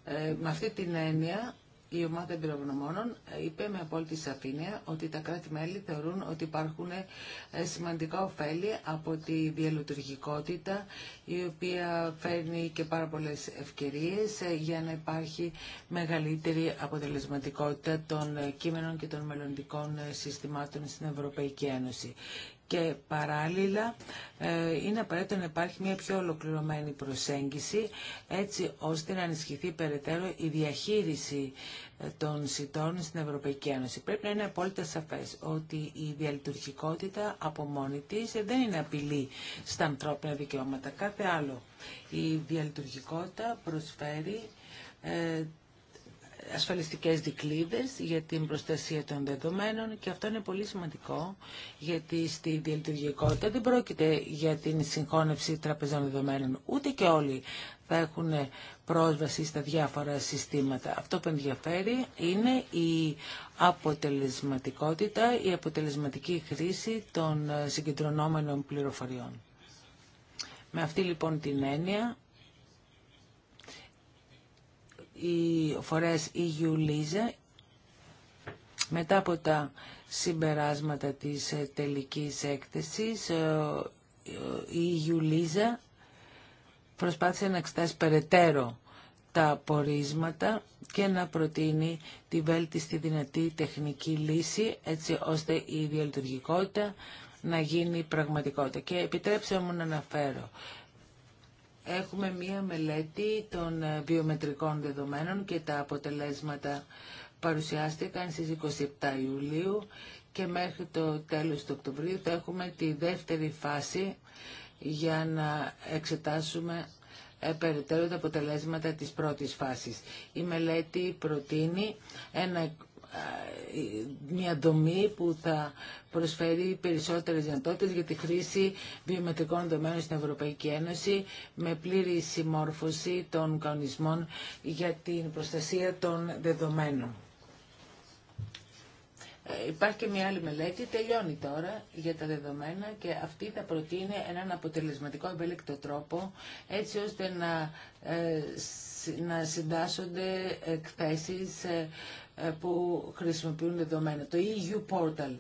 Ε, με αυτή την έννοια η ομάδα εμπειρογνωμόνων είπε με απόλυτη σαφήνεια ότι τα κράτη-μέλη θεωρούν ότι υπάρχουν ε, σημαντικά ωφέλη από τη διαλειτουργικότητα η οποία φέρνει και πάρα πολλές ευκαιρίες ε, για να υπάρχει μεγαλύτερη αποτελεσματικότητα των ε, κείμενων και των μελλοντικών συστημάτων στην Ευρωπαϊκή Ένωση και παράλληλα ε, είναι απαραίτητο να υπάρχει μια πιο ολοκληρωμένη προσέγγιση έτσι ώστε να ενισχυθεί περαιτέρω η διαχείριση ε, των σιτών στην Ευρωπαϊκή Ένωση. Πρέπει να είναι απόλυτα σαφές ότι η διαλειτουργικότητα από μόνη της δεν είναι απειλή στα ανθρώπινα δικαιώματα. Κάθε άλλο, η διαλειτουργικότητα προσφέρει ε, ασφαλιστικές δικλείδες για την προστασία των δεδομένων και αυτό είναι πολύ σημαντικό γιατί στη διελειτουργικότητα δεν πρόκειται για την συγχώνευση τραπεζών δεδομένων. Ούτε και όλοι θα έχουν πρόσβαση στα διάφορα συστήματα. Αυτό που ενδιαφέρει είναι η αποτελεσματικότητα, η αποτελεσματική χρήση των συγκεντρωνόμενων πληροφοριών. Με αυτή λοιπόν την έννοια οι φορές η Γιουλίζα μετά από τα συμπεράσματα της ε, τελικής έκθεσης ε, ε, η Γιουλίζα προσπάθησε να εξετάσει περαιτέρω τα πορίσματα και να προτείνει τη βέλτιστη δυνατή τεχνική λύση έτσι ώστε η διαλειτουργικότητα να γίνει πραγματικότητα. Και επιτρέψτε μου να αναφέρω έχουμε μία μελέτη των ε, βιομετρικών δεδομένων και τα αποτελέσματα παρουσιάστηκαν στις 27 Ιουλίου και μέχρι το τέλος του Οκτωβρίου θα έχουμε τη δεύτερη φάση για να εξετάσουμε ε, περαιτέρω τα αποτελέσματα της πρώτης φάσης. Η μελέτη προτείνει ένα μια δομή που θα προσφέρει περισσότερες δυνατότητες για τη χρήση βιομετρικών δεδομένων στην Ευρωπαϊκή Ένωση με πλήρη συμμόρφωση των κανονισμών για την προστασία των δεδομένων. Ε, υπάρχει και μια άλλη μελέτη, τελειώνει τώρα για τα δεδομένα και αυτή θα προτείνει έναν αποτελεσματικό ευέλικτο τρόπο έτσι ώστε να, ε, να συντάσσονται εκθέσεις ε, ε, που χρησιμοποιούν δεδομένα, το EU Portal.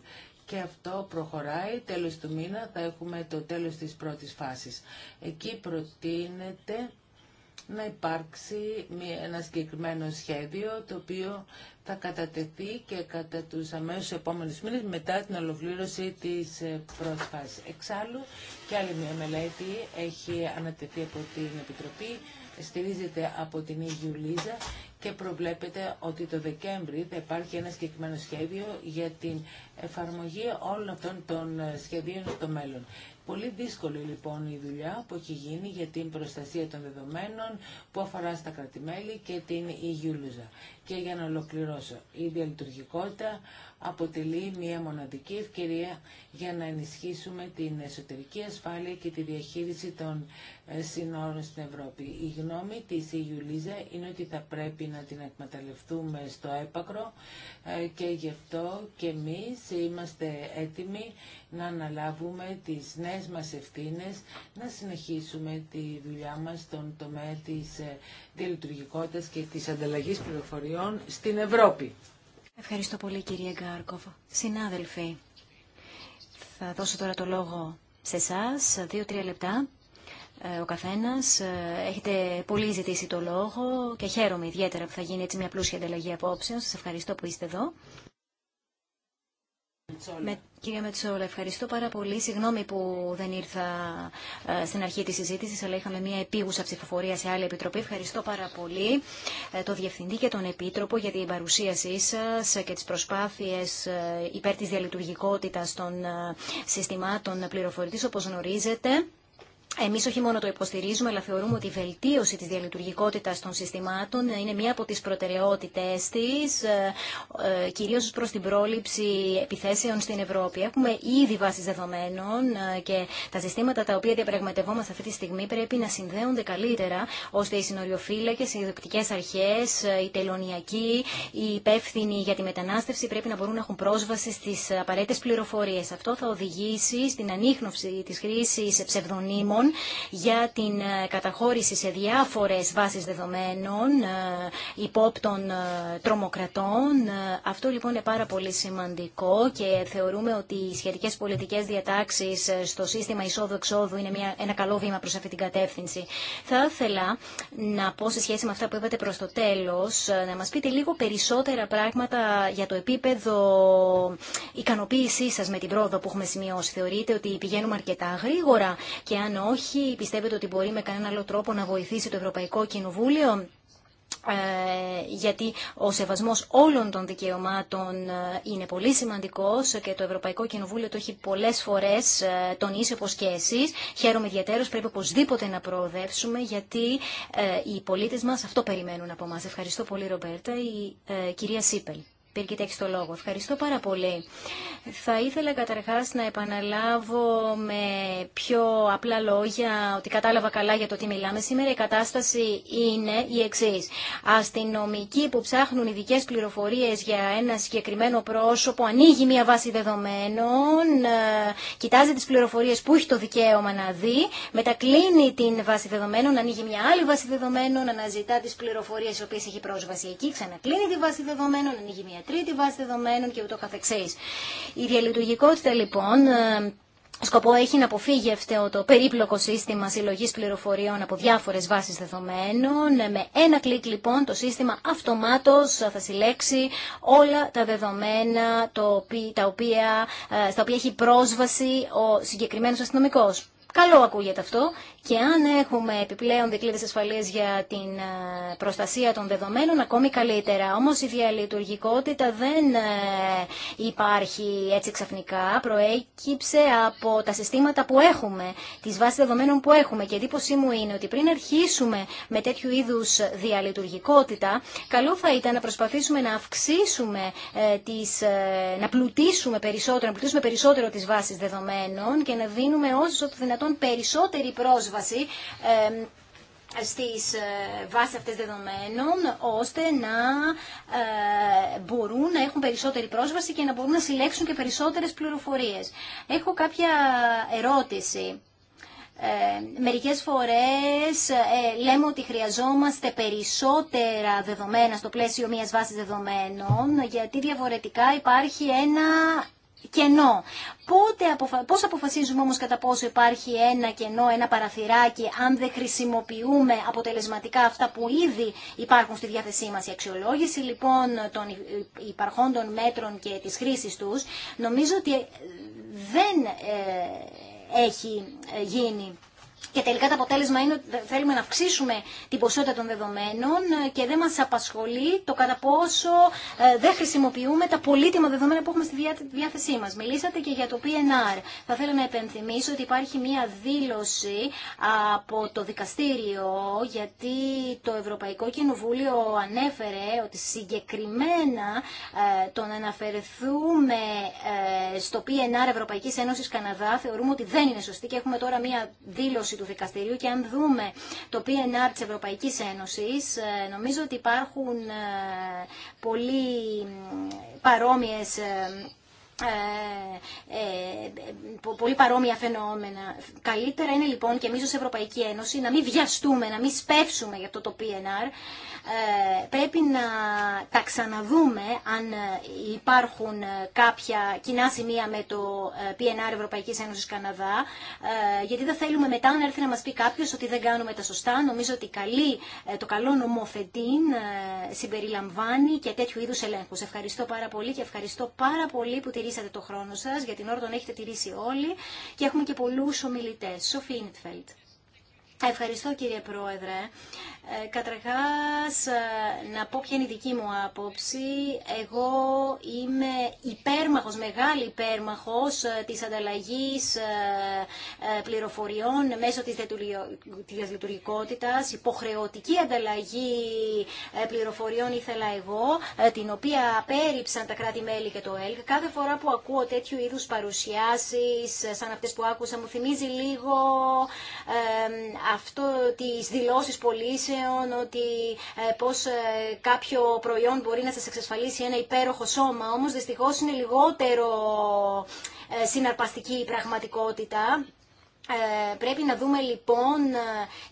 Και αυτό προχωράει, τέλος του μήνα θα έχουμε το τέλος της πρώτης φάσης. Εκεί προτείνεται να υπάρξει ένα συγκεκριμένο σχέδιο το οποίο θα κατατεθεί και κατά τους αμέσως επόμενους μήνες μετά την ολοκλήρωση της ε, φάσης. Εξάλλου και άλλη μια μελέτη έχει ανατεθεί από την Επιτροπή στηρίζεται από την Ιγιου και προβλέπεται ότι το Δεκέμβρη θα υπάρχει ένα συγκεκριμένο σχέδιο για την εφαρμογή όλων αυτών των ε, σχεδίων στο μέλλον. Πολύ δύσκολη λοιπόν η δουλειά που έχει γίνει για την προστασία των δεδομένων που αφορά στα κρατημέλη και την EU και για να ολοκληρώσω, η διαλειτουργικότητα αποτελεί μια μοναδική ευκαιρία για να ενισχύσουμε την εσωτερική ασφάλεια και τη διαχείριση των ε, συνόρων στην Ευρώπη. Η γνώμη της Ιουλίζα είναι ότι θα πρέπει να την εκμεταλλευτούμε στο έπακρο ε, και γι' αυτό και εμείς είμαστε έτοιμοι να αναλάβουμε τις νέες μας ευθύνες, να συνεχίσουμε τη δουλειά μας στον τομέα της ε, διαλειτουργικότητας και της ανταλλαγής πληροφοριών στην Ευρώπη. Ευχαριστώ πολύ κύριε Γκάρκοφ. Συνάδελφοι, θα δώσω τώρα το λόγο σε εσά, δύο-τρία λεπτά. Ε, ο καθένας. Ε, έχετε πολύ ζητήσει το λόγο και χαίρομαι ιδιαίτερα που θα γίνει έτσι μια πλούσια ανταλλαγή απόψεων. Σα ευχαριστώ που είστε εδώ. Με, Μετσόλα, ευχαριστώ πάρα πολύ. Συγγνώμη που δεν ήρθα ε, στην αρχή της συζήτησης, αλλά είχαμε μια επίγουσα ψηφοφορία σε άλλη επιτροπή. Ευχαριστώ πάρα πολύ ε, τον Διευθυντή και τον Επίτροπο για την παρουσίασή σας και τις προσπάθειες ε, υπέρ της διαλειτουργικότητας των ε, συστημάτων πληροφορητής, όπως γνωρίζετε. Εμεί όχι μόνο το υποστηρίζουμε, αλλά θεωρούμε ότι η βελτίωση τη διαλειτουργικότητας των συστημάτων είναι μία από τι προτεραιότητε τη, ε, ε, κυρίω προ την πρόληψη επιθέσεων στην Ευρώπη. Έχουμε ήδη βάσεις δεδομένων ε, και τα συστήματα τα οποία διαπραγματευόμαστε αυτή τη στιγμή πρέπει να συνδέονται καλύτερα, ώστε οι συνοριοφύλακε, οι ιδιοκτικέ αρχέ, οι τελωνιακοί, οι υπεύθυνοι για τη μετανάστευση πρέπει να μπορούν να έχουν πρόσβαση στι απαραίτητε πληροφορίε. Αυτό θα οδηγήσει στην ανείχνωση τη χρήση για την ε, καταχώρηση σε διάφορες βάσεις δεδομένων ε, υπόπτων ε, τρομοκρατών. Αυτό λοιπόν είναι πάρα πολύ σημαντικό και θεωρούμε ότι οι σχετικές πολιτικές διατάξεις στο σύστημα εισόδου-εξόδου είναι ένα καλό βήμα προς αυτή την κατεύθυνση. Θα ήθελα να πω σε σχέση με αυτά που είπατε προς το τέλος, να μας πείτε λίγο περισσότερα πράγματα για το επίπεδο ικανοποίησή σας με την πρόοδο που έχουμε σημειώσει. Θεωρείτε ότι πηγαίνουμε αρκετά γρήγορα και αν όχι, όχι πιστεύετε ότι μπορεί με κανέναν άλλο τρόπο να βοηθήσει το Ευρωπαϊκό Κοινοβούλιο ε, γιατί ο σεβασμός όλων των δικαιωμάτων ε, είναι πολύ σημαντικός και το Ευρωπαϊκό Κοινοβούλιο το έχει πολλές φορές ε, τονίσει όπως και εσείς. Χαίρομαι ιδιαίτερως, πρέπει οπωσδήποτε να προοδεύσουμε γιατί οι πολίτες μας αυτό περιμένουν από μας. Ευχαριστώ πολύ Ρομπέρτα, η κυρία Σίπελ. Πύρκητα, έχει το λόγο. Ευχαριστώ πάρα πολύ. Θα ήθελα καταρχά να επαναλάβω με πιο απλά λόγια ότι κατάλαβα καλά για το τι μιλάμε. Σήμερα η κατάσταση είναι η εξή. Αστυνομικοί που ψάχνουν ειδικέ πληροφορίε για ένα συγκεκριμένο πρόσωπο, ανοίγει μια βάση δεδομένων, ε, κοιτάζει τι πληροφορίε που έχει το δικαίωμα να δει, μετακλίνει την βάση δεδομένων, ανοίγει μια άλλη βάση δεδομένων, αναζητά τι πληροφορίε οι οποίε έχει πρόσβαση εκεί, ξανακλίνει τη βάση δεδομένων, ανοίγει μια τρίτη βάση δεδομένων και ούτω καθεξής. Η διαλειτουργικότητα λοιπόν ε, Σκοπό έχει να αποφύγει αυτό το περίπλοκο σύστημα συλλογή πληροφοριών από διάφορε βάσει δεδομένων. Ε, με ένα κλικ λοιπόν το σύστημα αυτομάτω θα συλλέξει όλα τα δεδομένα τα οποία, ε, στα οποία έχει πρόσβαση ο συγκεκριμένο αστυνομικό. Καλό ακούγεται αυτό και αν έχουμε επιπλέον δικλείδες ασφαλείας για την ε, προστασία των δεδομένων, ακόμη καλύτερα. Όμως η διαλειτουργικότητα δεν ε, υπάρχει έτσι ξαφνικά. Προέκυψε από τα συστήματα που έχουμε, τις βάσεις δεδομένων που έχουμε. Και εντύπωσή μου είναι ότι πριν αρχίσουμε με τέτοιου είδους διαλειτουργικότητα, καλό θα ήταν να προσπαθήσουμε να αυξήσουμε, ε, τις, να πλουτίσουμε περισσότερο, να πλουτίσουμε περισσότερο τις βάσεις δεδομένων και να δίνουμε όσο το δυνατόν περισσότερη πρόσβαση πρόσβαση στις ε, βάσεις αυτές δεδομένων ώστε να ε, μπορούν να έχουν περισσότερη πρόσβαση και να μπορούν να συλλέξουν και περισσότερες πληροφορίες. Έχω κάποια ερώτηση. Ε, μερικές φορές ε, λέμε ότι χρειαζόμαστε περισσότερα δεδομένα στο πλαίσιο μιας βάσης δεδομένων γιατί διαφορετικά υπάρχει ένα κενό. Πότε, πώς αποφασίζουμε όμως κατά πόσο υπάρχει ένα κενό, ένα παραθυράκι, αν δεν χρησιμοποιούμε αποτελεσματικά αυτά που ήδη υπάρχουν στη διάθεσή μας. Η αξιολόγηση λοιπόν των υπαρχόντων μέτρων και της χρήσης τους νομίζω ότι ε, δεν ε, έχει ε, γίνει και τελικά το αποτέλεσμα είναι ότι θέλουμε να αυξήσουμε την ποσότητα των δεδομένων και δεν μας απασχολεί το κατά πόσο ε, δεν χρησιμοποιούμε τα πολύτιμα δεδομένα που έχουμε στη διάθεσή μας. Μιλήσατε και για το PNR. Θα θέλω να επενθυμίσω ότι υπάρχει μία δήλωση από το δικαστήριο γιατί το Ευρωπαϊκό Κοινοβούλιο ανέφερε ότι συγκεκριμένα ε, το να αναφερθούμε ε, στο PNR Ευρωπαϊκής Ένωσης Καναδά θεωρούμε ότι δεν είναι σωστή και έχουμε τώρα μία δήλωση του δικαστηρίου και αν δούμε το PNR της Ευρωπαϊκής Ένωσης, ε, νομίζω ότι υπάρχουν ε, πολύ παρόμοιες ε, ε, ε, πολύ παρόμοια φαινόμενα. Καλύτερα είναι λοιπόν και εμεί ω Ευρωπαϊκή Ένωση να μην βιαστούμε, να μην σπεύσουμε για αυτό το PNR. Ε, πρέπει να τα ξαναδούμε αν υπάρχουν κάποια κοινά σημεία με το PNR Ευρωπαϊκή Ένωση Καναδά γιατί δεν θέλουμε μετά να έρθει να μα πει κάποιο ότι δεν κάνουμε τα σωστά. Νομίζω ότι καλή, το καλό νομοθετήν συμπεριλαμβάνει και τέτοιου είδου ελέγχου. Ευχαριστώ πάρα πολύ και ευχαριστώ πάρα πολύ που τη τηρήσατε το χρόνο σας, για την ώρα τον έχετε τηρήσει όλοι και έχουμε και πολλούς ομιλητές. Σοφή Ινιτφέλτ. Ευχαριστώ κύριε Πρόεδρε. Ε, καταρχάς ε, να πω ποια είναι η δική μου άποψη. Εγώ είμαι υπέρμαχος, μεγάλη υπέρμαχος ε, της ανταλλαγής ε, πληροφοριών μέσω της λειτουργικότητας, υποχρεωτική ανταλλαγή πληροφοριών ήθελα εγώ, την οποία απέρριψαν τα κράτη-μέλη και το ΕΛΚ. Κάθε φορά που ακούω τέτοιου είδους παρουσιάσεις, σαν αυτές που άκουσα, μου θυμίζει λίγο αυτό τις δηλώσεις πωλήσεων, ότι ε, πώς ε, κάποιο προϊόν μπορεί να σας εξασφαλίσει ένα υπέροχο σώμα, όμως δυστυχώς είναι λιγότερο ε, συναρπαστική η πραγματικότητα. πρέπει να δούμε λοιπόν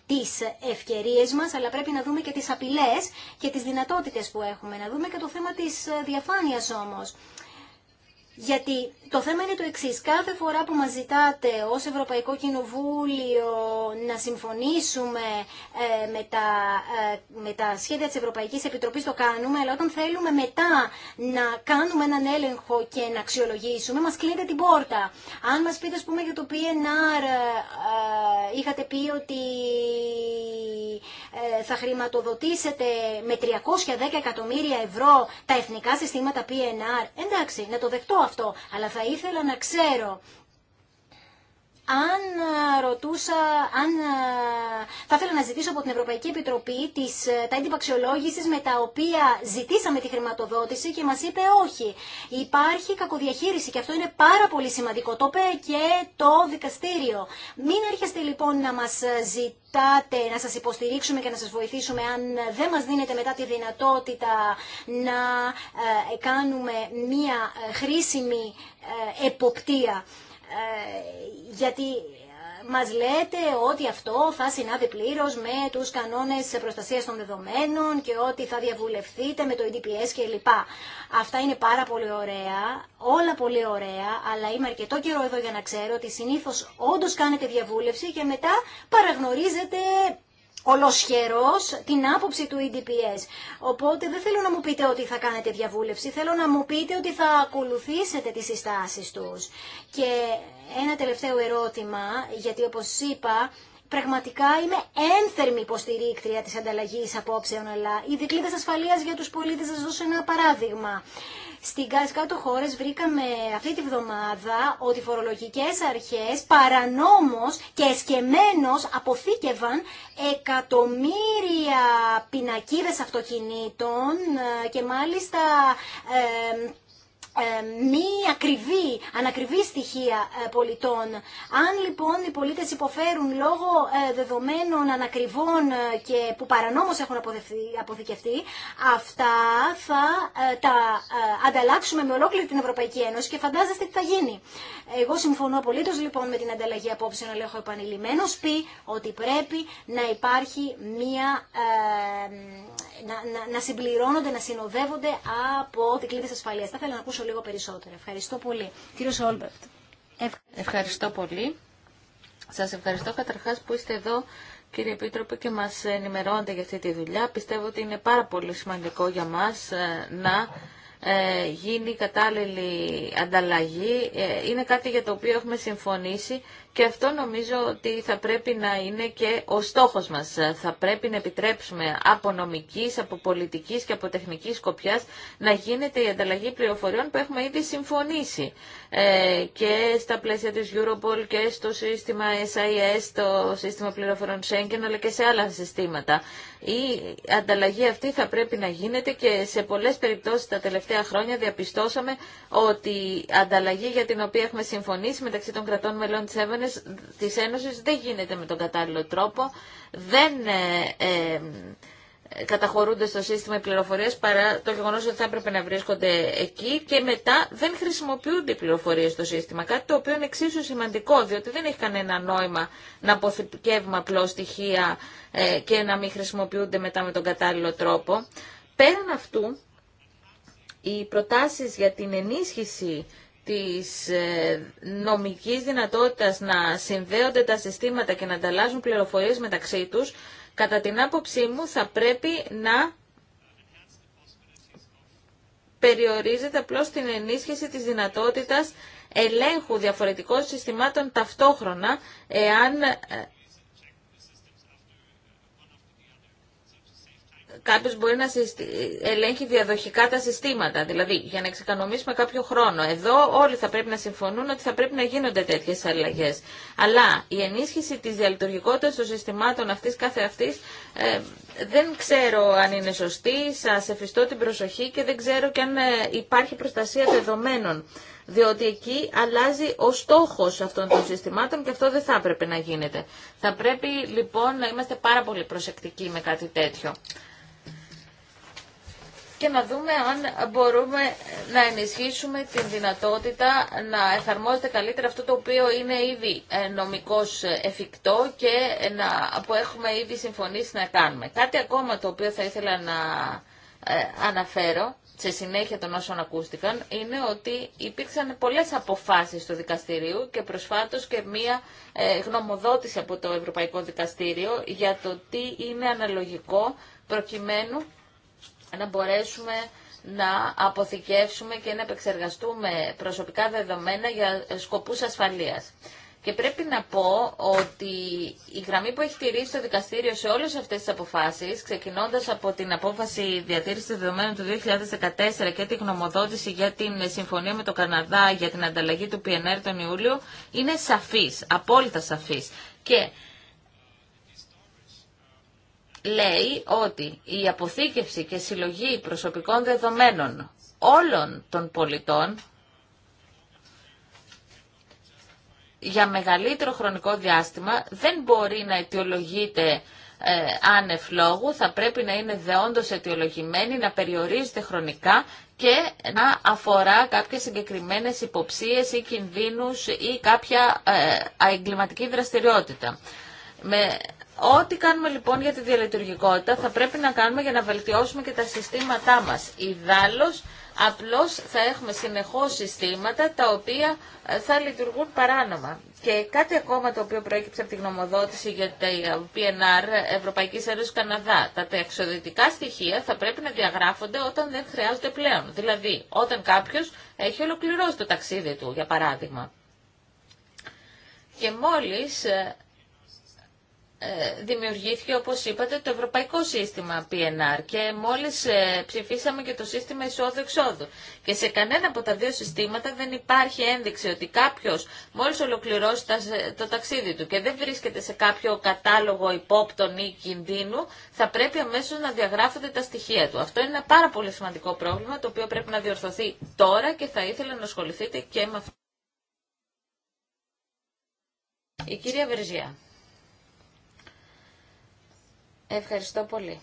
τις ευκαιρίες μας, αλλά πρέπει να δούμε και τις απειλές και τις δυνατότητες που έχουμε. Να δούμε και το θέμα της διαφάνειας όμως. Γιατί το θέμα είναι το εξή. Κάθε φορά που μας ζητάτε ως Ευρωπαϊκό Κοινοβούλιο να συμφωνήσουμε ε, με, τα, ε, με τα σχέδια της Ευρωπαϊκής Επιτροπής το κάνουμε, αλλά όταν θέλουμε μετά να κάνουμε έναν έλεγχο και να αξιολογήσουμε, μας κλείνετε την πόρτα. Αν μας πείτε, ας πούμε, για το PNR, ε, είχατε πει ότι θα χρηματοδοτήσετε με 310 εκατομμύρια ευρώ τα εθνικά συστήματα PNR. Εντάξει, να το δεχτώ αυτό, αλλά θα ήθελα να ξέρω αν ε, ρωτούσα, αν ε, θα ήθελα να ζητήσω από την Ευρωπαϊκή Επιτροπή τις, ε, τα έντυπα αξιολόγηση με τα οποία ζητήσαμε τη χρηματοδότηση και μας είπε όχι. Υπάρχει κακοδιαχείριση και αυτό είναι πάρα πολύ σημαντικό. Το είπε και το δικαστήριο. Μην έρχεστε λοιπόν να μας ζητάτε να σας υποστηρίξουμε και να σας βοηθήσουμε αν δεν μας δίνετε μετά τη δυνατότητα να κάνουμε μία χρήσιμη εποπτεία. Ε, γιατί ε, μας λέτε ότι αυτό θα συνάδει πλήρως με τους κανόνες προστασίας των δεδομένων και ότι θα διαβουλευθείτε με το EDPS κλπ. Αυτά είναι πάρα πολύ ωραία, όλα πολύ ωραία, αλλά είμαι αρκετό καιρό εδώ για να ξέρω ότι συνήθως όντως κάνετε διαβούλευση και μετά παραγνωρίζετε ολοσχερός την άποψη του EDPS. Οπότε δεν θέλω να μου πείτε ότι θα κάνετε διαβούλευση, θέλω να μου πείτε ότι θα ακολουθήσετε τις συστάσεις τους. Και ένα τελευταίο ερώτημα, γιατί όπως είπα Πραγματικά είμαι ένθερμη υποστηρίκτρια της ανταλλαγής απόψεων, αλλά οι δικλείδες ασφαλείας για τους πολίτες, σας δώσω ένα παράδειγμα. Στην κάτω χώρες βρήκαμε αυτή τη βδομάδα ότι φορολογικέ φορολογικές αρχές παρανόμως και εσκεμμένως αποθήκευαν εκατομμύρια πινακίδες αυτοκινήτων ε, και μάλιστα ε, ε, μη ακριβή, ανακριβή στοιχεία ε, πολιτών. Αν λοιπόν οι πολίτες υποφέρουν λόγω ε, δεδομένων ανακριβών και που παρανόμως έχουν αποθηκευτεί, αυτά θα τα ανταλλάξουμε με ολόκληρη την Ευρωπαϊκή Ένωση και φαντάζεστε τι θα γίνει. Εγώ συμφωνώ απολύτως λοιπόν με την ανταλλαγή απόψεων, αλλά έχω επανειλημμένος πει ότι πρέπει να υπάρχει μία να, να συμπληρώνονται, να συνοδεύονται από την κλίδα ασφαλείας. Θα ήθελα να ακούσω λίγο περισσότερο. Ευχαριστώ πολύ. Κύριο Σόλμπερτ. Ευχαριστώ πολύ. Σας ευχαριστώ καταρχάς που είστε εδώ κύριε Επίτροπε και μα ενημερώνετε για αυτή τη δουλειά. Πιστεύω ότι είναι πάρα πολύ σημαντικό για μας ε, να ε, γίνει κατάλληλη ανταλλαγή. Ε, είναι κάτι για το οποίο έχουμε συμφωνήσει και αυτό νομίζω ότι θα πρέπει να είναι και ο στόχος μας. Θα πρέπει να επιτρέψουμε από νομικής, από πολιτικής και από τεχνικής σκοπιάς να γίνεται η ανταλλαγή πληροφοριών που έχουμε ήδη συμφωνήσει ε, και στα πλαίσια της Europol και στο σύστημα SIS, το σύστημα πληροφοριών Schengen, αλλά και σε άλλα συστήματα. Η ανταλλαγή αυτή θα πρέπει να γίνεται και σε πολλές περιπτώσεις τα τελευταία χρόνια διαπιστώσαμε ότι η ανταλλαγή για την οποία έχουμε συμφωνήσει μεταξύ των κρατών μελών της, Ένωσης, της Ένωσης δεν γίνεται με τον κατάλληλο τρόπο, δεν ε, ε, ε, καταχωρούνται στο σύστημα οι πληροφορίες παρά το γεγονός ότι θα έπρεπε να βρίσκονται εκεί και μετά δεν χρησιμοποιούνται οι πληροφορίες στο σύστημα. Κάτι το οποίο είναι εξίσου σημαντικό, διότι δεν έχει κανένα νόημα να αποθηκεύουμε απλώ στοιχεία ε, και να μην χρησιμοποιούνται μετά με τον κατάλληλο τρόπο. Πέραν αυτού, οι προτάσεις για την ενίσχυση της ε, νομικής δυνατότητας να συνδέονται τα συστήματα και να ανταλλάσσουν πληροφορίες μεταξύ τους Κατά την άποψή μου θα πρέπει να περιορίζεται απλώ την ενίσχυση της δυνατότητας ελέγχου διαφορετικών συστημάτων ταυτόχρονα, εάν ε, Κάποιο μπορεί να ελέγχει διαδοχικά τα συστήματα, δηλαδή για να εξοικονομήσουμε κάποιο χρόνο. Εδώ όλοι θα πρέπει να συμφωνούν ότι θα πρέπει να γίνονται τέτοιε αλλαγέ. Αλλά η ενίσχυση τη διαλειτουργικότητα των συστημάτων αυτή κάθε αυτή ε, δεν ξέρω αν είναι σωστή, σα εφιστώ την προσοχή και δεν ξέρω και αν ε, υπάρχει προστασία δεδομένων. Διότι εκεί αλλάζει ο στόχος αυτών των συστημάτων και αυτό δεν θα έπρεπε να γίνεται. Θα πρέπει λοιπόν να είμαστε πάρα πολύ προσεκτικοί με κάτι τέτοιο και να δούμε αν μπορούμε να ενισχύσουμε την δυνατότητα να εφαρμόζεται καλύτερα αυτό το οποίο είναι ήδη ε, νομικώς ε, εφικτό και ε, να, που έχουμε ήδη συμφωνήσει να κάνουμε. Κάτι ακόμα το οποίο θα ήθελα να αναφέρω σε συνέχεια των όσων ακούστηκαν είναι ότι υπήρξαν πολλές αποφάσεις του δικαστηρίου και προσφάτως και μία γνωμοδότηση από το Ευρωπαϊκό Δικαστήριο για το τι είναι αναλογικό προκειμένου να μπορέσουμε να αποθηκεύσουμε και να επεξεργαστούμε προσωπικά δεδομένα για σκοπούς ασφαλείας. Και πρέπει να πω ότι η γραμμή που έχει τηρήσει το δικαστήριο σε όλες αυτές τις αποφάσεις, ξεκινώντας από την απόφαση διατήρησης δεδομένων του 2014 και την γνωμοδότηση για την συμφωνία με το Καναδά για την ανταλλαγή του PNR τον Ιούλιο, είναι σαφής, απόλυτα σαφής. Και λέει ότι η αποθήκευση και συλλογή προσωπικών δεδομένων όλων των πολιτών για μεγαλύτερο χρονικό διάστημα δεν μπορεί να αιτιολογείται ε, άνευ λόγου, θα πρέπει να είναι δεόντως αιτιολογημένη, να περιορίζεται χρονικά και να αφορά κάποιες συγκεκριμένες υποψίες ή κινδύνους ή κάποια ε, εγκληματική δραστηριότητα. Με Ό,τι κάνουμε λοιπόν για τη διαλειτουργικότητα θα πρέπει να κάνουμε για να βελτιώσουμε και τα συστήματά μας. Ιδάλλως, απλώς θα έχουμε συνεχώς συστήματα τα οποία ε, θα λειτουργούν παράνομα. Και κάτι ακόμα το οποίο προέκυψε από τη γνωμοδότηση για τα ε, PNR Ευρωπαϊκή Ένωση Καναδά. Τα εξοδετικά στοιχεία θα πρέπει να διαγράφονται όταν δεν χρειάζονται πλέον. Δηλαδή, όταν κάποιος έχει ολοκληρώσει το ταξίδι του, για παράδειγμα. Και μόλις ε, ε, δημιουργήθηκε, όπως είπατε, το Ευρωπαϊκό Σύστημα PNR και μόλις ε, ψηφίσαμε και το σύστημα εισόδου-εξόδου. Και σε κανένα από τα δύο συστήματα δεν υπάρχει ένδειξη ότι κάποιος μόλις ολοκληρώσει το ταξίδι του και δεν βρίσκεται σε κάποιο κατάλογο υπόπτων ή κινδύνου, θα πρέπει αμέσως να διαγράφονται τα στοιχεία του. Αυτό είναι ένα πάρα πολύ σημαντικό πρόβλημα, το οποίο πρέπει να διορθωθεί τώρα και θα ήθελα να ασχοληθείτε και με αυτό. Η κυρία Βερζιά. Ευχαριστώ πολύ.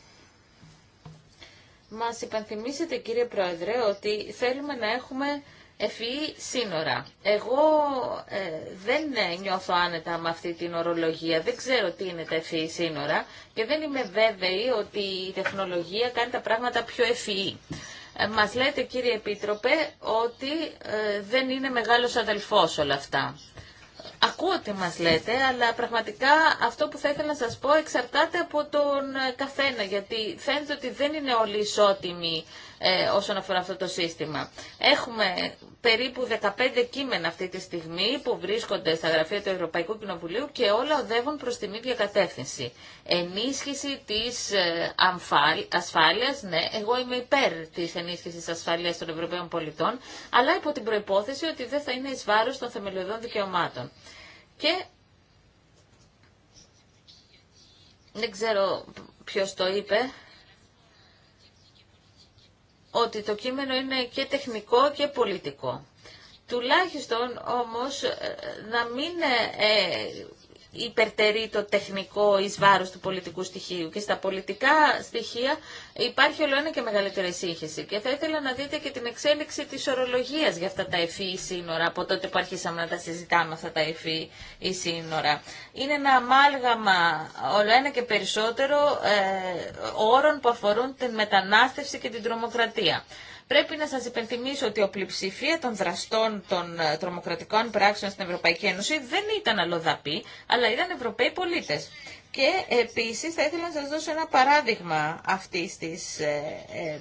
Μας υπενθυμίσετε κύριε Πρόεδρε ότι θέλουμε να έχουμε ευφυή σύνορα. Εγώ ε, δεν νιώθω άνετα με αυτή την ορολογία, δεν ξέρω τι είναι τα ευφυή σύνορα και δεν είμαι βέβαιη ότι η τεχνολογία κάνει τα πράγματα πιο ευφυή. Ε, μας λέτε κύριε Επίτροπε ότι ε, δεν είναι μεγάλος αδελφός όλα αυτά. Ακούω τι μας λέτε, αλλά πραγματικά αυτό που θα ήθελα να σας πω εξαρτάται από τον ε, καθένα, γιατί φαίνεται ότι δεν είναι όλοι ισότιμοι ε, όσον αφορά αυτό το σύστημα. Έχουμε περίπου 15 κείμενα αυτή τη στιγμή που βρίσκονται στα γραφεία του Ευρωπαϊκού Κοινοβουλίου και όλα οδεύουν προς την ίδια κατεύθυνση. Ενίσχυση της ε, ασφάλειας, ναι, εγώ είμαι υπέρ της ενίσχυσης ασφάλειας των Ευρωπαίων πολιτών, αλλά υπό την προϋπόθεση ότι δεν θα είναι εις βάρος των θεμελιωδών δικαιωμάτων. Και δεν ξέρω ποιος το είπε, ότι το κείμενο είναι και τεχνικό και πολιτικό. Τουλάχιστον όμως ε, να μην ε, υπερτερεί το τεχνικό εις βάρος του πολιτικού στοιχείου και στα πολιτικά στοιχεία υπάρχει όλο και μεγαλύτερη σύγχυση και θα ήθελα να δείτε και την εξέλιξη της ορολογίας για αυτά τα ευφύ σύνορα από τότε που αρχίσαμε να τα συζητάμε αυτά τα ευφύ σύνορα. Είναι ένα αμάλγαμα όλο και περισσότερο ε, όρων που αφορούν την μετανάστευση και την τρομοκρατία. Πρέπει να σας υπενθυμίσω ότι η πλειοψηφία των δραστών των ε, τρομοκρατικών πράξεων στην Ευρωπαϊκή Ένωση δεν ήταν αλλοδαπή, αλλά ήταν Ευρωπαίοι πολίτες. Και επίσης θα ήθελα να σας δώσω ένα παράδειγμα αυτής της ε, ε,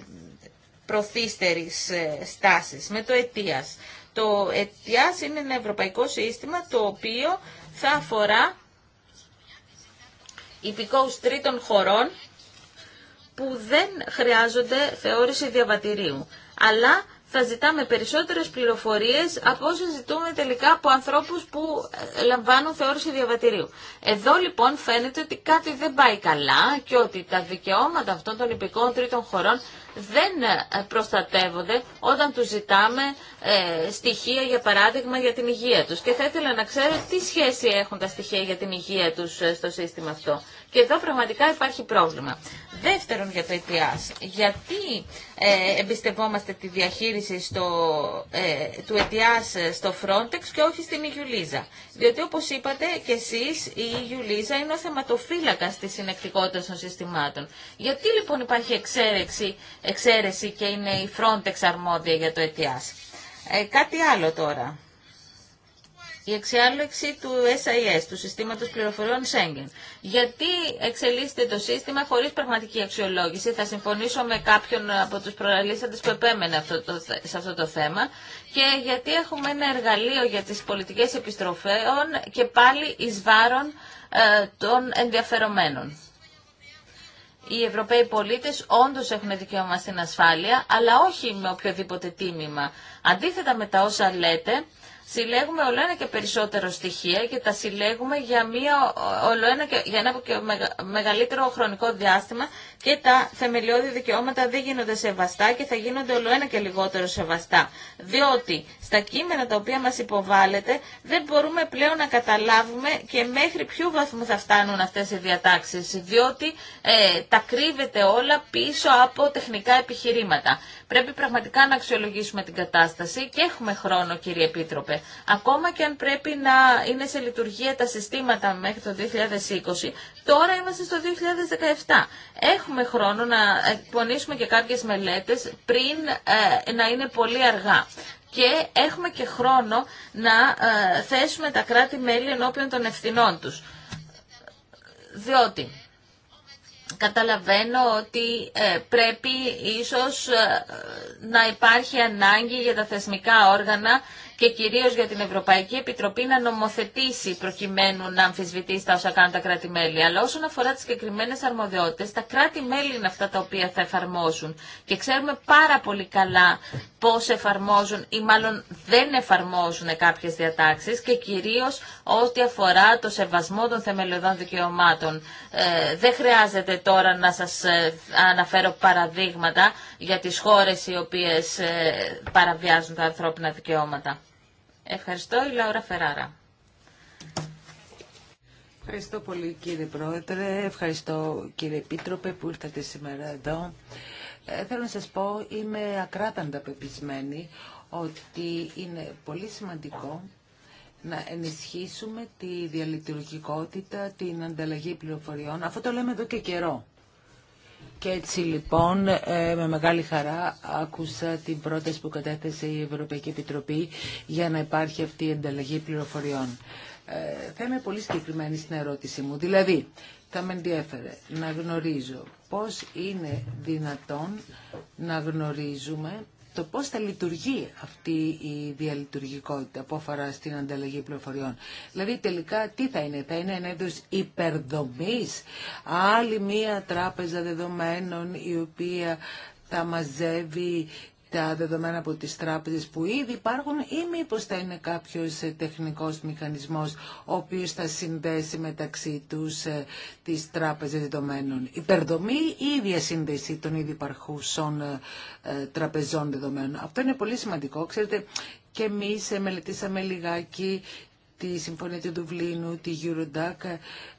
προθύστερης στάσης με το ΕΤΙΑΣ. Το ΕΤΙΑΣ είναι ένα ευρωπαϊκό σύστημα το οποίο θα αφορά υπηκόους τρίτων χωρών που δεν χρειάζονται θεώρηση διαβατηρίου αλλά θα ζητάμε περισσότερες πληροφορίες από όσα ζητούμε τελικά από ανθρώπους που ε, λαμβάνουν θεώρηση διαβατηρίου. Εδώ λοιπόν φαίνεται ότι κάτι δεν πάει καλά και ότι τα δικαιώματα αυτών των υπηκών τρίτων χωρών δεν ε, προστατεύονται όταν τους ζητάμε ε, στοιχεία, για παράδειγμα, για την υγεία τους. Και θα ήθελα να ξέρω τι σχέση έχουν τα στοιχεία για την υγεία τους στο σύστημα αυτό. Και εδώ πραγματικά υπάρχει πρόβλημα. Δεύτερον για το ETIAS. Γιατί ε, εμπιστευόμαστε τη διαχείριση στο, ε, του ETIAS ε, στο Frontex και όχι στην Ιουλίζα. Διότι όπως είπατε και εσείς η Ιουλίζα είναι ο θεματοφύλακας της συνεκτικότητας των συστημάτων. Γιατί λοιπόν υπάρχει εξαίρεση, εξαίρεση και είναι η Frontex αρμόδια για το ETIAS. Ε, κάτι άλλο τώρα η εξάλληξη του SIS, του Συστήματος Πληροφοριών Schengen. Γιατί εξελίσσεται το σύστημα χωρίς πραγματική αξιολόγηση. Θα συμφωνήσω με κάποιον από τους προαλήσαντες που επέμενε αυτό σε αυτό το θέμα. Και γιατί έχουμε ένα εργαλείο για τις πολιτικές επιστροφέων και πάλι εις βάρον ε, των ενδιαφερομένων. Οι Ευρωπαίοι πολίτες όντως έχουν δικαίωμα στην ασφάλεια, αλλά όχι με οποιοδήποτε τίμημα. Αντίθετα με τα όσα λέτε, συλλέγουμε ένα και περισσότερο στοιχεία και τα συλλέγουμε για, μία, ολοένα και, για ένα μεγαλύτερο χρονικό διάστημα και τα θεμελιώδη δικαιώματα δεν γίνονται σεβαστά και θα γίνονται όλο ένα και λιγότερο σεβαστά. Διότι στα κείμενα τα οποία μας υποβάλλεται δεν μπορούμε πλέον να καταλάβουμε και μέχρι ποιο βαθμό θα φτάνουν αυτές οι διατάξεις, διότι ε, τα κρύβεται όλα πίσω από τεχνικά επιχειρήματα. Πρέπει πραγματικά να αξιολογήσουμε την κατάσταση και έχουμε χρόνο κύριε Επίτροπε. Ακόμα και αν πρέπει να είναι σε λειτουργία τα συστήματα μέχρι το 2020, Τώρα είμαστε στο 2017. Έχουμε χρόνο να εκπονήσουμε και κάποιες μελέτες πριν ε, να είναι πολύ αργά. Και έχουμε και χρόνο να ε, θέσουμε τα κράτη-μέλη ενώπιον των ευθυνών τους. Διότι καταλαβαίνω ότι ε, πρέπει ίσως να υπάρχει ανάγκη για τα θεσμικά όργανα και κυρίως για την Ευρωπαϊκή Επιτροπή να νομοθετήσει προκειμένου να αμφισβητήσει τα όσα κάνουν τα κράτη-μέλη. Αλλά όσον αφορά τις συγκεκριμένε αρμοδιότητες, τα κράτη-μέλη είναι αυτά τα οποία θα εφαρμόσουν. Και ξέρουμε πάρα πολύ καλά πώς εφαρμόζουν ή μάλλον δεν εφαρμόζουν κάποιες διατάξεις και κυρίως ό,τι αφορά το σεβασμό των θεμελιωδών δικαιωμάτων. Ε, δεν χρειάζεται τώρα να σας ε, αναφέρω παραδείγματα για τις χώρες οι οποίες ε, παραβιάζουν τα ανθρώπινα δικαιώματα. Ευχαριστώ, η Λαούρα Φεράρα. Ευχαριστώ πολύ κύριε Πρόεδρε, ευχαριστώ κύριε Επίτροπε που ήρθατε σήμερα εδώ. Ε, θέλω να σας πω, είμαι ακράταντα πεπισμένη ότι είναι πολύ σημαντικό να ενισχύσουμε τη διαλειτουργικότητα, την ανταλλαγή πληροφοριών. Αυτό το λέμε εδώ και καιρό. Και έτσι λοιπόν ε, με μεγάλη χαρά άκουσα την πρόταση που κατέθεσε η Ευρωπαϊκή Επιτροπή για να υπάρχει αυτή η ενταλλαγή πληροφοριών. Ε, θα είμαι πολύ συγκεκριμένη στην ερώτησή μου. Δηλαδή, θα με ενδιέφερε να γνωρίζω πώς είναι δυνατόν να γνωρίζουμε το πώς θα λειτουργεί αυτή η διαλειτουργικότητα που αφορά στην ανταλλαγή πληροφοριών. Δηλαδή τελικά τι θα είναι, θα είναι ένα είδος υπερδομής, άλλη μία τράπεζα δεδομένων η οποία θα μαζεύει τα δεδομένα από τις τράπεζες που ήδη υπάρχουν ή μήπως θα είναι κάποιος ε, τεχνικός μηχανισμός ο οποίος θα συνδέσει μεταξύ τους ε, τις τράπεζες δεδομένων. Υπερδομή ή η ίδια σύνδεση των ήδη υπαρχούσων ε, τραπεζών δεδομένων. Αυτό είναι πολύ σημαντικό. Ξέρετε, και εμείς μελετήσαμε λιγάκι τη Συμφωνία του Δουβλίνου, τη Eurodac,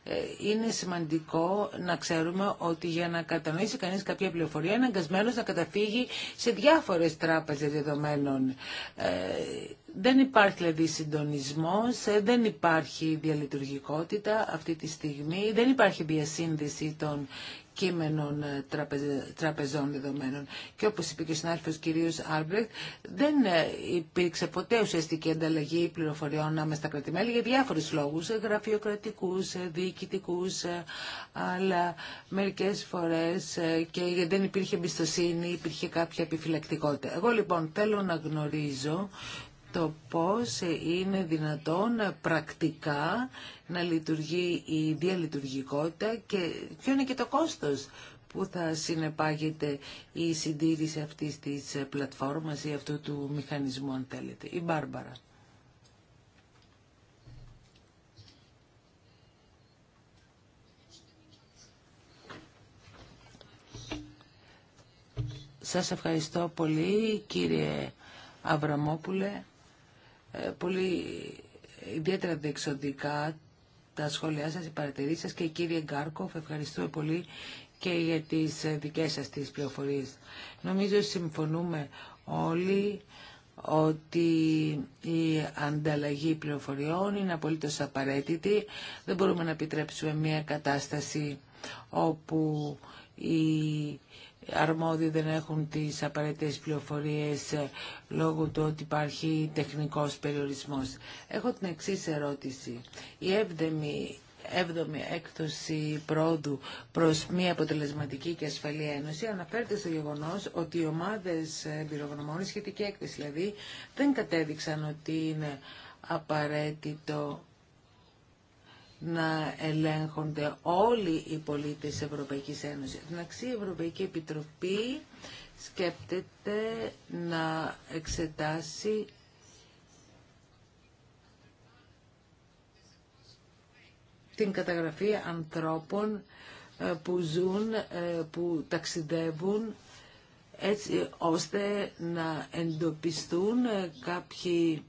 ε, είναι σημαντικό να ξέρουμε ότι για να κατανοήσει κανείς κάποια πληροφορία είναι αγκασμένο να καταφύγει σε διάφορες τράπεζες δεδομένων. Ε, δεν υπάρχει δηλαδή συντονισμός, ε, δεν υπάρχει διαλειτουργικότητα αυτή τη στιγμή, δεν υπάρχει διασύνδεση των κείμενων ε, τραπεζών δεδομένων. Και όπως είπε και ο συνάδελφος κυρίως Άρμπρεχτ, δεν ε, υπήρξε ποτέ ουσιαστική ανταλλαγή πληροφοριών άμεσα στα κρατημέλη για διάφορους λόγους, ε, γραφειοκρατικούς, διοικητικούς, αλλά μερικές φορές και δεν υπήρχε εμπιστοσύνη, υπήρχε κάποια επιφυλακτικότητα. Εγώ λοιπόν θέλω να γνωρίζω το πώς είναι δυνατόν πρακτικά να λειτουργεί η διαλειτουργικότητα και ποιο είναι και το κόστος που θα συνεπάγεται η συντήρηση αυτής της πλατφόρμας ή αυτού του μηχανισμού αν θέλετε. Η Μπάρμπαρα. Σας ευχαριστώ πολύ κύριε Αβραμόπουλε. Ε, πολύ ιδιαίτερα διεξοδικά τα σχόλιά σας, οι παρατηρήσεις σας και κύριε Γκάρκοφ, ευχαριστούμε πολύ και για τις ε, δικές σας τις πληροφορίες. Νομίζω συμφωνούμε όλοι ότι η ανταλλαγή πληροφοριών είναι απολύτως απαραίτητη. Δεν μπορούμε να επιτρέψουμε μια κατάσταση όπου η αρμόδιοι δεν έχουν τις απαραίτητες πληροφορίες ε, λόγω του ότι υπάρχει τεχνικός περιορισμός. Έχω την εξής ερώτηση. Η έβδομη έβδομη έκδοση πρόοδου προς μια αποτελεσματική και ασφαλή ένωση αναφέρεται στο γεγονός ότι οι ομάδες εμπειρογνωμών, σχετική έκθεση δηλαδή δεν κατέδειξαν ότι είναι απαραίτητο να ελέγχονται όλοι οι πολίτες της Ευρωπαϊκής Ένωσης. Την αξία η Ευρωπαϊκή Επιτροπή σκέπτεται να εξετάσει την καταγραφή ανθρώπων ε, που ζουν, ε, που ταξιδεύουν έτσι ώστε να εντοπιστούν ε, κάποιοι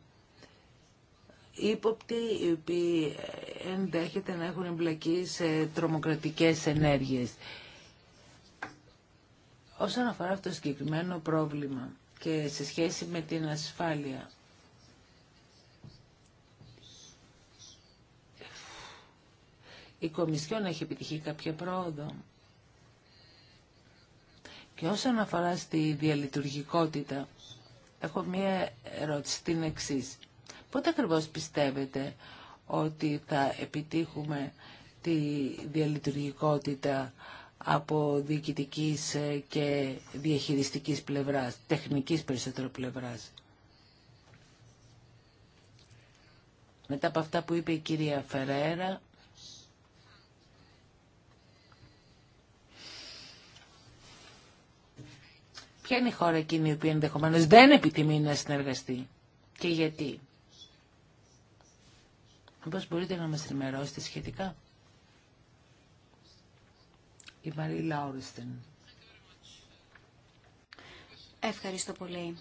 ύποπτοι οι οποίοι ενδέχεται να έχουν εμπλακεί σε τρομοκρατικές ενέργειες. Όσον αφορά αυτό το συγκεκριμένο πρόβλημα και σε σχέση με την ασφάλεια, η Κομισιόν έχει επιτυχεί κάποια πρόοδο. Και όσον αφορά στη διαλειτουργικότητα, έχω μία ερώτηση την εξής. Πότε ακριβώς πιστεύετε ότι θα επιτύχουμε τη διαλειτουργικότητα από διοικητικής ε, και διαχειριστικής πλευράς, τεχνικής περισσότερο πλευράς. Μετά από αυτά που είπε η κυρία Φερέρα, ποια είναι η χώρα εκείνη η οποία ενδεχομένω δεν επιθυμεί να συνεργαστεί και γιατί. Μήπως μπορείτε να μας ενημερώσετε σχετικά. Η Μαρή Λάουριστεν. Ευχαριστώ πολύ.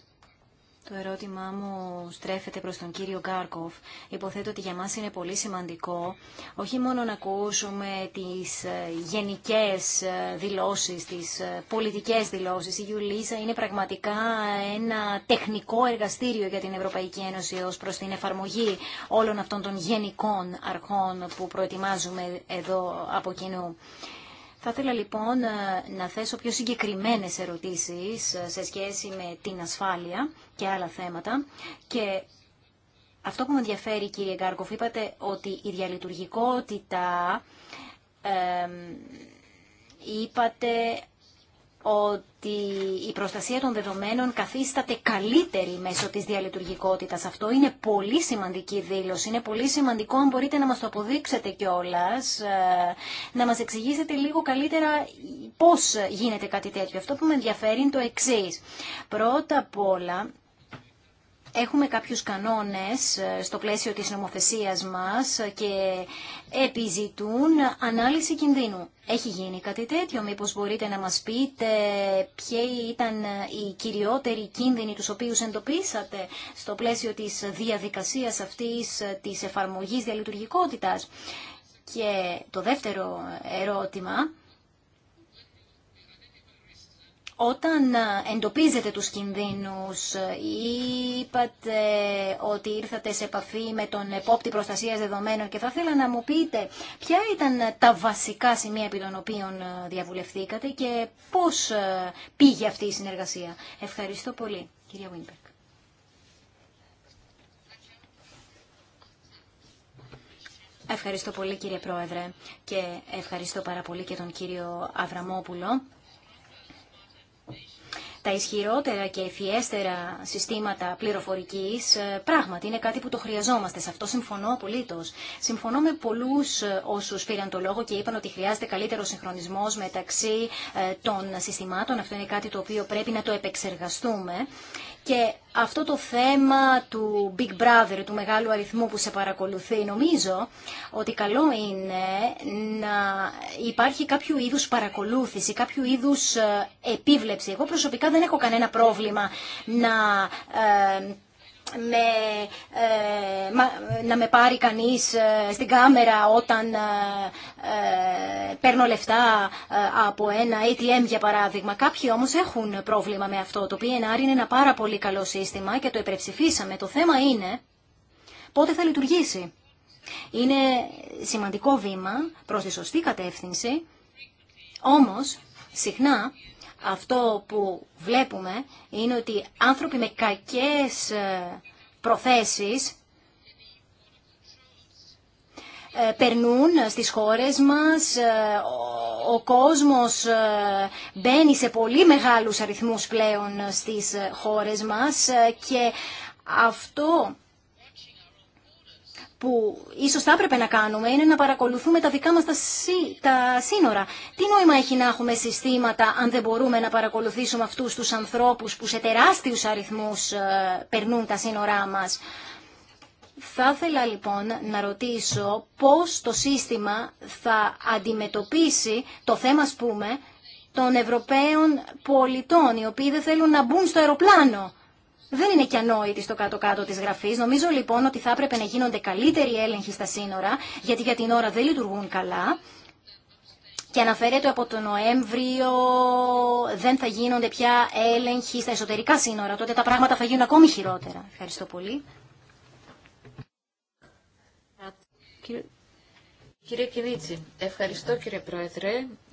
Το ερώτημά μου στρέφεται προς τον κύριο Γκάρκοφ. Υποθέτω ότι για μας είναι πολύ σημαντικό όχι μόνο να ακούσουμε τις ε, γενικές ε, δηλώσεις, τις ε, πολιτικές δηλώσεις. Η Γιουλίσα είναι πραγματικά ένα τεχνικό εργαστήριο για την Ευρωπαϊκή Ένωση ως προς την εφαρμογή όλων αυτών των γενικών αρχών που προετοιμάζουμε εδώ από κοινού. Θα ήθελα λοιπόν ε, να θέσω πιο συγκεκριμένες ερωτήσεις ε, σε σχέση με την ασφάλεια και άλλα θέματα και αυτό που με ενδιαφέρει κύριε Γκάρκοφ είπατε ότι η διαλειτουργικότητα είπατε ότι η προστασία των δεδομένων καθίσταται καλύτερη μέσω της διαλειτουργικότητας. Αυτό είναι πολύ σημαντική δήλωση, είναι πολύ σημαντικό αν μπορείτε να μας το αποδείξετε κιόλα, ε, να μας εξηγήσετε λίγο καλύτερα πώς γίνεται κάτι τέτοιο. Αυτό που με ενδιαφέρει είναι το εξή. Πρώτα απ' όλα, Έχουμε κάποιους κανόνες ε, στο πλαίσιο της νομοθεσίας μας και επιζητούν ανάλυση κινδύνου. Έχει γίνει κάτι τέτοιο, μήπως μπορείτε να μας πείτε ποιοι ήταν οι κυριότεροι κίνδυνοι τους οποίους εντοπίσατε στο πλαίσιο της διαδικασίας αυτής της εφαρμογής διαλειτουργικότητας. Και το δεύτερο ερώτημα όταν ε, εντοπίζετε τους κινδύνους, ε, είπατε ότι ήρθατε σε επαφή με τον επόπτη προστασίας δεδομένων και θα ήθελα να μου πείτε ποια ήταν τα βασικά σημεία επί των οποίων ε, διαβουλευθήκατε και πώς πήγε αυτή η συνεργασία. Ευχαριστώ πολύ, κυρία Βίνπερ. Ευχαριστώ πολύ κύριε Πρόεδρε και ευχαριστώ πάρα πολύ και τον κύριο Αβραμόπουλο τα ισχυρότερα και ευφιέστερα συστήματα πληροφορικής ε, πράγματι είναι κάτι που το χρειαζόμαστε. Σε αυτό συμφωνώ απολύτω. Συμφωνώ με πολλούς ε, όσους πήραν το λόγο και είπαν ότι χρειάζεται καλύτερο συγχρονισμός μεταξύ ε, των συστημάτων. Αυτό είναι κάτι το οποίο πρέπει να το επεξεργαστούμε. Και αυτό το θέμα του Big Brother, του μεγάλου αριθμού που σε παρακολουθεί, νομίζω ότι καλό είναι να υπάρχει κάποιο είδους παρακολούθηση, κάποιο είδους ε, επίβλεψη. Εγώ προσωπικά δεν έχω κανένα πρόβλημα να ε, με, ε, να με πάρει κανείς ε, στην κάμερα όταν ε, παίρνω λεφτά από ένα ATM για παράδειγμα. Κάποιοι όμως έχουν πρόβλημα με αυτό. Το PNR είναι ένα πάρα πολύ καλό σύστημα και το υπερψηφίσαμε. Το θέμα είναι πότε θα λειτουργήσει. Είναι σημαντικό βήμα προς τη σωστή κατεύθυνση, όμως συχνά αυτό που βλέπουμε είναι ότι άνθρωποι με κακές ε, προθέσεις ε, περνούν στις χώρες μας, ε, ο κόσμος μπαίνει σε πολύ μεγάλους αριθμούς πλέον στις χώρες μας και αυτό που ίσως θα έπρεπε να κάνουμε είναι να παρακολουθούμε τα δικά μας τα, σύνορα. Τι νόημα έχει να έχουμε συστήματα αν δεν μπορούμε να παρακολουθήσουμε αυτού του ανθρώπους που σε τεράστιου αριθμούς ε, περνούν τα σύνορά μας. Θα ήθελα λοιπόν να ρωτήσω πώς το σύστημα θα αντιμετωπίσει το θέμα, ας πούμε, των Ευρωπαίων πολιτών, οι οποίοι δεν θέλουν να μπουν στο αεροπλάνο δεν είναι και ανόητη στο κάτω-κάτω τη γραφή. Νομίζω λοιπόν ότι θα έπρεπε να γίνονται καλύτεροι έλεγχοι στα σύνορα, γιατί για την ώρα δεν λειτουργούν καλά. Και αναφέρεται από τον Νοέμβριο δεν θα γίνονται πια έλεγχοι στα εσωτερικά σύνορα. Τότε τα πράγματα θα γίνουν ακόμη χειρότερα. Ευχαριστώ πολύ. Κύριε Κινίτσι, ευχαριστώ κύριε Πρόεδρε.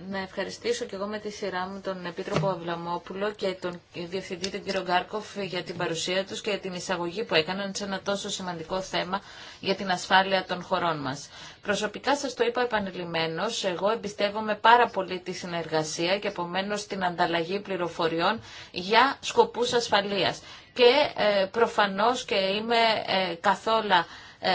Να ευχαριστήσω και εγώ με τη σειρά μου τον Επίτροπο Αβλαμόπουλο και τον Διευθυντή τον κύριο Γκάρκοφ για την παρουσία τους και την εισαγωγή που έκαναν σε ένα τόσο σημαντικό θέμα για την ασφάλεια των χωρών μας. Προσωπικά σας το είπα επανειλημμένος, εγώ εμπιστεύομαι πάρα πολύ τη συνεργασία και επομένω την ανταλλαγή πληροφοριών για σκοπούς ασφαλείας. Και ε, προφανώς και είμαι ε, καθόλου ε,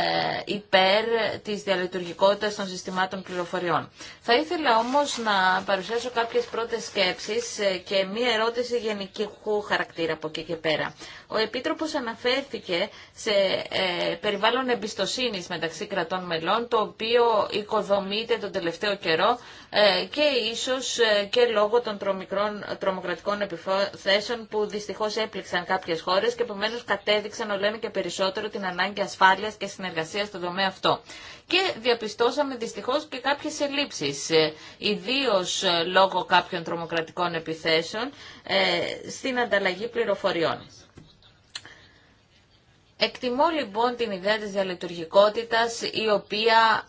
υπέρ της διαλειτουργικότητας των συστημάτων πληροφοριών. Θα ήθελα όμως να παρουσιάσω κάποιες πρώτες σκέψεις ε, και μία ερώτηση γενικού χαρακτήρα από εκεί και πέρα. Ο Επίτροπος αναφέρθηκε σε ε, περιβάλλον εμπιστοσύνης μεταξύ κρατών μελών, το οποίο οικοδομείται τον τελευταίο καιρό ε, και ίσως και λόγω των τρομικρών, τρομοκρατικών επιθέσεων που δυστυχώς έπληξαν κάποιες χώρες και επομένως κατέδειξαν όλο και περισσότερο την ανάγκη ασφάλειας και συνεργασίας στον τομέα αυτό και διαπιστώσαμε δυστυχώς και κάποιες ελλείψεις, ε, ιδίως ε, λόγω κάποιων τρομοκρατικών επιθέσεων ε, στην ανταλλαγή πληροφοριών. Εκτιμώ λοιπόν την ιδέα της διαλειτουργικότητας η οποία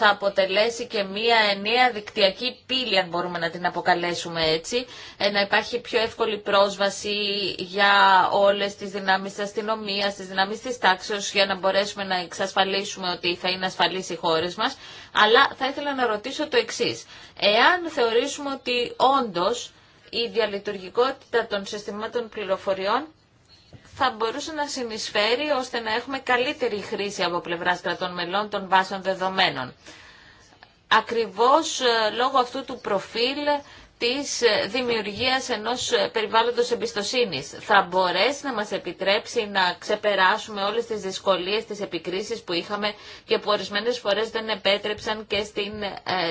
θα αποτελέσει και μία ενιαία δικτυακή πύλη, αν μπορούμε να την αποκαλέσουμε έτσι, ε, να υπάρχει πιο εύκολη πρόσβαση για όλες τις δυνάμεις της αστυνομίας, τις δυνάμεις της τάξης, για να μπορέσουμε να εξασφαλίσουμε ότι θα είναι ασφαλείς οι χώρες μας. Αλλά θα ήθελα να ρωτήσω το εξή. Εάν θεωρήσουμε ότι όντως η διαλειτουργικότητα των συστημάτων πληροφοριών θα μπορούσε να συνεισφέρει ώστε να έχουμε καλύτερη χρήση από πλευρά κρατών μελών των βάσεων δεδομένων. Ακριβώς ε, λόγω αυτού του προφίλ της ε, δημιουργίας ενός ε, περιβάλλοντος εμπιστοσύνης. Θα μπορέσει να μας επιτρέψει να ξεπεράσουμε όλες τις δυσκολίες, τις επικρίσεις που είχαμε και που ορισμένες φορές δεν επέτρεψαν και στην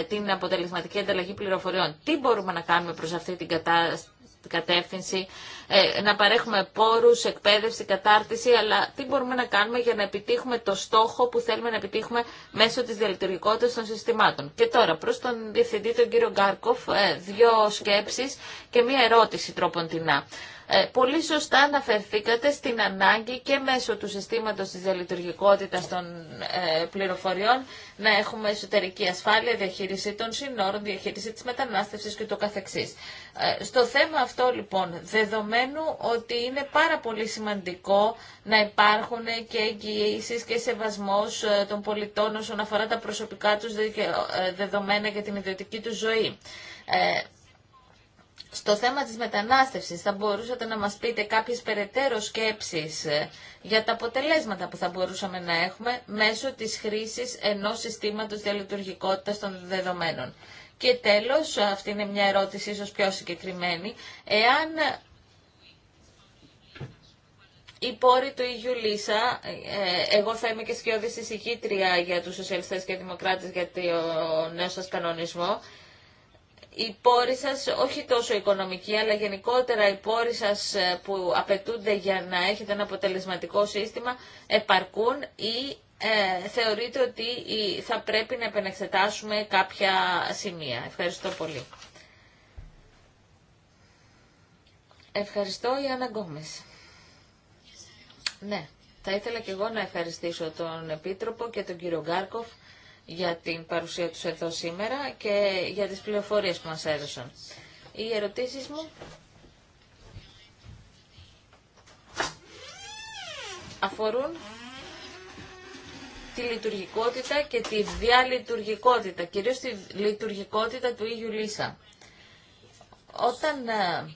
την αποτελεσματική ανταλλαγή πληροφοριών. Τι μπορούμε να κάνουμε προς αυτή την κατάσταση κατεύθυνση, ε, να παρέχουμε πόρους, εκπαίδευση, κατάρτιση, αλλά τι μπορούμε να κάνουμε για να επιτύχουμε το στόχο που θέλουμε να επιτύχουμε μέσω της διαλειτουργικότητας των συστημάτων. Και τώρα προς τον Διευθυντή τον κύριο Γκάρκοφ ε, δύο σκέψεις και μία ερώτηση τρόπον τινά. Ε, πολύ σωστά αναφερθήκατε στην ανάγκη και μέσω του συστήματος της διαλειτουργικότητας των ε, πληροφοριών να έχουμε εσωτερική ασφάλεια, διαχείριση των συνόρων, διαχείριση της μετανάστευσης και το καθεξής. Ε, στο θέμα αυτό λοιπόν, δεδομένου ότι είναι πάρα πολύ σημαντικό να υπάρχουν και εγγυήσεις και σεβασμός των πολιτών όσον αφορά τα προσωπικά τους δεδομένα για την ιδιωτική του ζωή. Στο θέμα της μετανάστευσης θα μπορούσατε να μας πείτε κάποιες περαιτέρω σκέψεις ε, για τα αποτελέσματα που θα μπορούσαμε να έχουμε μέσω της χρήσης ενός συστήματος διαλειτουργικότητας των δεδομένων. Και τέλος, αυτή είναι μια ερώτηση ίσως πιο συγκεκριμένη, εάν η πόρη του Ιγιουλίσα, ε, εγώ θα είμαι και σκιώδης εισηγήτρια για τους σοσιαλιστές και δημοκράτες για το νέο σας κανονισμό, η πόρη σα, όχι τόσο οικονομική αλλά γενικότερα οι πόροι σα ε, που απαιτούνται για να έχετε ένα αποτελεσματικό σύστημα, επαρκούν ή ε, θεωρείτε ότι θα πρέπει να επενεξετάσουμε κάποια σημεία. Ευχαριστώ πολύ. Ευχαριστώ, Ιάννα Γκόμες. Ναι, θα ήθελα και εγώ να ευχαριστήσω τον Επίτροπο και τον κύριο Γκάρκοφ για την παρουσία τους εδώ σήμερα και για τις πληροφορίες που μας έδωσαν. Οι ερωτήσεις μου αφορούν τη λειτουργικότητα και τη διαλειτουργικότητα, κυρίως τη λειτουργικότητα του ίδιου e Όταν ε,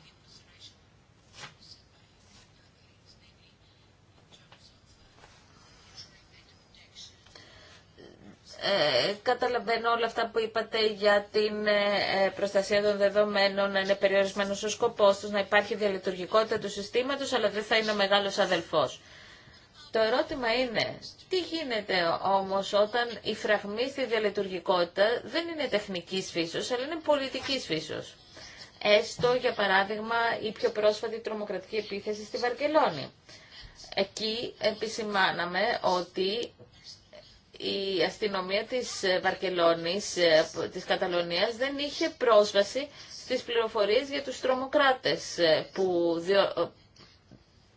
Ε, καταλαβαίνω όλα αυτά που είπατε για την ε, προστασία των δεδομένων, να είναι περιορισμένο ο σκοπό του, να υπάρχει διαλειτουργικότητα του συστήματο, αλλά δεν θα είναι ο μεγάλο αδελφό. Το ερώτημα είναι, τι γίνεται όμως όταν η φραγμή στη διαλειτουργικότητα δεν είναι τεχνικής φύσεως, αλλά είναι πολιτικής φύσεως. Έστω, για παράδειγμα, η πιο πρόσφατη τρομοκρατική επίθεση στη Βαρκελόνη. Εκεί επισημάναμε ότι η αστυνομία της ε, Βαρκελόνης, ε, της Καταλωνίας, δεν είχε πρόσβαση στις πληροφορίες για τους τρομοκράτες ε, που,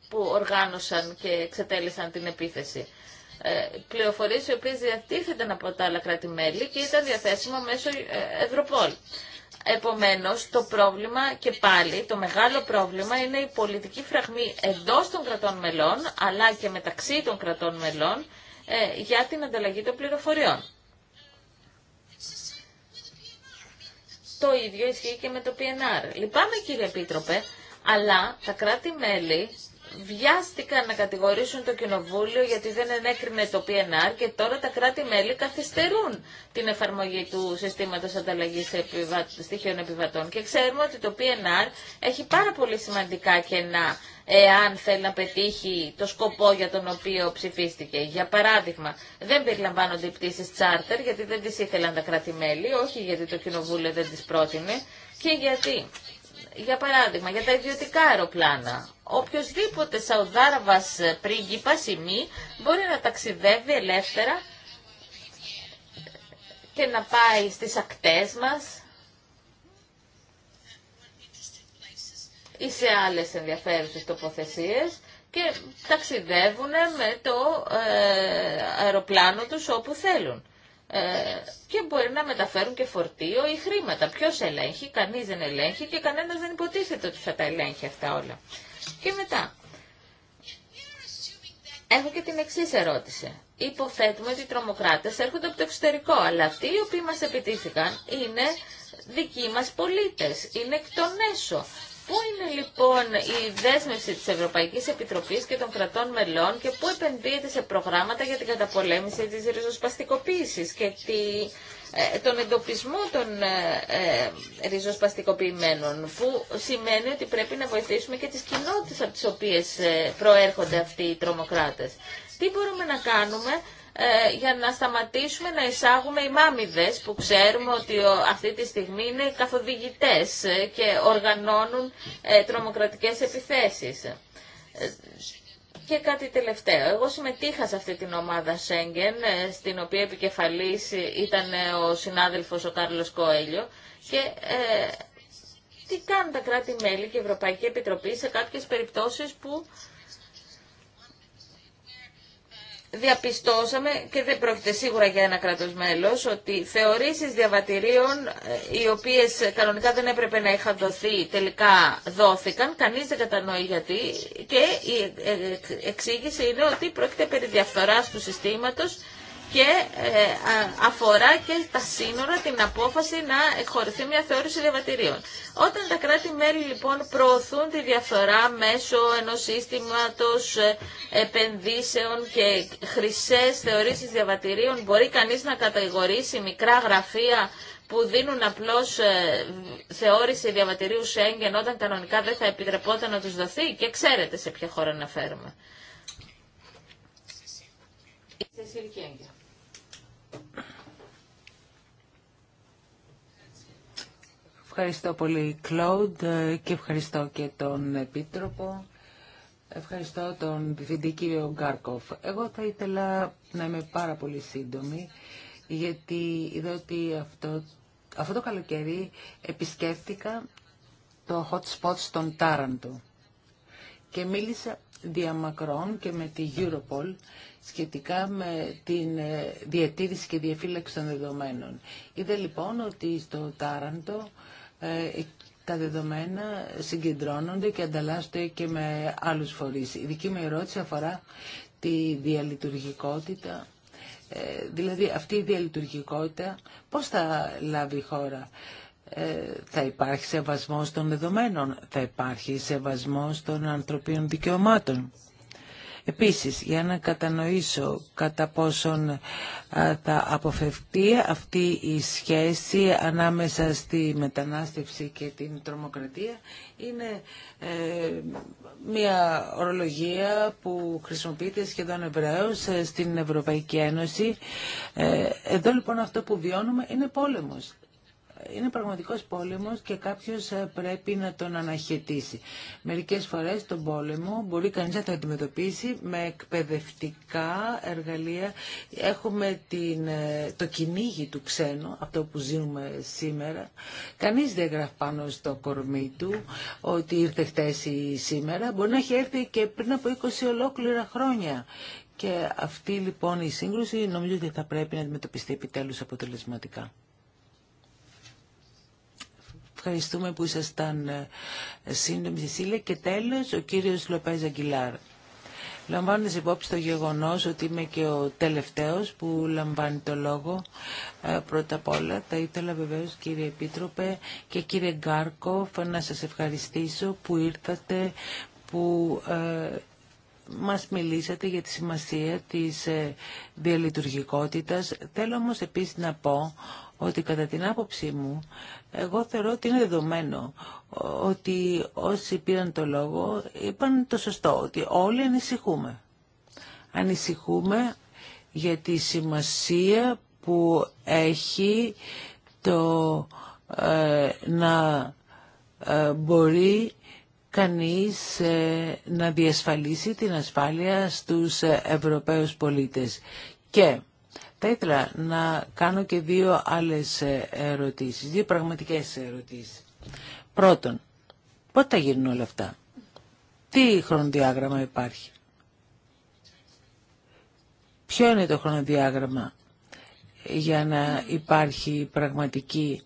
που οργάνωσαν και εξετέλεσαν την επίθεση. Πληροφορίες οι οποίες διατίθεταν από τα άλλα κράτη-μέλη και ήταν διαθέσιμα μέσω Ευρωπόλ. Επομένως, το πρόβλημα και πάλι, το μεγάλο πρόβλημα είναι η πολιτική φραγμή εντός των κρατών μελών, αλλά και μεταξύ των κρατών μελών, ε, για την ανταλλαγή των πληροφοριών. Το ίδιο ισχύει και με το PNR. Λυπάμαι κύριε Επίτροπε, αλλά τα κράτη-μέλη βιάστηκαν να κατηγορήσουν το Κοινοβούλιο γιατί δεν ενέκρινε το PNR και τώρα τα κράτη-μέλη καθυστερούν την εφαρμογή του συστήματο ανταλλαγή στοιχείων επιβατών. Και ξέρουμε ότι το PNR έχει πάρα πολύ σημαντικά κενά εάν θέλει να πετύχει το σκοπό για τον οποίο ψηφίστηκε. Για παράδειγμα, δεν περιλαμβάνονται οι πτήσει τσάρτερ γιατί δεν τις ήθελαν τα κράτη-μέλη, όχι γιατί το Κοινοβούλιο δεν τι πρότεινε και γιατί για παράδειγμα, για τα ιδιωτικά αεροπλάνα. Οποιοςδήποτε Σαουδάραβας πρίγκιπας ή μη μπορεί να ταξιδεύει ελεύθερα και να πάει στις ακτές μας ή σε άλλες ενδιαφέρουσες τοποθεσίες και ταξιδεύουν με το ε, αεροπλάνο τους όπου θέλουν. Ε, και μπορεί να μεταφέρουν και φορτίο ή χρήματα. Ποιο ελέγχει, κανεί δεν ελέγχει και κανένα δεν υποτίθεται ότι θα τα ελέγχει αυτά όλα. Και μετά, έχω και την εξή ερώτηση. Υποθέτουμε ότι οι τρομοκράτε έρχονται από το εξωτερικό, αλλά αυτοί οι οποίοι μα επιτίθηκαν είναι δικοί μα πολίτε. είναι εκ των έσω. Πού είναι λοιπόν η δέσμευση της Ευρωπαϊκής Επιτροπής και των κρατών μελών και πού επενδύεται σε προγράμματα για την καταπολέμηση της ριζοσπαστικοποίησης και τη, ε, τον εντοπισμό των ε, ε, ριζοσπαστικοποιημένων που σημαίνει ότι πρέπει να βοηθήσουμε και τις κοινότητες από τις οποίες ε, προέρχονται αυτοί οι τρομοκράτες. Τι μπορούμε να κάνουμε ε, για να σταματήσουμε να εισάγουμε οι μάμιδες που ξέρουμε ότι αυτή τη στιγμή είναι καθοδηγητές ε, και οργανώνουν ε, τρομοκρατικές επιθέσεις. Και κάτι τελευταίο. Εγώ συμμετείχα σε αυτή την ομάδα Σέγγεν, στην οποία επικεφαλής ήταν ο συνάδελφος ο Κάρλος Κοέλιο και ε, τι κάνουν τα κράτη-μέλη και η Ευρωπαϊκή Επιτροπή σε κάποιες περιπτώσεις που διαπιστώσαμε και δεν πρόκειται σίγουρα για ένα κράτος μέλος ότι θεωρήσεις διαβατηρίων ε, οι οποίες κανονικά δεν έπρεπε να είχαν δοθεί τελικά δόθηκαν, κανείς δεν κατανοεί γιατί και η ε, ε, εξήγηση είναι ότι πρόκειται περί διαφθοράς του συστήματος και ε, αφορά και τα σύνορα την απόφαση να εκχωρηθεί μια θεώρηση διαβατηρίων. Όταν τα κράτη-μέλη λοιπόν προωθούν τη διαφθορά μέσω ενός σύστηματος ε, επενδύσεων και χρυσές θεωρήσεις διαβατηρίων, μπορεί κανείς να κατηγορήσει μικρά γραφεία που δίνουν απλώς ε, θεώρηση διαβατηρίου Σέγγεν όταν κανονικά δεν θα επιτρεπόταν να τους δοθεί και ξέρετε σε ποια χώρα να φέρουμε. Ευχαριστώ πολύ, Κλόντ, ε, και ευχαριστώ και τον Επίτροπο. Ευχαριστώ τον Διευθυντή κύριο Γκάρκοφ. Εγώ θα ήθελα να είμαι πάρα πολύ σύντομη, γιατί είδα ότι αυτό, αυτό το καλοκαίρι επισκέφτηκα το hot spot στον Τάραντο και μίλησα διαμακρών και με τη Europol σχετικά με την ε, διατήρηση και διαφύλαξη των δεδομένων. Είδα λοιπόν ότι στο Τάραντο ε, τα δεδομένα συγκεντρώνονται και ανταλλάσσονται και με άλλους φορείς. Η δική μου ερώτηση αφορά τη διαλειτουργικότητα. Ε, δηλαδή αυτή η διαλειτουργικότητα πώς θα λάβει η χώρα. Ε, θα υπάρχει σεβασμός των δεδομένων, θα υπάρχει σεβασμός των ανθρωπίνων δικαιωμάτων. Επίσης, για να κατανοήσω κατά πόσον θα αποφευκτεί αυτή η σχέση ανάμεσα στη μετανάστευση και την τρομοκρατία, είναι ε, μια ορολογία που χρησιμοποιείται σχεδόν ευρέως ε, στην Ευρωπαϊκή Ένωση. Ε, εδώ λοιπόν αυτό που βιώνουμε είναι πόλεμος είναι πραγματικός πόλεμος και κάποιος ε, πρέπει να τον αναχαιτήσει. Μερικές φορές τον πόλεμο μπορεί κανείς να τον αντιμετωπίσει με εκπαιδευτικά εργαλεία. Έχουμε την, ε, το κυνήγι του ξένου, αυτό που ζούμε σήμερα. Κανείς δεν γράφει πάνω στο κορμί του ότι ήρθε χτες ή σήμερα. Μπορεί να έχει έρθει και πριν από 20 ολόκληρα χρόνια. Και αυτή λοιπόν η σύγκρουση νομίζω ότι θα πρέπει να αντιμετωπιστεί επιτέλους αποτελεσματικά. Ευχαριστούμε που ήσασταν ε, σύντομη Σεσίλια. Και τέλος, ο κύριος Λοπέζ Αγγιλάρ. Λαμβάνοντα υπόψη το γεγονός ότι είμαι και ο τελευταίος που λαμβάνει το λόγο, ε, πρώτα απ' όλα θα ήθελα βεβαίως κύριε Επίτροπε και κύριε Γκάρκοφ να σας ευχαριστήσω που ήρθατε, που ε, μας μιλήσατε για τη σημασία της διαλειτουργικότητας. Θέλω όμως επίσης να πω ότι κατά την άποψή μου, εγώ θεωρώ ότι είναι δεδομένο ότι όσοι πήραν το λόγο είπαν το σωστό, ότι όλοι ανησυχούμε. Ανησυχούμε για τη σημασία που έχει το ε, να ε, μπορεί κανείς ε, να διασφαλίσει την ασφάλεια στους Ευρωπαίους πολίτες. Και θα ήθελα να κάνω και δύο άλλες ερωτήσεις, δύο πραγματικές ερωτήσεις. Πρώτον, πότε θα γίνουν όλα αυτά. Τι χρονοδιάγραμμα υπάρχει. Ποιο είναι το χρονοδιάγραμμα για να υπάρχει πραγματική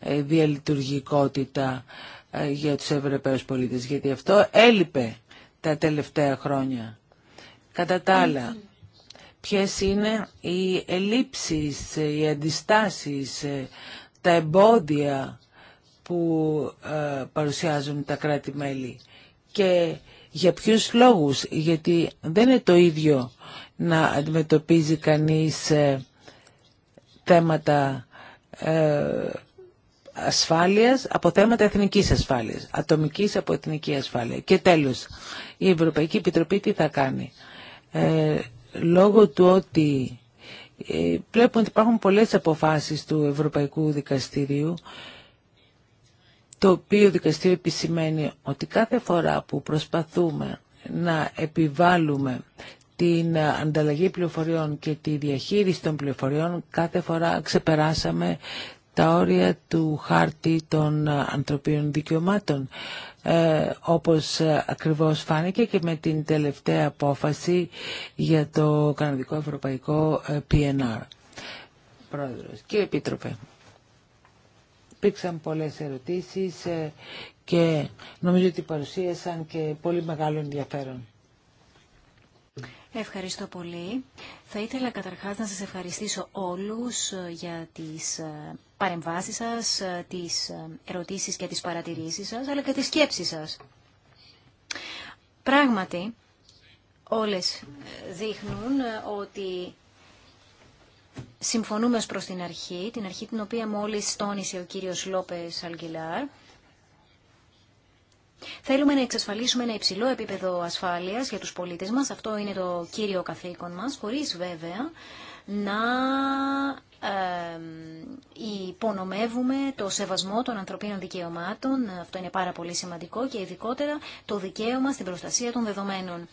ε, διαλειτουργικότητα ε, για τους Ευρωπαίους πολίτες, γιατί αυτό έλειπε τα τελευταία χρόνια. Κατά τα άλλα, ποιες είναι οι ελλείψεις, οι αντιστάσεις, ε, τα εμπόδια που ε, παρουσιάζουν τα κράτη-μέλη και για ποιους λόγους, γιατί δεν είναι το ίδιο να αντιμετωπίζει κανείς ε, θέματα ασφάλειας από θέματα εθνικής ασφάλειας, ατομικής από εθνική ασφάλεια. Και τέλος, η Ευρωπαϊκή Επιτροπή τι θα κάνει λόγω του ότι ε, βλέπουμε ότι υπάρχουν πολλές αποφάσεις του Ευρωπαϊκού Δικαστηρίου το οποίο δικαστήριο επισημαίνει ότι κάθε φορά που προσπαθούμε να επιβάλλουμε την ανταλλαγή πληροφοριών και τη διαχείριση των πληροφοριών κάθε φορά ξεπεράσαμε τα όρια του χάρτη των ανθρωπίνων δικαιωμάτων. Ε, όπως ακριβώς φάνηκε και με την τελευταία απόφαση για το Καναδικό Ευρωπαϊκό ε, PNR. Πρόεδρος και Επίτροπε. Υπήρξαν πολλές ερωτήσεις ε, και νομίζω ότι παρουσίασαν και πολύ μεγάλο ενδιαφέρον. Ευχαριστώ πολύ. Θα ήθελα καταρχάς να σας ευχαριστήσω όλους ε, για τις ε, παρεμβάσεις σας, ε, τις ερωτήσεις και τις παρατηρήσεις σας, αλλά και τις σκέψεις σας. Πράγματι, όλες δείχνουν ότι συμφωνούμε ως προς την αρχή, την αρχή την οποία μόλις τόνισε ο κύριος Λόπες Αλγκυλάρ, Θέλουμε να εξασφαλίσουμε ένα υψηλό επίπεδο ασφάλειας για τους πολίτες μας. Αυτό είναι το κύριο καθήκον μας, χωρίς βέβαια να υπονομεύουμε το σεβασμό των ανθρωπίνων δικαιωμάτων. Αυτό είναι πάρα πολύ σημαντικό και ειδικότερα το δικαίωμα στην προστασία των δεδομένων.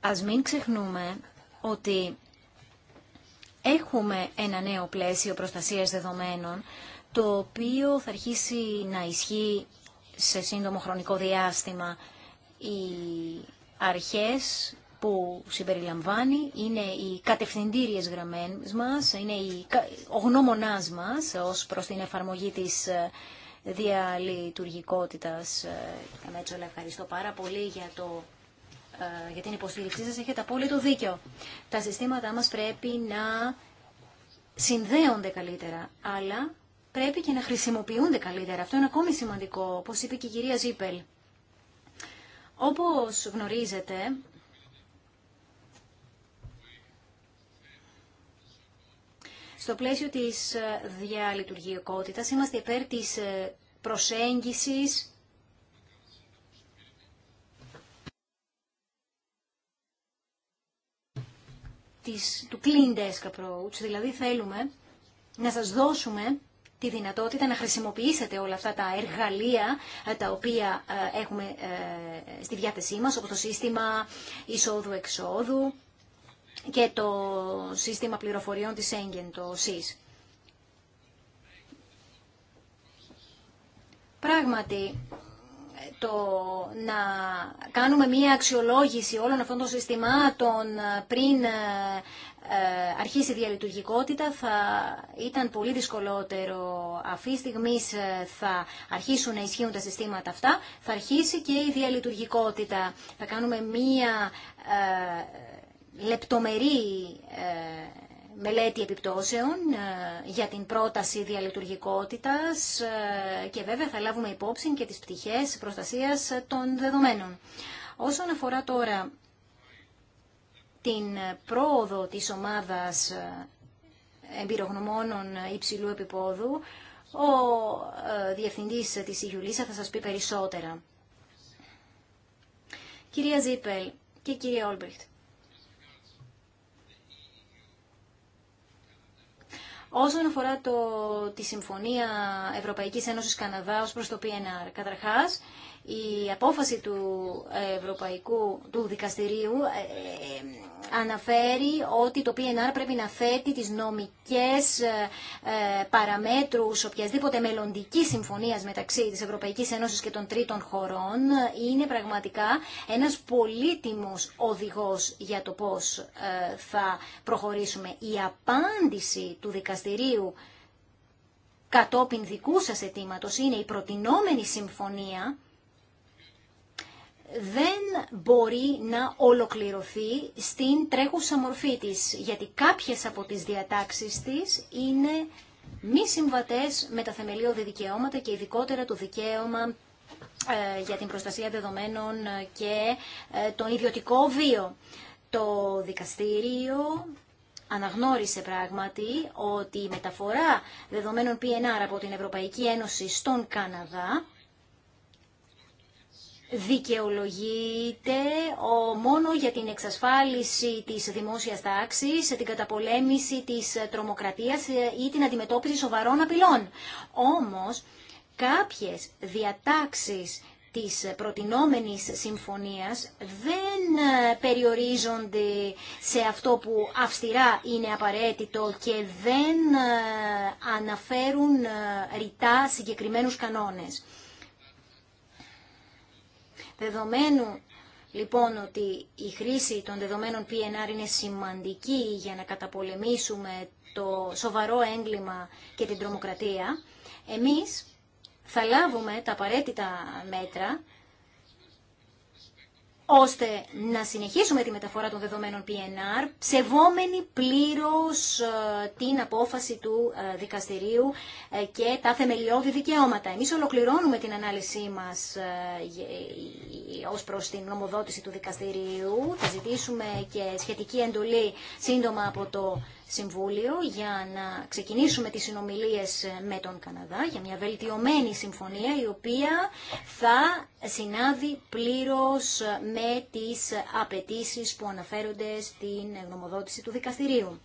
Ας μην ξεχνούμε ότι έχουμε ένα νέο πλαίσιο προστασίας δεδομένων το οποίο θα αρχίσει να ισχύει σε σύντομο χρονικό διάστημα. Οι αρχές που συμπεριλαμβάνει είναι οι κατευθυντήριες γραμμές μας, είναι οι ο γνώμονάς μας ως προς την εφαρμογή της ε, διαλειτουργικότητας. Ε, Μέτσολα, ευχαριστώ πάρα πολύ για το ε, για την υποστήριξή σας έχετε απόλυτο δίκιο. Τα συστήματά μας πρέπει να συνδέονται καλύτερα, αλλά πρέπει και να χρησιμοποιούνται καλύτερα. Αυτό είναι ακόμη σημαντικό, όπως είπε και η κυρία Ζήπελ. Όπως γνωρίζετε, στο πλαίσιο της ε, διαλειτουργικότητας είμαστε υπέρ της ε, προσέγγισης της, του clean desk approach, δηλαδή θέλουμε να σας δώσουμε τη δυνατότητα να χρησιμοποιήσετε όλα αυτά τα εργαλεία ε, τα οποία ε, έχουμε ε, στη διάθεσή μας, όπως το σύστημα εισόδου-εξόδου και το σύστημα πληροφοριών της Engen, το SIS. Πράγματι, το να κάνουμε μία αξιολόγηση όλων αυτών των συστημάτων πριν ε, αρχίσει η διαλειτουργικότητα θα ήταν πολύ δυσκολότερο. Αυτή τη στιγμή ε, θα αρχίσουν να ισχύουν τα συστήματα αυτά, θα αρχίσει και η διαλειτουργικότητα. Θα κάνουμε μία ε, λεπτομερή μελέτη επιπτώσεων για την πρόταση διαλειτουργικότητας και βέβαια θα λάβουμε υπόψη και τις πτυχές προστασίας των δεδομένων. Όσον αφορά τώρα την πρόοδο της ομάδας ε, εμπειρογνωμόνων υψηλού επιπόδου, ο ε, διευθυντής της Ιουλίσα θα σας πει περισσότερα. Κυρία Ζίπελ και κυρία Όλμπριχτ. Όσον αφορά το, τη Συμφωνία Ευρωπαϊκής Ένωσης Καναδά ως προς το PNR, καταρχάς, η απόφαση του Ευρωπαϊκού του Δικαστηρίου ε, ε, ε, αναφέρει ότι το PNR πρέπει να θέτει τις νομικές παραμέτρους οποιασδήποτε μελλοντική συμφωνίας μεταξύ της Ευρωπαϊκής Ένωσης και των τρίτων χωρών. Είναι πραγματικά ένας πολύτιμος οδηγός για το πώς θα προχωρήσουμε. Η απάντηση του Δικαστηρίου κατόπιν δικού σας αιτήματος είναι η προτινόμενη συμφωνία δεν μπορεί να ολοκληρωθεί στην τρέχουσα μορφή της, γιατί κάποιες από τις διατάξεις της είναι μη συμβατές με τα θεμελιώδη δικαιώματα και ειδικότερα το δικαίωμα ε, για την προστασία δεδομένων ε, και ε, τον ιδιωτικό βίο. Το δικαστήριο αναγνώρισε πράγματι ότι η μεταφορά δεδομένων PNR από την Ευρωπαϊκή Ένωση στον Καναδά δικαιολογείται ο, μόνο για την εξασφάλιση της δημόσιας τάξης, την καταπολέμηση της τρομοκρατίας ε, ή την αντιμετώπιση σοβαρών απειλών. Όμως, κάποιες διατάξεις της προτινόμενης συμφωνίας δεν ε, περιορίζονται σε αυτό που αυστηρά είναι απαραίτητο και δεν ε, αναφέρουν ρητά συγκεκριμένους κανόνες. Δεδομένου λοιπόν ότι η χρήση των δεδομένων PNR είναι σημαντική για να καταπολεμήσουμε το σοβαρό έγκλημα και την τρομοκρατία, εμείς θα λάβουμε τα απαραίτητα μέτρα ώστε να συνεχίσουμε τη μεταφορά των δεδομένων PNR, ψευόμενοι πλήρως ε, την απόφαση του ε, δικαστηρίου ε, και τα θεμελιώδη δικαιώματα. Εμείς ολοκληρώνουμε την ανάλυση μας ως προς την νομοδότηση του δικαστηρίου. Θα ζητήσουμε και σχετική εντολή σύντομα από το Συμβούλιο για να ξεκινήσουμε τις συνομιλίες με τον Καναδά για μια βελτιωμένη συμφωνία η οποία θα συνάδει πλήρως με τις απαιτήσει που αναφέρονται στην γνωμοδότηση του δικαστηρίου.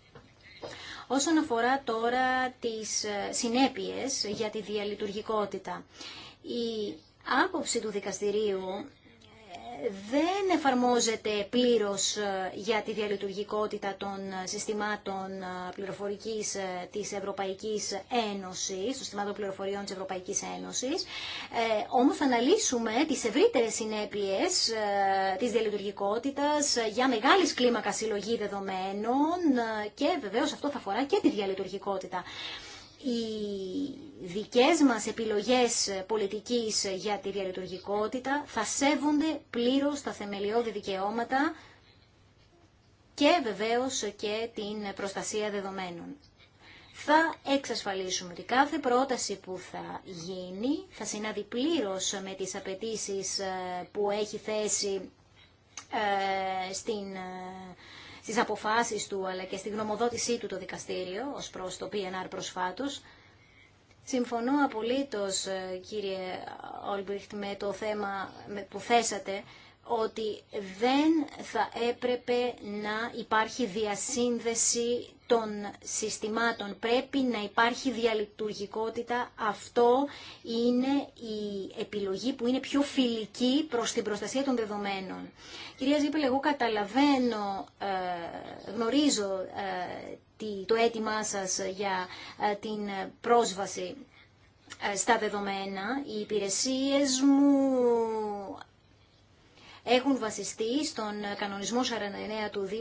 Όσον αφορά τώρα τις συνέπειες για τη διαλειτουργικότητα, η άποψη του δικαστηρίου δεν εφαρμόζεται πλήρως ε, για τη διαλειτουργικότητα των ε, συστημάτων ε, πληροφορικής της Ευρωπαϊκής Ένωσης, των συστημάτων πληροφοριών της Ευρωπαϊκής Ένωσης. Ε, όμως θα αναλύσουμε τις ευρύτερες συνέπειες της διαλειτουργικότητας για μεγάλης κλίμακα συλλογή δεδομένων και βεβαίως αυτό θα αφορά και τη διαλειτουργικότητα οι δικές μας επιλογές πολιτικής για τη διαλειτουργικότητα θα σέβονται πλήρως τα θεμελιώδη δικαιώματα και βεβαίως και την προστασία δεδομένων. Θα εξασφαλίσουμε ότι κάθε πρόταση που θα γίνει θα συνάδει πλήρως με τις απαιτήσεις ε, που έχει θέσει ε, στην ε, στις αποφάσεις του αλλά και στη γνωμοδότησή του το δικαστήριο ως προς το PNR προσφάτως. Συμφωνώ απολύτως ε, κύριε Όλμπριχτ με το θέμα που θέσατε ότι δεν θα έπρεπε να υπάρχει διασύνδεση των συστημάτων. Πρέπει να υπάρχει διαλειτουργικότητα. Αυτό είναι η επιλογή που είναι πιο φιλική προς την προστασία των δεδομένων. Κυρία Ζήπελ, εγώ καταλαβαίνω, ε, γνωρίζω ε, το αίτημά σας για ε, την πρόσβαση στα δεδομένα. Οι υπηρεσίες μου έχουν βασιστεί στον κανονισμό 49 του 2001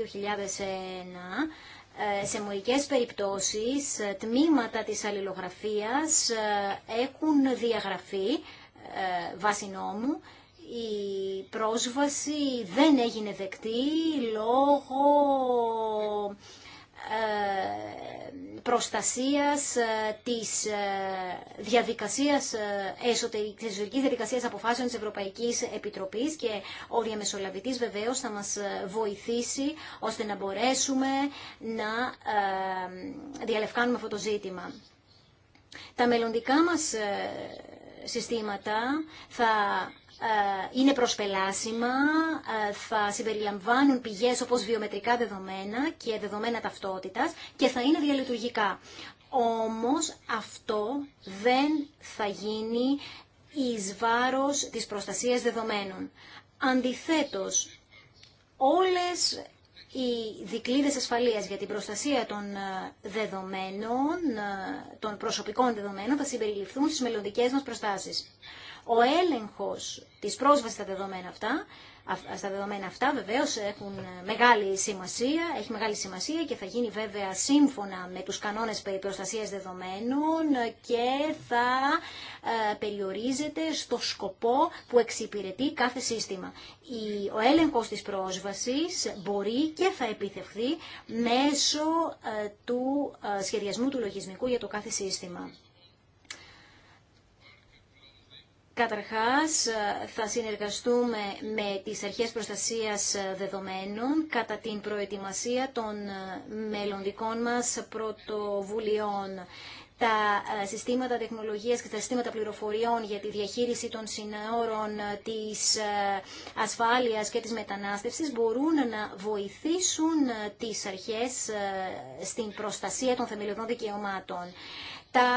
ε, σε μοικές περιπτώσεις ε, τμήματα της αλληλογραφίας ε, έχουν διαγραφεί βάσει νόμου. Η πρόσβαση δεν έγινε δεκτή λόγω ε, προστασίας ε, της ε, διαδικασίας εσωτερικής, εσωτερικής διαδικασίας αποφάσεων της Ευρωπαϊκής Επιτροπής και ο διαμεσολαβητής βεβαίως θα μας βοηθήσει ώστε να μπορέσουμε να διαλευκάνουμε αυτό το ζήτημα. Τα μελλοντικά μας συστήματα θα ε, είναι προσπελάσιμα, ε, θα συμπεριλαμβάνουν πηγές όπως βιομετρικά δεδομένα και δεδομένα ταυτότητας και θα είναι διαλειτουργικά. Όμως αυτό δεν θα γίνει εις βάρος της προστασίας δεδομένων. Αντιθέτως, όλες οι δικλείδες ασφαλείας για την προστασία των ε, δεδομένων, των προσωπικών δεδομένων, θα συμπεριληφθούν στις μελλοντικές μας προστάσεις. Ο έλεγχος της πρόσβασης στα δεδομένα αυτά, στα δεδομένα αυτά βεβαίως έχουν ε, μεγάλη σημασία, έχει μεγάλη σημασία και θα γίνει βέβαια σύμφωνα με τους κανόνες περί δεδομένων και θα ε, περιορίζεται στο σκοπό που εξυπηρετεί κάθε σύστημα. Ο έλεγχος της πρόσβασης μπορεί και θα επιθευθεί μέσω ε, του σχεδιασμού του λογισμικού για το κάθε σύστημα. Καταρχάς, ε, θα συνεργαστούμε με τις αρχές προστασίας δεδομένων κατά την προετοιμασία των ε, μελλοντικών μας πρωτοβουλειών. Τα ε, συστήματα τεχνολογίας και τα συστήματα πληροφοριών για τη διαχείριση των συνόρων της ασφάλειας και της μετανάστευσης μπορούν να βοηθήσουν τις αρχές στην προστασία των θεμελιωδών δικαιωμάτων τα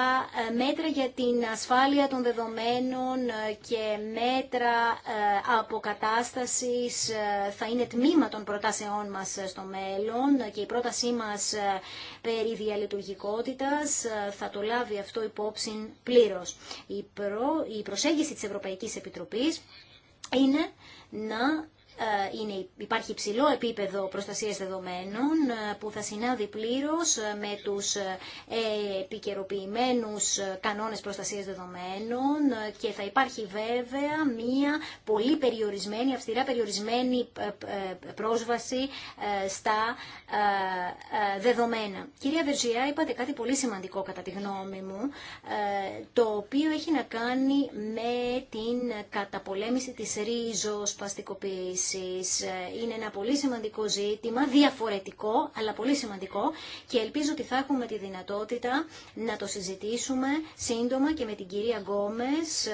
ε, μέτρα για την ασφάλεια των δεδομένων ε, και μέτρα ε, αποκατάστασης θα είναι τμήμα των προτάσεών μας στο μέλλον και η πρότασή μας περί διαλειτουργικότητας θα το λάβει αυτό υπόψη πλήρως. Η, η προσέγγιση της Ευρωπαϊκής Επιτροπής είναι να ε, είναι, υπάρχει υψηλό επίπεδο προστασίας δεδομένων ε, που θα συνάδει πλήρως ε, με τους επικαιροποιημένου κανόνες προστασίας δεδομένων και θα υπάρχει βέβαια μία πολύ περιορισμένη, αυστηρά περιορισμένη πρόσβαση στα δεδομένα. Κυρία Βερζιά, είπατε κάτι πολύ σημαντικό κατά τη γνώμη μου, το οποίο έχει να κάνει με την καταπολέμηση της ρίζος παστικοποίησης ε, είναι ένα πολύ σημαντικό ζήτημα, διαφορετικό αλλά πολύ σημαντικό και ελπίζω ότι θα έχουμε τη δυνατότητα να το συζητήσουμε σύντομα και με την κυρία Γκόμες ε,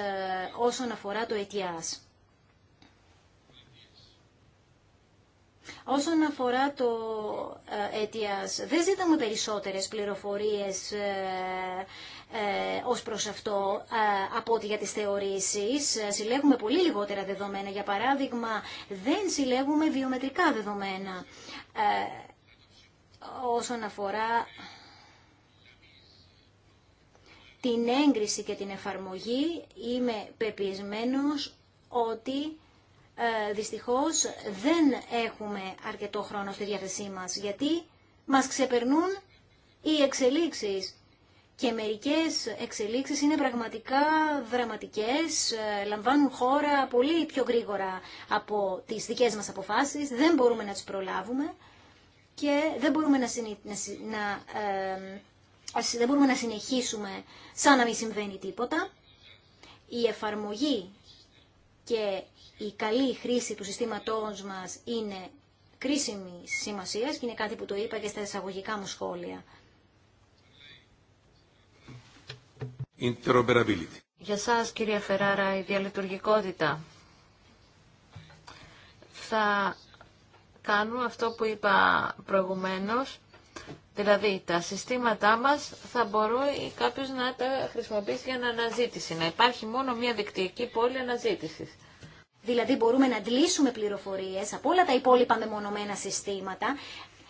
όσον αφορά το ΕΤΙΑΣ. Όσον αφορά το ετιάς δεν ζητάμε περισσότερες πληροφορίες ε, ε, ως προς αυτό ε, από ό,τι για τις θεωρήσεις. Ε, συλλέγουμε πολύ λιγότερα δεδομένα. Για παράδειγμα, δεν συλλέγουμε βιομετρικά δεδομένα όσον αφορά την έγκριση και την εφαρμογή είμαι πεπισμένος ότι ε, δυστυχώς δεν έχουμε αρκετό χρόνο στη διάθεσή μας γιατί μας ξεπερνούν οι εξελίξεις και μερικές εξελίξεις είναι πραγματικά δραματικές, ε, λαμβάνουν χώρα πολύ πιο γρήγορα από τις δικές μας αποφάσεις, δεν μπορούμε να τις προλάβουμε και δεν μπορούμε να, να, να συνεχίσουμε σαν να μην συμβαίνει τίποτα. Η εφαρμογή και η καλή χρήση του συστήματός μας είναι κρίσιμη σημασία και είναι κάτι που το είπα και στα εισαγωγικά μου σχόλια. Για σας, κυρία Φεράρα, η διαλειτουργικότητα. Θα κάνουμε αυτό που είπα προηγουμένως, δηλαδή τα συστήματά μας θα μπορεί κάποιος να τα χρησιμοποιήσει για αναζήτηση, να υπάρχει μόνο μια δικτυακή πόλη αναζήτησης. Δηλαδή μπορούμε να αντλήσουμε πληροφορίες από όλα τα υπόλοιπα μεμονωμένα συστήματα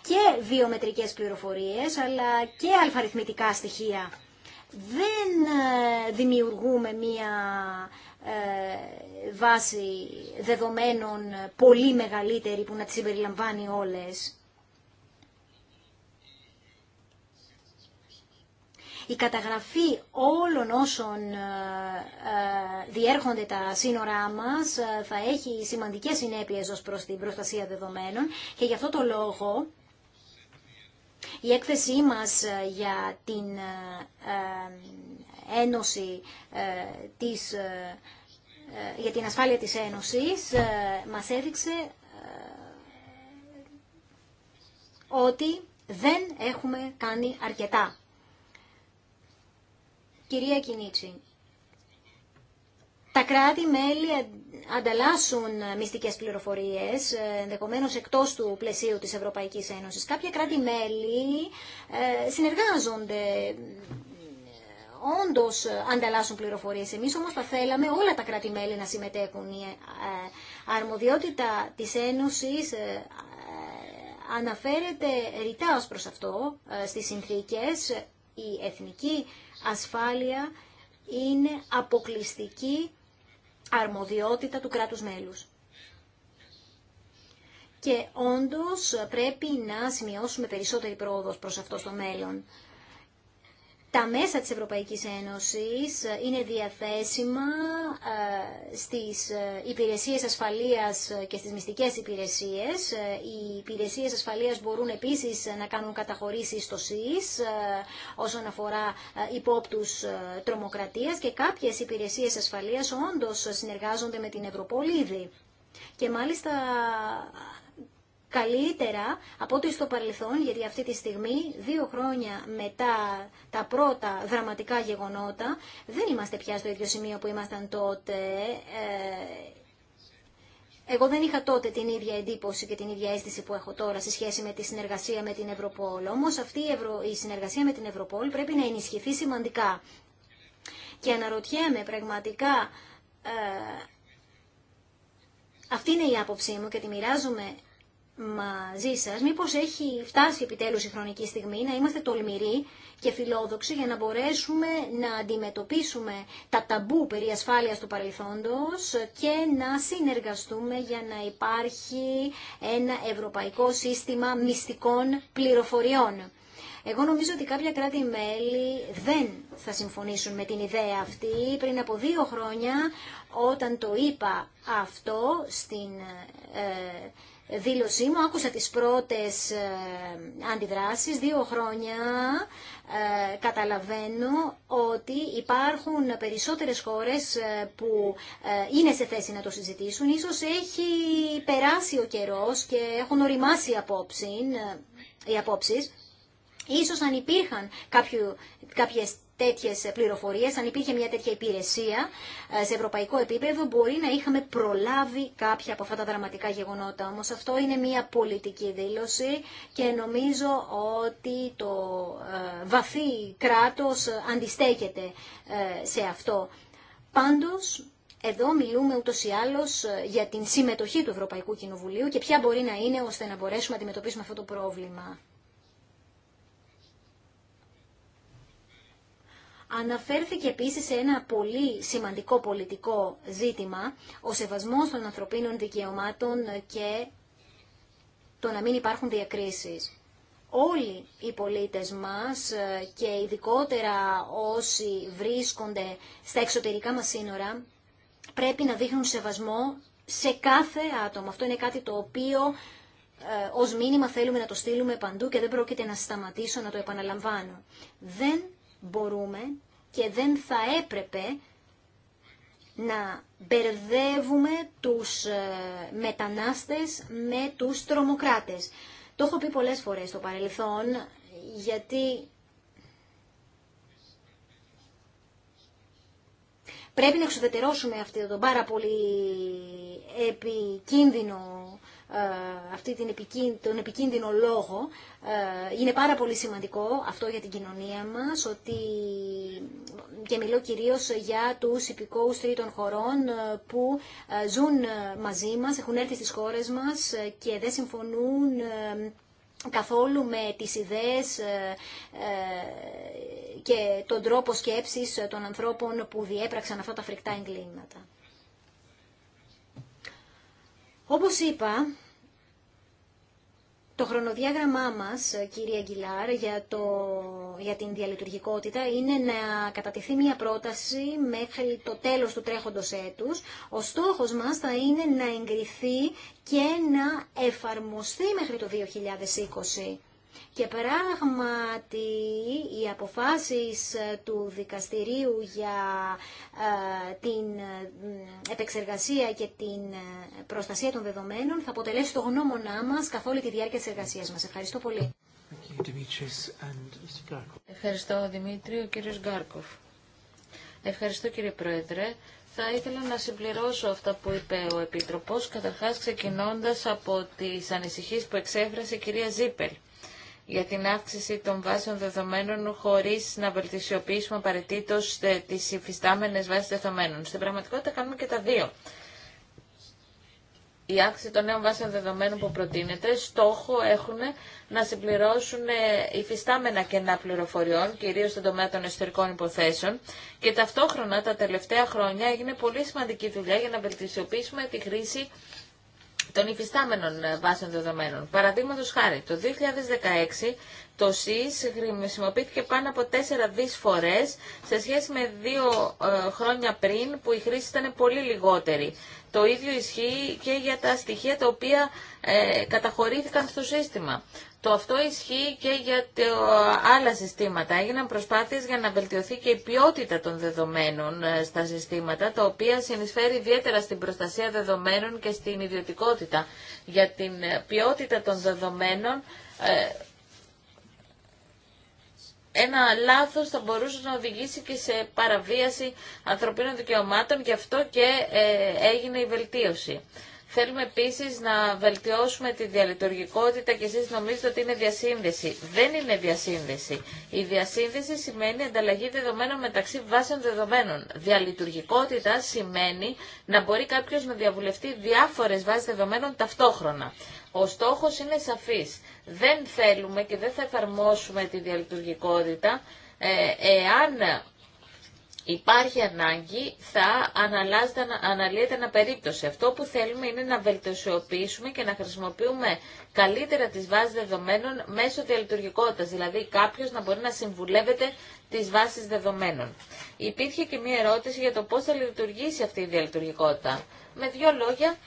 και βιομετρικές πληροφορίες αλλά και αλφαριθμητικά στοιχεία δεν ε, δημιουργούμε μία ε, βάση δεδομένων πολύ μεγαλύτερη που να τις συμπεριλαμβάνει όλες. Η καταγραφή όλων όσων ε, διέρχονται τα σύνορά μας θα έχει σημαντικές συνέπειες ως προς την προστασία δεδομένων και γι' αυτό το λόγο η έκθεσή μας ε, για την ε, ε, Ένωση της για την ασφάλεια της Ένωσης μας έδειξε ότι δεν έχουμε κάνει αρκετά. Κυρία Κινίτσι, τα κράτη-μέλη ανταλλάσσουν μυστικές πληροφορίες, ε, ενδεχομένω εκτός του πλαισίου της Ευρωπαϊκής Ένωσης. Κάποια κράτη-μέλη ε, συνεργάζονται ε, όντω ανταλλάσσουν πληροφορίε. Εμεί όμω θα θέλαμε όλα τα κράτη-μέλη να συμμετέχουν. Η αρμοδιότητα τη Ένωση αναφέρεται ρητά ω προ αυτό στι συνθήκε. Η εθνική ασφάλεια είναι αποκλειστική αρμοδιότητα του κράτους μέλους. Και όντως πρέπει να σημειώσουμε περισσότερη πρόοδος προς αυτό στο μέλλον τα μέσα της Ευρωπαϊκής Ένωσης ε, είναι διαθέσιμα ε, στις ε, υπηρεσίες ασφαλείας και στις μυστικές υπηρεσίες. Οι υπηρεσίες ασφαλείας μπορούν επίσης να κάνουν καταχωρήσεις στο ΣΥΣ όσον αφορά υπόπτους τρομοκρατίας και κάποιες υπηρεσίες ασφαλείας όντως συνεργάζονται με την Ευρωπόλιδη. Και μάλιστα καλύτερα από ό,τι στο παρελθόν, γιατί αυτή τη στιγμή, δύο χρόνια μετά τα πρώτα δραματικά γεγονότα, δεν είμαστε πια στο ίδιο σημείο που ήμασταν τότε. Ε, εγώ δεν είχα τότε την ίδια εντύπωση και την ίδια αίσθηση που έχω τώρα σε σχέση με τη συνεργασία με την Ευρωπόλ. Όμω αυτή η συνεργασία με την Ευρωπόλ πρέπει να ενισχυθεί σημαντικά. Και αναρωτιέμαι πραγματικά, ε, αυτή είναι η άποψή μου και τη μοιράζομαι μαζί σας μήπως έχει φτάσει επιτέλου η χρονική στιγμή να είμαστε τολμηροί και φιλόδοξοι για να μπορέσουμε να αντιμετωπίσουμε τα ταμπού περί ασφάλειας του παρελθόντο και να συνεργαστούμε για να υπάρχει ένα ευρωπαϊκό σύστημα μυστικών πληροφοριών. Εγώ νομίζω ότι κάποια κράτη-μέλη δεν θα συμφωνήσουν με την ιδέα αυτή. Πριν από δύο χρόνια, όταν το είπα αυτό στην ε, δήλωσή μου, άκουσα τις πρώτες ε, αντιδράσεις, δύο χρόνια ε, καταλαβαίνω ότι υπάρχουν περισσότερες χώρες ε, που είναι σε θέση να το συζητήσουν. Ίσως έχει περάσει ο καιρός και έχουν οριμάσει οι απόψεις. Ίσως αν υπήρχαν κάποιο, κάποιες τέτοιες πληροφορίες, αν υπήρχε μια τέτοια υπηρεσία ε, σε ευρωπαϊκό επίπεδο, μπορεί να είχαμε προλάβει κάποια από αυτά τα δραματικά γεγονότα. Όμω αυτό είναι μια πολιτική δήλωση και νομίζω ότι το ε, βαθύ κράτος αντιστέκεται ε, σε αυτό. Πάντως, εδώ μιλούμε ούτω ή άλλω για την συμμετοχή του Ευρωπαϊκού Κοινοβουλίου και ποια μπορεί να είναι ώστε να μπορέσουμε να αντιμετωπίσουμε αυτό το πρόβλημα. Αναφέρθηκε επίσης σε ένα πολύ σημαντικό πολιτικό ζήτημα, ο σεβασμός των ανθρωπίνων δικαιωμάτων και το να μην υπάρχουν διακρίσεις. Όλοι οι πολίτες μας ε, και ειδικότερα όσοι βρίσκονται στα εξωτερικά μας σύνορα πρέπει να δείχνουν σεβασμό σε κάθε άτομο. Αυτό είναι κάτι το οποίο ε, ως μήνυμα θέλουμε να το στείλουμε παντού και δεν πρόκειται να σταματήσω να το επαναλαμβάνω. Δεν μπορούμε και δεν θα έπρεπε να μπερδεύουμε τους ε, μετανάστες με τους τρομοκράτες. Το έχω πει πολλές φορές στο παρελθόν, γιατί πρέπει να εξουδετερώσουμε αυτό το πάρα πολύ επικίνδυνο ε, αυτή την τον επικίνδυνο λόγο. Ε, είναι πάρα πολύ σημαντικό αυτό για την κοινωνία μας ότι, και μιλώ κυρίως για τους υπηκόους τρίτων χωρών ε, που ζουν μαζί μας, έχουν έρθει στις χώρες μας και δεν συμφωνούν καθόλου με τις ιδέες και τον τρόπο σκέψης των ανθρώπων που διέπραξαν αυτά τα φρικτά εγκλήματα. Όπως είπα, το χρονοδιάγραμμά μας, ε, κύριε Αγγιλάρ, για, το, για την διαλειτουργικότητα είναι να κατατηθεί μια πρόταση μέχρι το τέλος του τρέχοντος έτους. Ο στόχος μας θα είναι να εγκριθεί και να εφαρμοστεί μέχρι το 2020. Και πράγματι οι αποφάσεις ε, του δικαστηρίου για ε, την ε, επεξεργασία και την προστασία των δεδομένων θα αποτελέσει το γνώμονά μας καθ' όλη τη διάρκεια της εργασίας μας. Ευχαριστώ πολύ. Ευχαριστώ Δημήτρη. Ο κύριος Γκάρκοφ. Ευχαριστώ κύριε Πρόεδρε. Θα ήθελα να συμπληρώσω αυτά που είπε ο Επίτροπος, καταρχάς ξεκινώντας από τις ανησυχίες που εξέφρασε η κυρία Ζίπελ για την αύξηση των βάσεων δεδομένων χωρίς να βελτισιοποιήσουμε απαραίτητο ε, τις υφιστάμενες βάσεις δεδομένων. Στην πραγματικότητα κάνουμε και τα δύο. Η αύξηση των νέων βάσεων δεδομένων που προτείνεται στόχο έχουν να συμπληρώσουν ε, υφιστάμενα κενά πληροφοριών, κυρίως στον τομέα των εσωτερικών υποθέσεων και ταυτόχρονα τα τελευταία χρόνια έγινε πολύ σημαντική δουλειά για να βελτιστοποιήσουμε τη χρήση των υφιστάμενων ε, βάσεων δεδομένων. Παραδείγματο χάρη, το 2016 το ΣΥΣ χρησιμοποιήθηκε πάνω από 4 δις φορές σε σχέση με δύο ε, χρόνια πριν που η χρήση ήταν πολύ λιγότερη το ίδιο ισχύει και για τα στοιχεία τα οποία ε, καταχωρήθηκαν στο σύστημα. Το αυτό ισχύει και για άλλα συστήματα. Έγιναν προσπάθειες για να βελτιωθεί και η ποιότητα των δεδομένων ε, στα συστήματα, τα οποία συνεισφέρει ιδιαίτερα στην προστασία δεδομένων και στην ιδιωτικότητα. Για την ε, ποιότητα των δεδομένων ε, ένα λάθος θα μπορούσε να οδηγήσει και σε παραβίαση ανθρωπίνων δικαιωμάτων, γι' αυτό και ε, έγινε η βελτίωση. Θέλουμε επίσης να βελτιώσουμε τη διαλειτουργικότητα και εσείς νομίζετε ότι είναι διασύνδεση. Δεν είναι διασύνδεση. Η διασύνδεση σημαίνει ανταλλαγή δεδομένων μεταξύ βάσεων δεδομένων. Διαλειτουργικότητα σημαίνει να μπορεί κάποιος να διαβουλευτεί διάφορες βάσεις δεδομένων ταυτόχρονα. Ο στόχος είναι σαφής δεν θέλουμε και δεν θα εφαρμόσουμε τη διαλειτουργικότητα ε, εάν υπάρχει ανάγκη, θα αναλύεται ένα περίπτωση. Αυτό που θέλουμε είναι να βελτιωσιοποιήσουμε και να χρησιμοποιούμε καλύτερα τις βάσεις δεδομένων μέσω διαλειτουργικότητας, δηλαδή κάποιος να μπορεί να συμβουλεύεται τις βάσεις δεδομένων. Υπήρχε και μία ερώτηση για το πώς θα λειτουργήσει αυτή η διαλειτουργικότητα. Με δύο λόγια,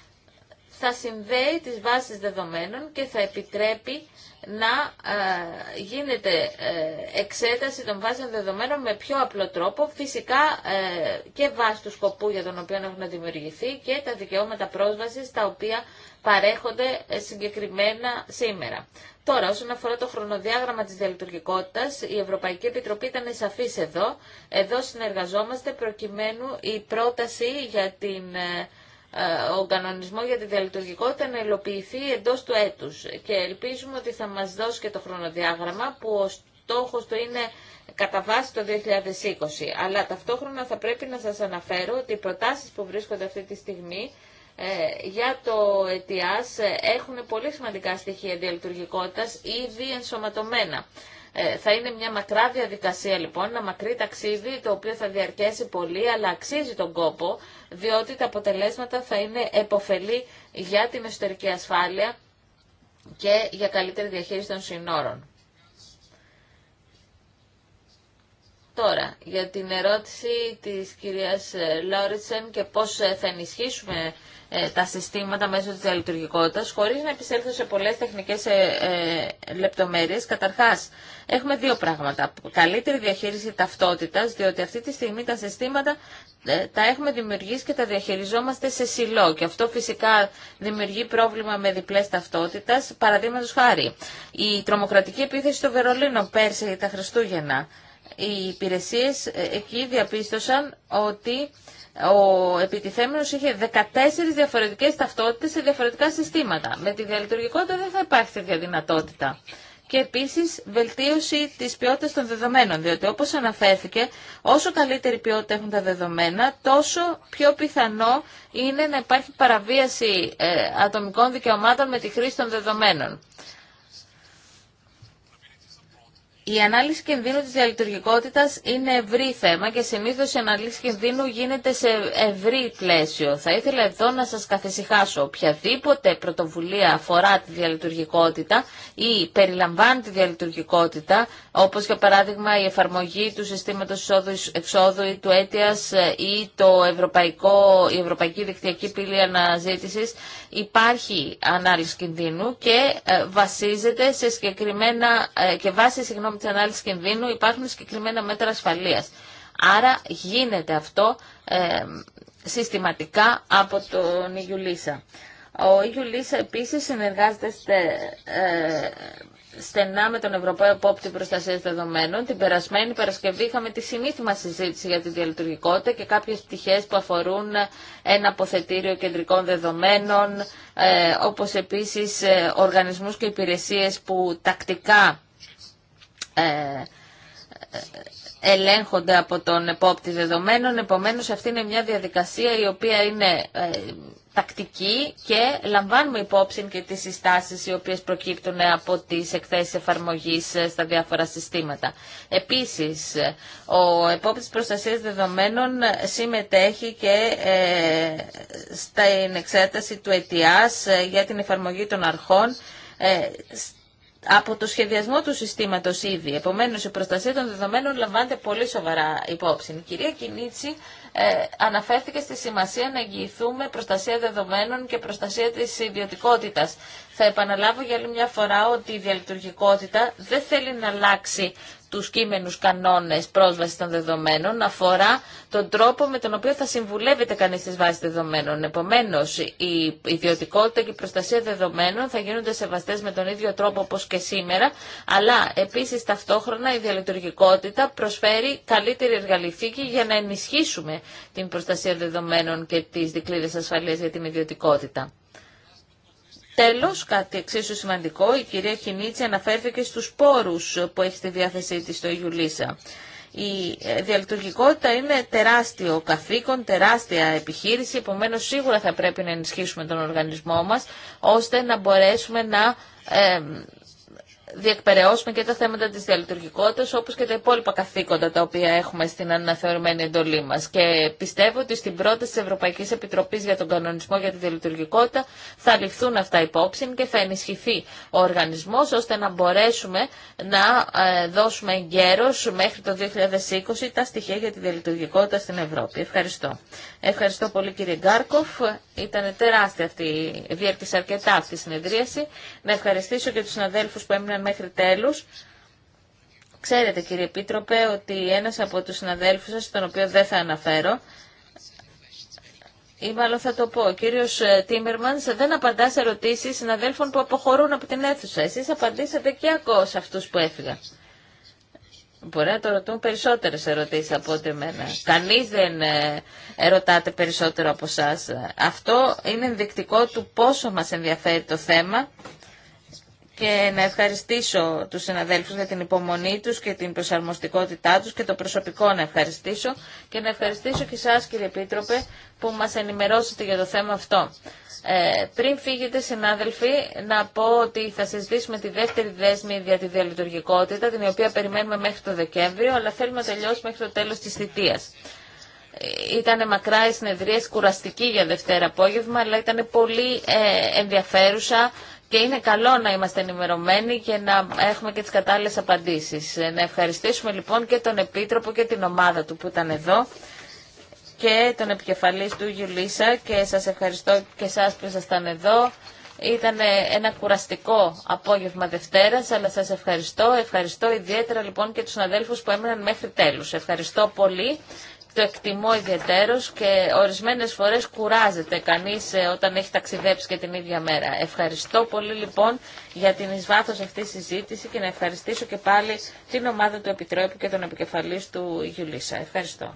θα συνδέει τις βάσεις δεδομένων και θα επιτρέπει να ε, γίνεται ε, εξέταση των βάσεων δεδομένων με πιο απλό τρόπο, φυσικά ε, και βάσει του σκοπού για τον οποίο έχουν δημιουργηθεί και τα δικαιώματα πρόσβασης τα οποία παρέχονται ε, συγκεκριμένα σήμερα. Τώρα, όσον αφορά το χρονοδιάγραμμα της διαλειτουργικότητας, η Ευρωπαϊκή Επιτροπή ήταν σαφής εδώ. Εδώ συνεργαζόμαστε προκειμένου η πρόταση για την ε, ο κανονισμό για τη διαλειτουργικότητα να υλοποιηθεί εντός του έτους και ελπίζουμε ότι θα μας δώσει και το χρονοδιάγραμμα που ο στόχος του είναι κατά βάση το 2020. Αλλά ταυτόχρονα θα πρέπει να σας αναφέρω ότι οι προτάσεις που βρίσκονται αυτή τη στιγμή ε, για το ΕΤΙΑΣ ε, έχουν πολύ σημαντικά στοιχεία διαλειτουργικότητας ήδη ενσωματωμένα. Ε, θα είναι μια μακρά διαδικασία λοιπόν, ένα μακρύ ταξίδι το οποίο θα διαρκέσει πολύ αλλά αξίζει τον κόπο διότι τα αποτελέσματα θα είναι επωφελή για την εσωτερική ασφάλεια και για καλύτερη διαχείριση των συνόρων. Τώρα, για την ερώτηση της κυρίας Λόριτσεν και πώς θα ενισχύσουμε ε, τα συστήματα μέσω της διαλειτουργικότητας, χωρίς να επισέλθω σε πολλές τεχνικές ε, ε, λεπτομέρειες. Καταρχάς, έχουμε δύο πράγματα. Καλύτερη διαχείριση ταυτότητας, διότι αυτή τη στιγμή τα συστήματα τα έχουμε δημιουργήσει και τα διαχειριζόμαστε σε σιλό και αυτό φυσικά δημιουργεί πρόβλημα με διπλές ταυτότητας. Παραδείγματος χάρη, η τρομοκρατική επίθεση στο Βερολίνο πέρσι τα Χριστούγεννα, οι υπηρεσίες εκεί διαπίστωσαν ότι ο επιτιθέμενος είχε 14 διαφορετικές ταυτότητες σε διαφορετικά συστήματα. Με τη διαλειτουργικότητα δεν θα υπάρχει τέτοια δυνατότητα. Και επίσης βελτίωση της ποιότητας των δεδομένων, διότι όπως αναφέρθηκε, όσο καλύτερη ποιότητα έχουν τα δεδομένα, τόσο πιο πιθανό είναι να υπάρχει παραβίαση ε, ατομικών δικαιωμάτων με τη χρήση των δεδομένων. Η ανάλυση κινδύνου της διαλειτουργικότητας είναι ευρύ θέμα και συνήθως η ανάλυση κινδύνου γίνεται σε ευρύ πλαίσιο. Θα ήθελα εδώ να σας καθησυχάσω. Οποιαδήποτε πρωτοβουλία αφορά τη διαλειτουργικότητα ή περιλαμβάνει τη διαλειτουργικότητα, όπως για παράδειγμα η εφαρμογή του συστήματος εισόδου-εξόδου ή του αίτιας ε, ή το ευρωπαϊκό, η Ευρωπαϊκή εξοδου η Πύλη Αναζήτησης, υπάρχει ανάλυση κινδύνου και ε, βασίζεται σε συγκεκριμένα ε, και βάσει με την ανάλυση κινδύνου υπάρχουν συγκεκριμένα μέτρα ασφαλείας. Άρα γίνεται αυτό ε, συστηματικά από τον Ιουλίσα. Ο Ιουλίσα επίσης συνεργάζεται στε, ε, στενά με τον Ευρωπαίο Πόπτη Προστασία Δεδομένων. Την περασμένη Παρασκευή είχαμε τη συνήθι συζήτηση για τη διαλειτουργικότητα και κάποιε πτυχέ που αφορούν ε, ένα αποθετήριο κεντρικών δεδομένων, ε, όπω επίση ε, οργανισμού και υπηρεσίε που τακτικά ε, ελέγχονται από τον επόπτη δεδομένων. Επομένως αυτή είναι μια διαδικασία η οποία είναι ε, τακτική και λαμβάνουμε υπόψη και τις συστάσεις οι οποίες προκύπτουν από τις εκθέσεις εφαρμογής ε, στα διάφορα συστήματα. Επίσης, ο επόπτης προστασίας δεδομένων συμμετέχει και στην εξέταση του ΕΤΙΑΣ για την εφαρμογή των αρχών από το σχεδιασμό του συστήματος ήδη. επομένω, η προστασία των δεδομένων λαμβάνεται πολύ σοβαρά υπόψη. Η κυρία Κινίτσι ε, αναφέρθηκε στη σημασία να εγγυηθούμε προστασία δεδομένων και προστασία της ιδιωτικότητα. Θα επαναλάβω για άλλη μια φορά ότι η διαλειτουργικότητα δεν θέλει να αλλάξει τους κείμενους κανόνες πρόσβασης των δεδομένων αφορά τον τρόπο με τον οποίο θα συμβουλεύεται κανείς τις βάσεις δεδομένων. Επομένως, η ιδιωτικότητα και η προστασία δεδομένων θα γίνονται σεβαστές με τον ίδιο τρόπο όπως και σήμερα, αλλά επίσης ταυτόχρονα η διαλειτουργικότητα προσφέρει καλύτερη εργαλειοθήκη για να ενισχύσουμε την προστασία δεδομένων και τις δικλείδες ασφαλείας για την ιδιωτικότητα. Τέλος, κάτι εξίσου σημαντικό, η κυρία Χινίτση αναφέρθηκε στους πόρους που έχει στη διάθεσή τη το Ιουλίσα. Η ε, διαλειτουργικότητα είναι τεράστιο καθήκον, τεράστια επιχείρηση, επομένως σίγουρα θα πρέπει να ενισχύσουμε τον οργανισμό μας, ώστε να μπορέσουμε να ε, διεκπαιρεώσουμε και τα θέματα της διαλειτουργικότητας όπως και τα υπόλοιπα καθήκοντα τα οποία έχουμε στην αναθεωρημένη εντολή μας. Και πιστεύω ότι στην πρόταση της Ευρωπαϊκής Επιτροπής για τον κανονισμό για τη διαλειτουργικότητα θα ληφθούν αυτά υπόψη και θα ενισχυθεί ο οργανισμός ώστε να μπορέσουμε να ε, δώσουμε γέρος μέχρι το 2020 τα στοιχεία για τη διαλειτουργικότητα στην Ευρώπη. Ευχαριστώ. Ευχαριστώ πολύ κύριε Γκάρκοφ. Ήταν τεράστια αυτή, διάρκεια αρκετά αυτή η συνεδρίαση. Να ευχαριστήσω και τους συναδέλφους που έμειναν μέχρι τέλους. Ξέρετε κύριε Επίτροπε ότι ένας από τους συναδέλφους σας, τον οποίο δεν θα αναφέρω, ή μάλλον θα το πω, ο κύριος ε, Τίμερμανς δεν απαντά σε ερωτήσεις συναδέλφων που αποχωρούν από την αίθουσα. Εσείς απαντήσατε και ακόμα σε αυτούς που έφυγαν. Μπορεί να το ρωτούν περισσότερε ερωτήσει από ό,τι εμένα. Κανεί δεν ε, ερωτάται περισσότερο από εσά. Αυτό είναι ενδεικτικό του πόσο μα ενδιαφέρει το θέμα και να ευχαριστήσω τους συναδέλφους για την υπομονή τους και την προσαρμοστικότητά τους και το προσωπικό να ευχαριστήσω και να ευχαριστήσω και εσάς κύριε Επίτροπε που μας ενημερώσετε για το θέμα αυτό. Ε, πριν φύγετε συνάδελφοι να πω ότι θα συζητήσουμε τη δεύτερη δέσμη για τη διαλειτουργικότητα την οποία περιμένουμε μέχρι το Δεκέμβριο αλλά θέλουμε να τελειώσουμε μέχρι το τέλος της θητείας. Ε, ήταν μακρά η συνεδρία, κουραστική για Δευτέρα απόγευμα, αλλά ήταν πολύ ε, ενδιαφέρουσα. Και είναι καλό να είμαστε ενημερωμένοι και να έχουμε και τις κατάλληλες απαντήσεις. Ε, να ευχαριστήσουμε λοιπόν και τον Επίτροπο και την ομάδα του που ήταν εδώ και τον επικεφαλής του Γιουλίσα και σας ευχαριστώ και εσάς που ήσασταν εδώ. Ήταν ε, ένα κουραστικό απόγευμα Δευτέρας, αλλά σας ευχαριστώ. Ευχαριστώ ιδιαίτερα λοιπόν και τους συναδέλφους που έμειναν μέχρι τέλους. Ευχαριστώ πολύ το εκτιμώ ιδιαίτερος και ορισμένες φορές κουράζεται κανείς ε, όταν έχει ταξιδέψει και την ίδια μέρα. Ευχαριστώ πολύ λοιπόν για την εισβάθος αυτή τη συζήτηση και να ευχαριστήσω και πάλι την ομάδα του Επιτρόπου και τον επικεφαλής του Γιουλίσσα. Ευχαριστώ.